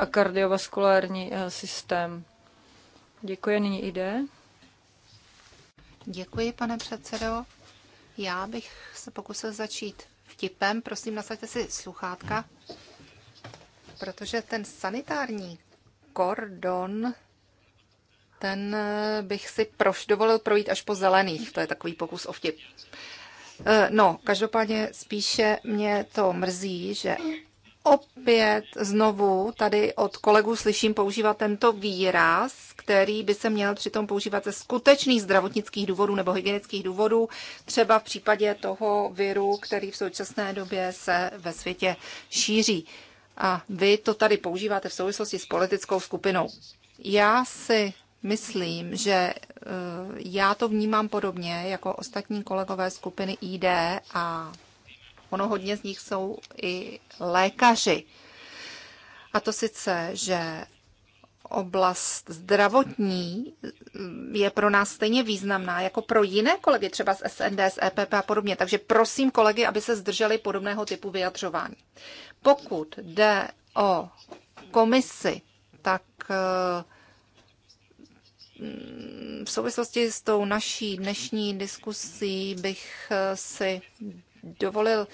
a kardiovaskulární eh, systém. Děkuji, nyní jde. Děkuji, pane předsedo. Já bych se pokusil začít vtipem. Prosím, nasaďte si sluchátka protože ten sanitární kordon, ten eh, bych si proš dovolil projít až po zelených. To je takový pokus o vtip. Eh, no, každopádně spíše mě to mrzí, že opět znovu tady od kolegů slyším používat tento výraz, který by se měl přitom používat ze skutečných zdravotnických důvodů nebo hygienických důvodů, třeba v případě toho viru, který v současné době se ve světě šíří. A vy to tady používáte v souvislosti s politickou skupinou. Já si myslím, že e, já to vnímám podobně jako ostatní kolegové skupiny ID a ono hodně z nich jsou i lékaři. A to sice, že oblast zdravotní e, je pro nás stejně významná jako pro jiné kolegy, třeba z SND, z EPP a podobně. Takže prosím kolegy, aby se zdrželi podobného typu vyjadřování. Pokud jde o komisi, tak eh, v souvislosti s tou naší dnešní diskusí bych eh, si dovolil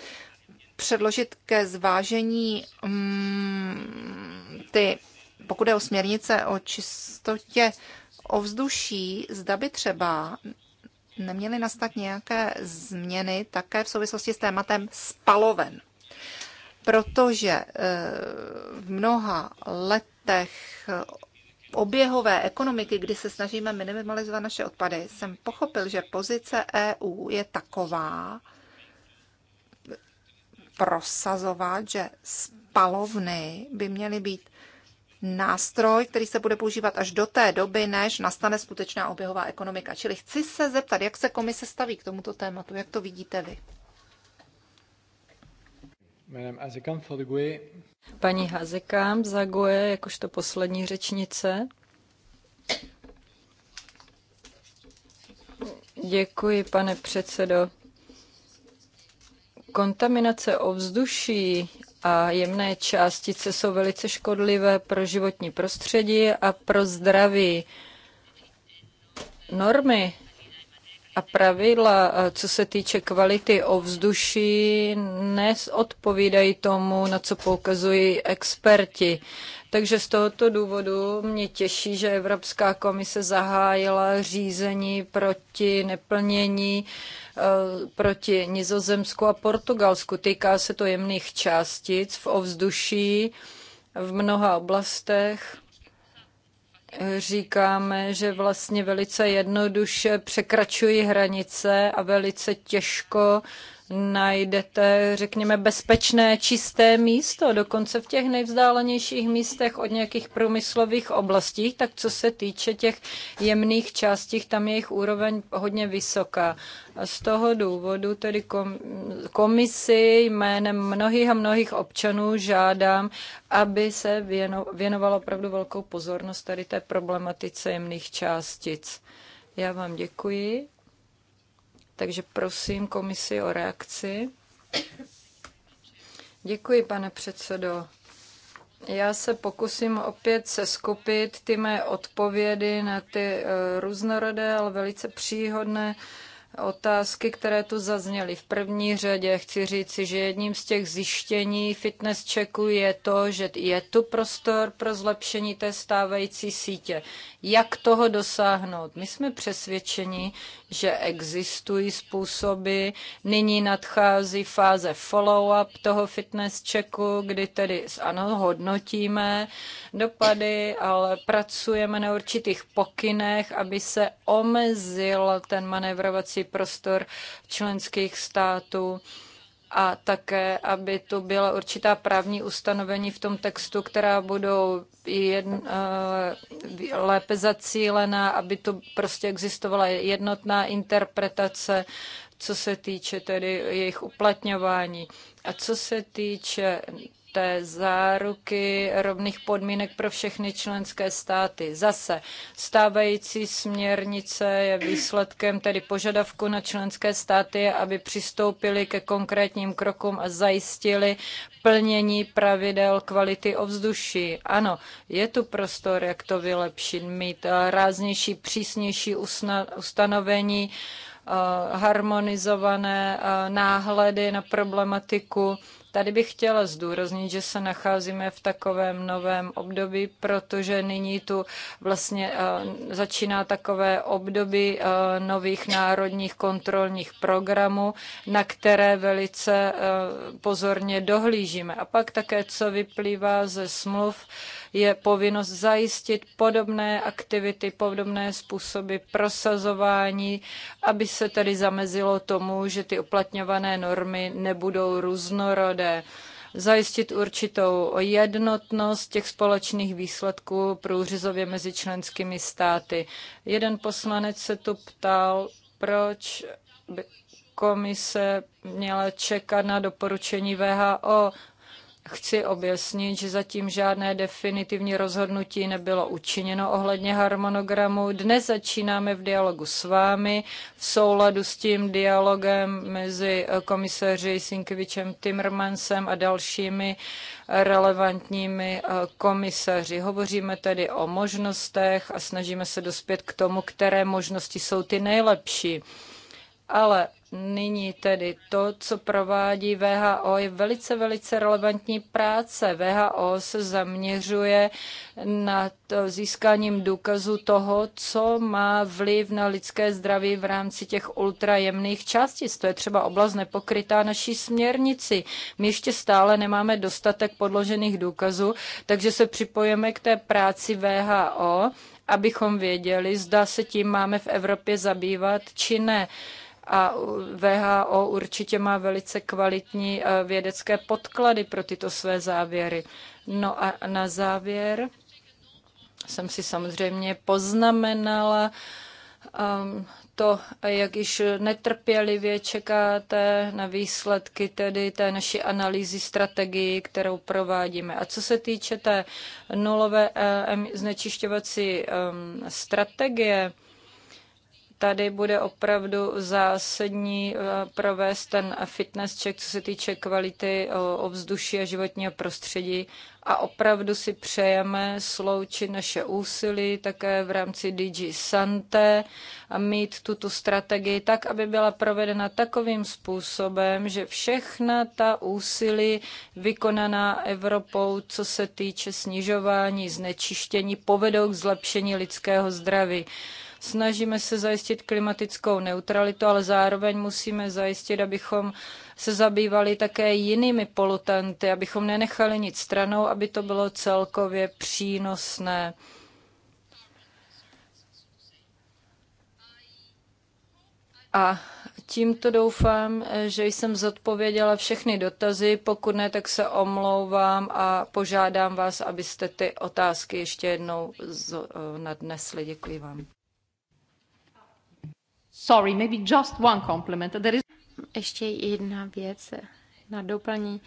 předložit ke zvážení mm, ty, pokud je o směrnice o čistotě ovzduší, zda by třeba neměly nastat nějaké změny také v souvislosti s tématem spaloven protože eh, v mnoha letech eh, oběhové ekonomiky, kdy se snažíme minimalizovat naše odpady, jsem pochopil, že pozice EU je taková prosazovat, že spalovny by měly být nástroj, který se bude používat až do té doby, než nastane skutečná oběhová ekonomika. Čili chci se zeptat, jak se komise staví k tomuto tématu, jak to vidíte vy? E. Paní Hazekam Zagoje, jakožto poslední řečnice. Děkuji, pane předsedo. Kontaminace ovzduší a jemné částice jsou velice škodlivé pro životní prostředí a pro zdraví. Normy a pravidla, eh, co se týče kvality ovzduší, neodpovídají tomu, na co poukazují experti. Takže z tohoto důvodu mě těší, že Evropská komise zahájila řízení proti neplnění eh, proti Nizozemsku a Portugalsku. Týká se to jemných částic v ovzduší v mnoha oblastech říkáme, že vlastně velice jednoduše překračují hranice a velice těžko najdete, řekněme, bezpečné, čisté místo, dokonce v těch nejvzdálenějších místech od nějakých průmyslových oblastí, tak co se týče těch jemných částí, tam je jejich úroveň hodně vysoká. A z toho důvodu tedy komisi jménem mnohých a mnohých občanů žádám, aby se věno, věnovala opravdu velkou pozornost tady té problematice jemných částic. Já vám děkuji. Takže prosím komisi o reakci. Děkuji, pane předsedo. Já se pokusím opět seskupit ty mé odpovědi na ty eh, různorodé, ale velice příhodné otázky, které tu zazněly. V první řadě chci říci, že jedním z těch zjištění fitness checku je to, že je tu prostor pro zlepšení té stávající sítě. Jak toho dosáhnout? My jsme přesvědčeni, že existují způsoby. Nyní nadchází fáze follow-up toho fitness checku, kdy tedy ano, hodnotíme dopady, ale pracujeme na určitých pokynech, aby se omezil ten manévrovací manévrovací prostor členských států a také, aby tu byla určitá právní ustanovení v tom textu, která budou jedn, eh, lépe zacílená, aby tu prostě existovala jednotná interpretace, co se týče tedy jejich uplatňování. A co se týče té záruky rovných podmínek pro všechny členské státy. Zase stávající směrnice je výsledkem tedy požadavku na členské státy, aby přistoupili ke konkrétním krokům a zajistili plnění pravidel kvality ovzduší. Ano, je tu prostor, jak to vylepšit, mít eh, ráznější, přísnější ustanovení, eh, harmonizované eh, náhledy na problematiku Tady bych chtěla zdůraznit, že se nacházíme v takovém novém období, protože nyní tu vlastně eh, začíná takové období eh, nových národních kontrolních programů, na které velice eh, pozorně dohlížíme. A pak také, co vyplývá ze smluv, je povinnost zajistit podobné aktivity, podobné způsoby prosazování, aby se tedy zamezilo tomu, že ty uplatňované normy nebudou různorodé zajistit určitou jednotnost těch společných výsledků průřezově mezi členskými státy. Jeden poslanec se tu ptal, proč by komise měla čekat na doporučení VHO. Chci objasnit, že zatím žádné definitivní rozhodnutí nebylo učiněno ohledně harmonogramu. Dnes začínáme v dialogu s vámi v souladu s tím dialogem mezi komisaři Sinkevičem Timmermansem a dalšími relevantními eh, komisaři. Hovoříme tedy o možnostech a snažíme se dospět k tomu, které možnosti jsou ty nejlepší. Ale Nyní tedy to, co provádí VHO, je velice, velice relevantní práce. VHO se zaměřuje na získáním důkazu toho, co má vliv na lidské zdraví v rámci těch ultrajemných částic. To je třeba oblast nepokrytá naší směrnici. My ještě stále nemáme dostatek podložených důkazů, takže se připojeme k té práci VHO abychom věděli, zda se tím máme v Evropě zabývat či ne a VHO určitě má velice kvalitní eh, vědecké podklady pro tyto své závěry. No a na závěr jsem si samozřejmě poznamenala ehm, to, jak již netrpělivě čekáte na výsledky tedy té naší analýzy strategii, kterou provádíme. A co se týče té nulové eh, znečišťovací ehm, strategie, tady bude opravdu zásadní eh, provést ten fitness check, co se týče kvality eh, ovzduší a životního prostředí. A opravdu si přejeme sloučit naše úsilí také v rámci DG Santé a mít tuto strategii tak, aby byla provedena takovým způsobem, že všechna ta úsilí vykonaná Evropou, co se týče snižování znečištění, povedou k zlepšení lidského zdraví. Snažíme se zajistit klimatickou neutralitu, ale zároveň musíme zajistit, abychom se zabývali také jinými polutanty, abychom nenechali nic stranou, aby to bylo celkově přínosné. A tímto doufám, že jsem zodpověděla všechny dotazy. Pokud ne, tak se omlouvám a požádám vás, abyste ty otázky ještě jednou nadnesli. Děkuji vám. Sorry, maybe just one compliment. There is... Ještě jedna věc na doplní.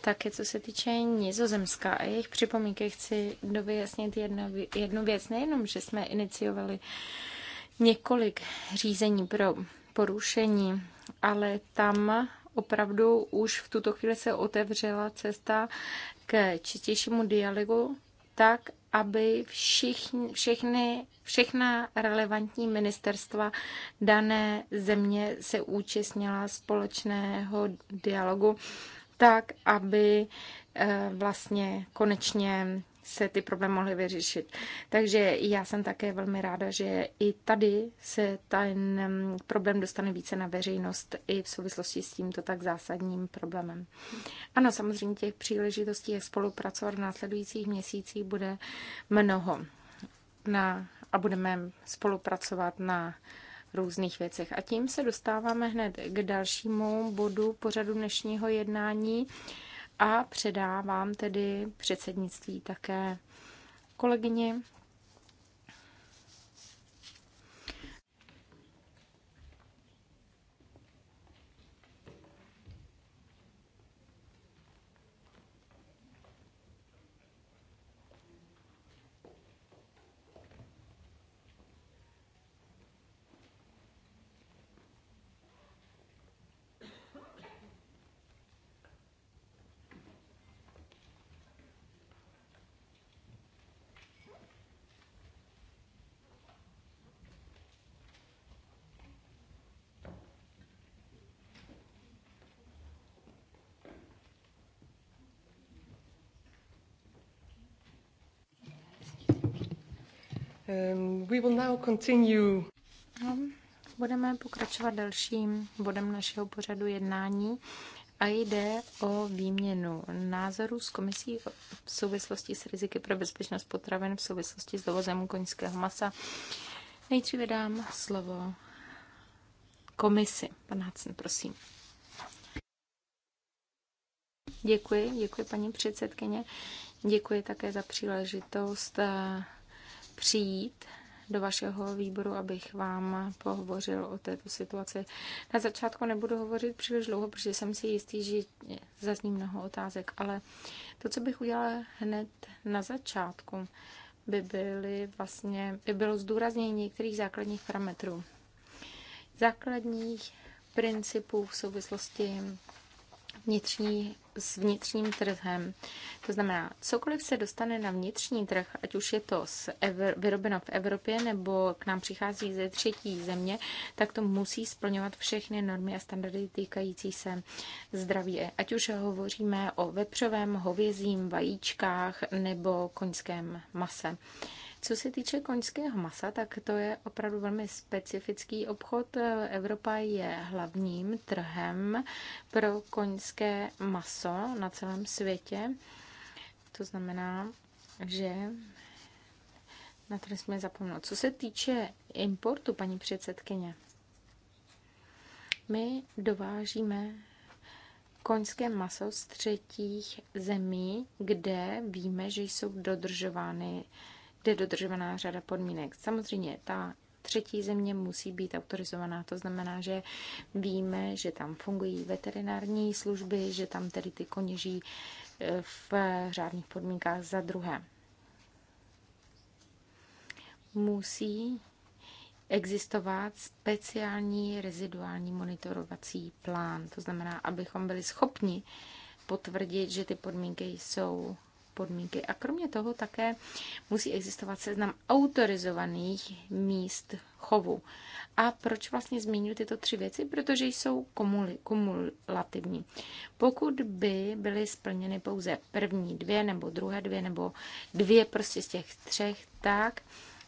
Také co se týče Nizozemska a jejich připomínky, chci dovyjasnit jednu, jednu věc. Nejenom, že jsme iniciovali několik řízení pro porušení, ale tam opravdu už v tuto chvíli se otevřela cesta k čistějšímu dialogu, tak, aby všichni, všechny, všechna relevantní ministerstva dané země se účastnila společného dialogu, tak aby eh, vlastně konečně se ty problémy mohly vyřešit. Takže já jsem také velmi ráda, že i tady se ten mm, problém dostane více na veřejnost i v souvislosti s tímto tak zásadním problémem. Ano, samozřejmě těch příležitostí, jak spolupracovat v následujících měsících, bude mnoho. Na, a budeme spolupracovat na různých věcech. A tím se dostáváme hned k dalšímu bodu pořadu dnešního jednání a předávám tedy předsednictví také kolegyni Um, we will now continue. No, budeme pokračovat dalším bodem našeho pořadu jednání a jde o výměnu názorů s komisí v souvislosti s riziky pro bezpečnost potravin v souvislosti s dovozem koňského masa. Nejdříve dám slovo komisi. Pan Hacen, prosím. Děkuji, děkuji paní předsedkyně. Děkuji také za příležitost eh, přijít do vašeho výboru, abych vám pohovořil o této situaci. Na začátku nebudu hovořit příliš dlouho, protože jsem si jistý, že zazní mnoho otázek, ale to, co bych udělala hned na začátku, by, byly vlastně, by bylo zdůraznění některých základních parametrů. Základních principů v souvislosti vnitřní, s vnitřním trhem. To znamená, cokoliv se dostane na vnitřní trh, ať už je to z Evr- vyrobeno v Evropě nebo k nám přichází ze třetí země, tak to musí splňovat všechny normy a standardy týkající se zdraví. Ať už hovoříme o vepřovém, hovězím, vajíčkách nebo koňském mase. Co se týče koňského masa, tak to je opravdu velmi specifický obchod. Evropa je hlavním trhem pro koňské maso na celém světě. To znamená, že na to jsme zapomnout. Co se týče importu, paní předsedkyně, my dovážíme koňské maso z třetích zemí, kde víme, že jsou dodržovány kde dodržovaná řada podmínek. Samozřejmě ta třetí země musí být autorizovaná. To znamená, že víme, že tam fungují veterinární služby, že tam tedy ty koně žijí e, v řádných podmínkách za druhé. Musí existovat speciální reziduální monitorovací plán. To znamená, abychom byli schopni potvrdit, že ty podmínky jsou podmínky. A kromě toho také musí existovat seznam autorizovaných míst chovu. A proč vlastně zmiňuji tyto tři věci? Protože jsou kumuli, kumulativní. Pokud by byly splněny pouze první dvě, nebo druhé dvě, nebo dvě prostě z těch třech, tak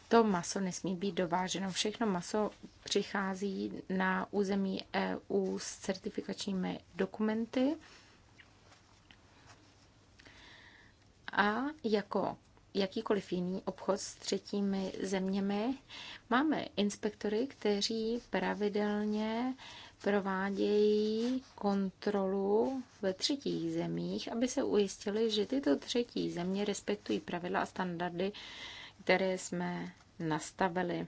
to maso nesmí být dováženo. Všechno maso přichází na území EU s certifikačními dokumenty A jako jakýkoliv jiný obchod s třetími zeměmi máme inspektory, kteří pravidelně provádějí kontrolu ve třetích zemích, aby se ujistili, že tyto třetí země respektují pravidla a standardy, které jsme nastavili.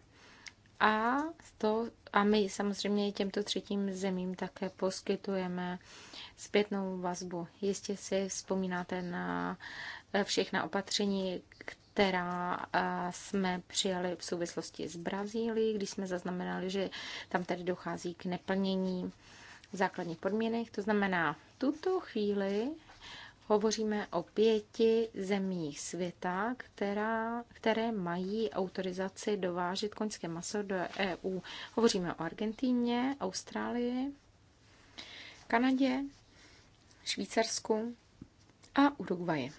A, to, a my samozřejmě těmto třetím zemím také poskytujeme zpětnou vazbu. Jistě si vzpomínáte na všechna opatření, která jsme přijali v souvislosti s Brazílií, když jsme zaznamenali, že tam tady dochází k neplnění základních podmínek. To znamená, tuto chvíli Hovoříme o pěti zemích světa, která, které mají autorizaci dovážet koňské maso do EU. Hovoříme o Argentíně, Austrálii, Kanadě, Švýcarsku a Uruguayi.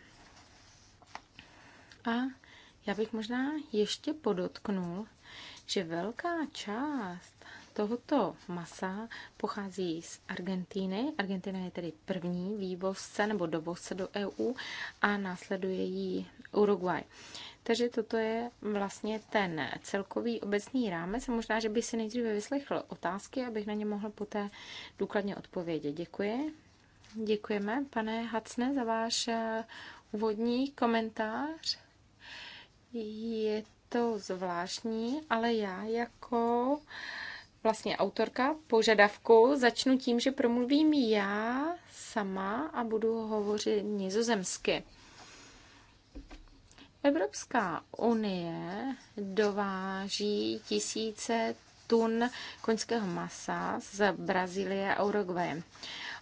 A já bych možná ještě podotknul, že velká část tohoto masa pochází z Argentíny. Argentina je tedy první vývozce nebo dovozce do EU a následuje ji Uruguay. Takže toto je vlastně ten celkový obecný rámec. možná, že by si nejdříve vyslechl otázky, abych na ně mohl poté důkladně odpovědět. Děkuji. Děkujeme, pane Hacne, za váš eh, úvodní komentář. Je to zvláštní, ale já jako vlastně autorka požadavku. Začnu tím, že promluvím já sama a budu hovořit nizozemsky. Evropská unie dováží tisíce tun koňského masa z Brazílie a Uruguay.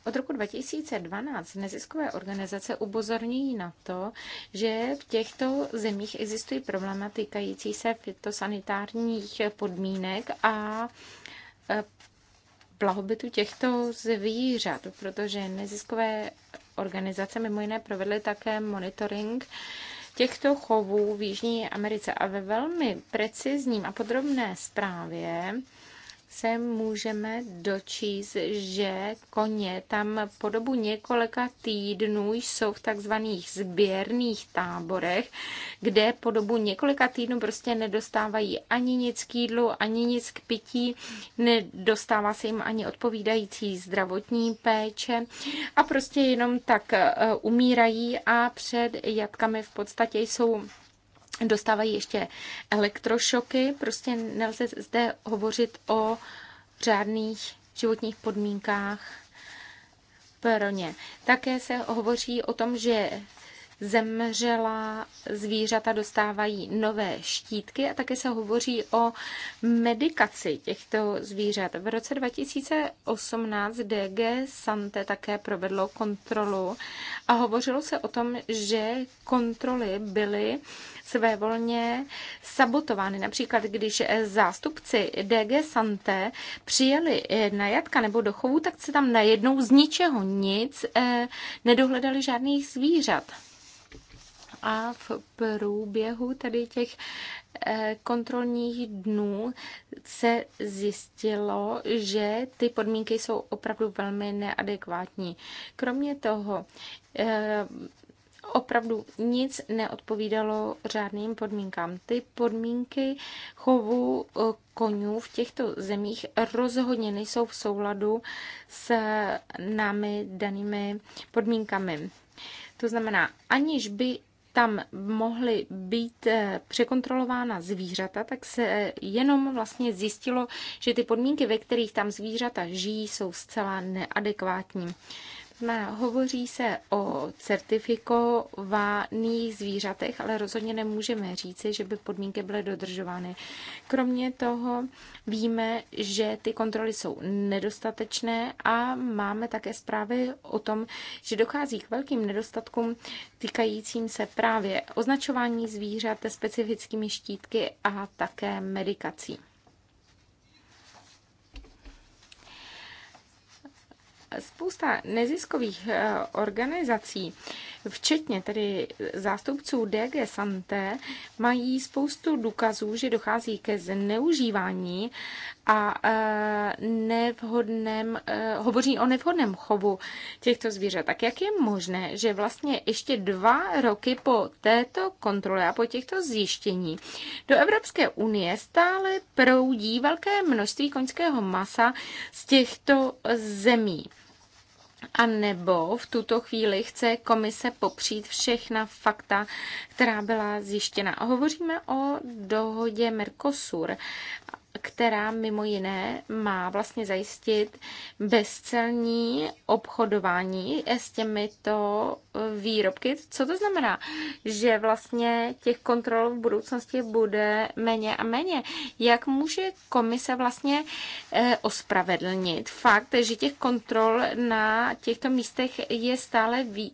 Od roku 2012 neziskové organizace upozorňují na to, že v těchto zemích existují problémy týkající se fitosanitárních podmínek a Eh, blahobytu těchto zvířat, protože neziskové organizace mimo jiné provedly také monitoring těchto chovů v Jižní Americe a ve velmi precizním a podrobné zprávě se můžeme dočíst, že koně tam po dobu několika týdnů jsou v takzvaných sběrných táborech, kde po dobu několika týdnů prostě nedostávají ani nic k jídlu, ani nic k pití, nedostává se jim ani odpovídající zdravotní péče a prostě jenom tak eh, umírají a před jatkami v podstatě jsou dostávají ještě elektrošoky. Prostě nelze zde hovořit o řádných životních podmínkách pro ně. Také se hovoří o tom, že zemřela zvířata dostávají nové štítky a také se hovoří o medikaci těchto zvířat. V roce 2018 DG Sante také provedlo kontrolu a hovořilo se o tom, že kontroly byly svévolně sabotovány. Například, když zástupci DG Sante přijeli eh, na jatka nebo do chovu, tak se tam najednou z ničeho nic eh, nedohledali žádných zvířat a v průběhu tedy těch eh, kontrolních dnů se zjistilo, že ty podmínky jsou opravdu velmi neadekvátní. Kromě toho, eh, opravdu nic neodpovídalo řádným podmínkám. Ty podmínky chovu eh, konňů v těchto zemích rozhodně nejsou v souladu s námi danými podmínkami. To znamená, aniž by tam mohly být eh, překontrolována zvířata, tak se eh, jenom vlastně zjistilo, že ty podmínky, ve kterých tam zvířata žijí, jsou zcela neadekvátní. Na, hovoří se o certifikovaných zvířatech, ale rozhodně nemůžeme říci, že by podmínky byly dodržovány. Kromě toho víme, že ty kontroly jsou nedostatečné a máme také zprávy o tom, že dochází k velkým nedostatkům týkajícím se právě označování zvířat specifickými štítky a také medikací. spousta neziskových eh, organizací, včetně tedy zástupců DG Santé, mají spoustu důkazů, že dochází ke zneužívání a eh, nevhodném, eh, hovoří o nevhodném chovu těchto zvířat. Tak jak je možné, že vlastně ještě dva roky po této kontrole a po těchto zjištění do Evropské unie stále proudí velké množství koňského masa z těchto zemí? a nebo v tuto chvíli chce komise popřít všechna fakta, která byla zjištěna. Hovoříme o dohodě Mercosur která mimo jiné má vlastně zajistit bezcelní obchodování s těmito e, výrobky. Co to znamená? Že vlastně těch kontrol v budoucnosti bude méně a méně. Jak může komise vlastně e, ospravedlnit fakt, že těch kontrol na těchto místech je stále ví-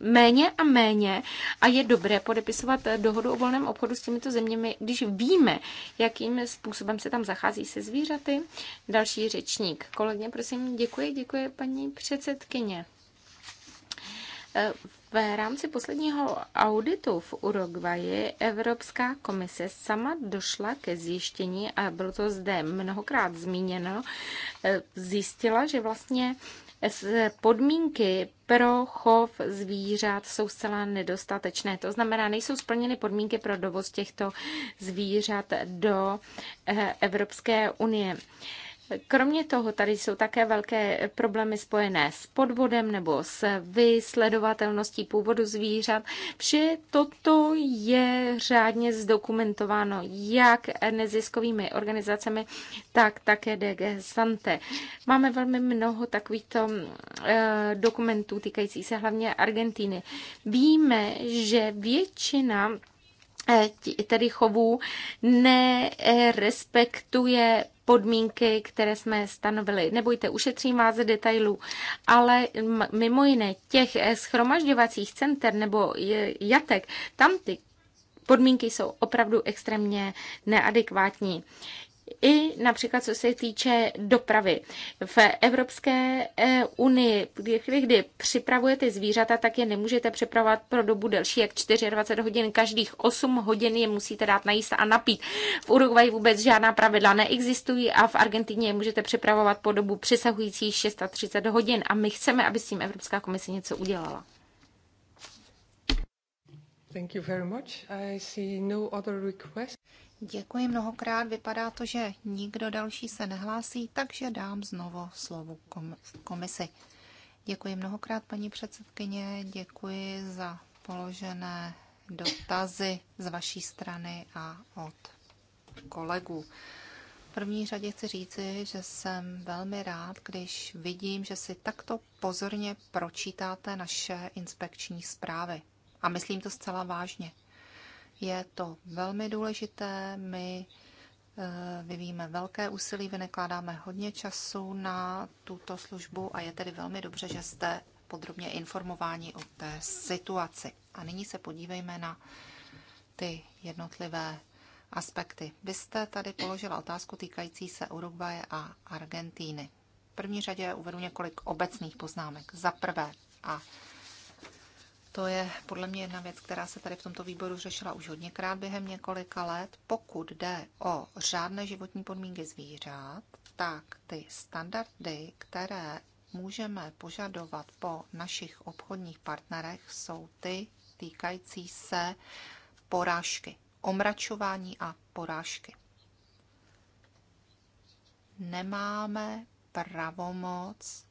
méně a méně a je dobré podepisovat dohodu o volném obchodu s těmito zeměmi, když víme, jakým způsobem se tam zachází se zvířaty. Další řečník. Kolegně, prosím, děkuji, děkuji paní předsedkyně. Eh, v rámci posledního auditu v Uruguayi Evropská komise sama došla ke zjištění, a bylo to zde mnohokrát zmíněno, eh, zjistila, že vlastně Eh, podmínky pro chov zvířat jsou zcela nedostatečné. To znamená, nejsou splněny podmínky pro dovoz těchto zvířat do eh, Evropské unie. Kromě toho tady jsou také velké problémy spojené s podvodem nebo s vysledovatelností původu zvířat. Vše toto je řádně zdokumentováno jak neziskovými organizacemi, tak také DG Sante. Máme velmi mnoho takovýchto eh, dokumentů týkající se hlavně Argentiny. Víme, že většina eh, tedy chovů nerespektuje podmínky, které jsme stanovili. Nebojte, ušetřím vás ze detailů, ale mimo jiné těch eh, schromažďovacích center nebo jatek, tam ty podmínky jsou opravdu extrémně neadekvátní i například co se týče dopravy. V Evropské eh, unii, kdy, kdy připravujete zvířata, tak je nemůžete připravovat pro dobu delší jak 24 hodin. Každých 8 hodin je musíte dát najíst a napít. V Uruguay vůbec žádná pravidla neexistují a v Argentině je můžete připravovat po dobu přesahující 630 hodin. A my chceme, aby s tím Evropská komise něco udělala. Thank you very much. I see no other request. Děkuji mnohokrát. Vypadá to, že nikdo další se nehlásí, takže dám znovu slovo komisi. Děkuji mnohokrát, paní předsedkyně. Děkuji za položené dotazy z vaší strany a od kolegů. V první řadě chci říci, že jsem velmi rád, když vidím, že si takto pozorně pročítáte naše inspekční zprávy. A myslím to zcela vážně. Je to velmi důležité. My eh, vyvíjíme velké úsilí, vynekládáme hodně času na tuto službu a je tedy velmi dobře, že jste podrobně informováni o té situaci. A nyní se podívejme na ty jednotlivé aspekty. Vy jste tady položila otázku týkající se Uruguaje a Argentíny. V první řadě uvedu několik obecných poznámek. Za prvé, a to je podle mě jedna věc, která se tady v tomto výboru řešila už hodněkrát během několika let. Pokud jde o řádné životní podmínky zvířat, tak ty standardy, které můžeme požadovat po našich obchodních partnerech, jsou ty týkající se porážky, omračování a porážky. Nemáme pravomoc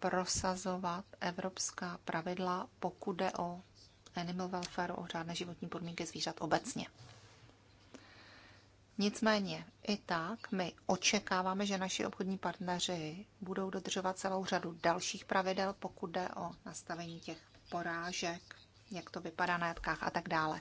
prosazovat evropská pravidla, pokud jde o animal welfare, o řádné životní podmínky zvířat obecně. Nicméně i tak my očekáváme, že naši obchodní partneři budou dodržovat celou řadu dalších pravidel, pokud jde o nastavení těch porážek, jak to vypadá na jatkách a tak dále.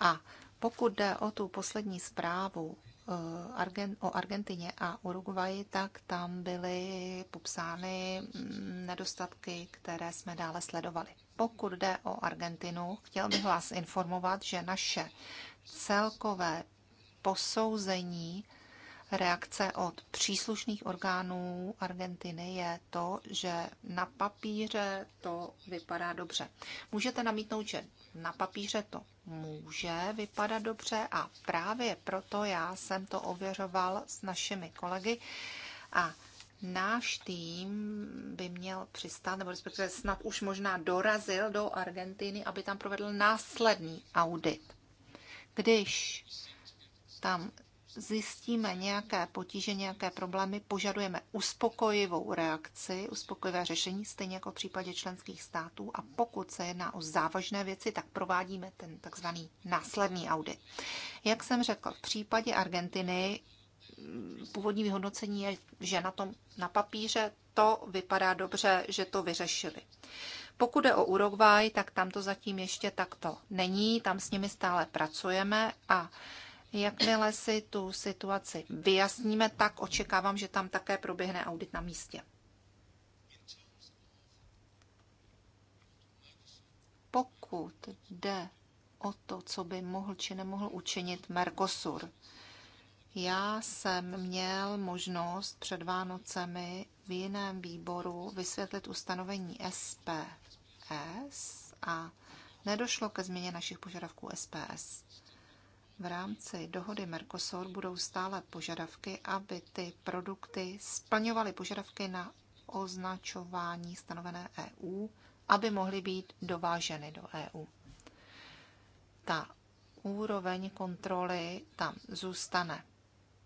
A pokud jde o tu poslední zprávu Eh, o Argentině a Uruguayi, tak tam byly popsány mm, nedostatky, které jsme dále sledovali. Pokud jde o Argentinu, chtěl bych vás informovat, že naše celkové posouzení reakce od příslušných orgánů Argentiny je to, že na papíře to vypadá dobře. Můžete namítnout, že na papíře to může vypadat dobře a právě proto já jsem to ověřoval s našimi kolegy a náš tým by měl přistát, nebo respektive snad už možná dorazil do Argentiny, aby tam provedl následný audit. Když tam zjistíme nějaké potíže, nějaké problémy, požadujeme uspokojivou reakci, uspokojivé řešení, stejně jako v případě členských států a pokud se jedná o závažné věci, tak provádíme ten takzvaný následný audit. Jak jsem řekl, v případě Argentiny mm, původní vyhodnocení je, že na tom na papíře to vypadá dobře, že to vyřešili. Pokud je o Uruguay, tak tam to zatím ještě takto není, tam s nimi stále pracujeme a Jakmile si tu situaci vyjasníme, tak očekávám, že tam také proběhne audit na místě. Pokud jde o to, co by mohl či nemohl učinit Mercosur, já jsem měl možnost před Vánocemi v jiném výboru vysvětlit ustanovení SPS a nedošlo ke změně našich požadavků SPS v rámci dohody Mercosur budou stále požadavky, aby ty produkty splňovaly požadavky na označování stanovené EU, aby mohly být dováženy do EU. Ta úroveň kontroly tam zůstane.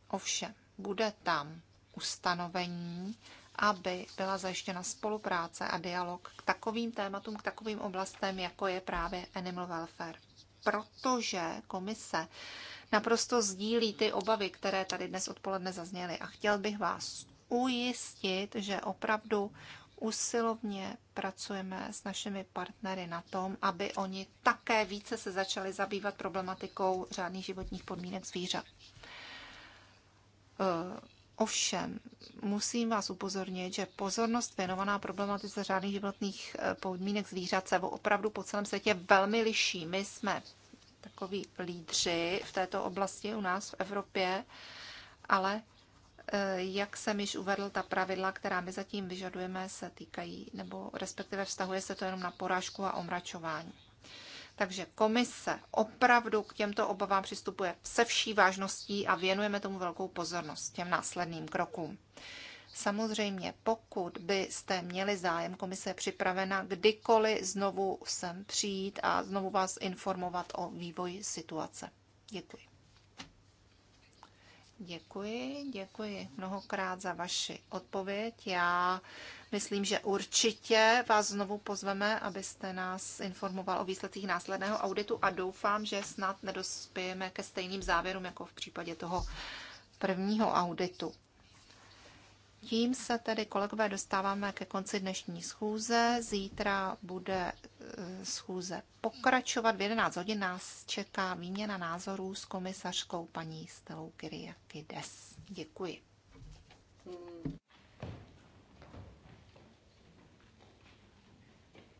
Ovšem, bude tam ustanovení, aby byla zajištěna spolupráce a dialog k takovým tématům, k takovým oblastem, jako je právě animal welfare protože komise naprosto sdílí ty obavy, které tady dnes odpoledne zazněly. A chtěl bych vás ujistit, že opravdu usilovně pracujeme s našimi partnery na tom, aby oni také více se začali zabývat problematikou řádných životních podmínek zvířat. Ovšem, musím vás upozornit, že pozornost věnovaná problematice řádných životních eh, podmínek zvířat se opravdu po celém světě velmi liší. My jsme takoví lídři v této oblasti u nás v Evropě, ale eh, jak jsem již uvedl, ta pravidla, která my zatím vyžadujeme, se týkají, nebo respektive vztahuje se to jenom na porážku a omračování. Takže komise opravdu k těmto obavám přistupuje se vší vážností a věnujeme tomu velkou pozornost těm následným krokům. Samozřejmě, pokud byste měli zájem, komise je připravena kdykoliv znovu sem přijít a znovu vás informovat o vývoji situace. Děkuji. Děkuji, děkuji mnohokrát za vaši odpověď. Já myslím, že určitě vás znovu pozveme, abyste nás informoval o výsledcích následného auditu a doufám, že snad nedospějeme ke stejným závěrům jako v případě toho prvního auditu. Tím se tedy, kolegové, dostáváme ke konci dnešní schůze. Zítra bude eh, schůze pokračovat. V 11 hodin nás čeká výměna názorů s komisařkou paní Stelou Kyriakides. Děkuji.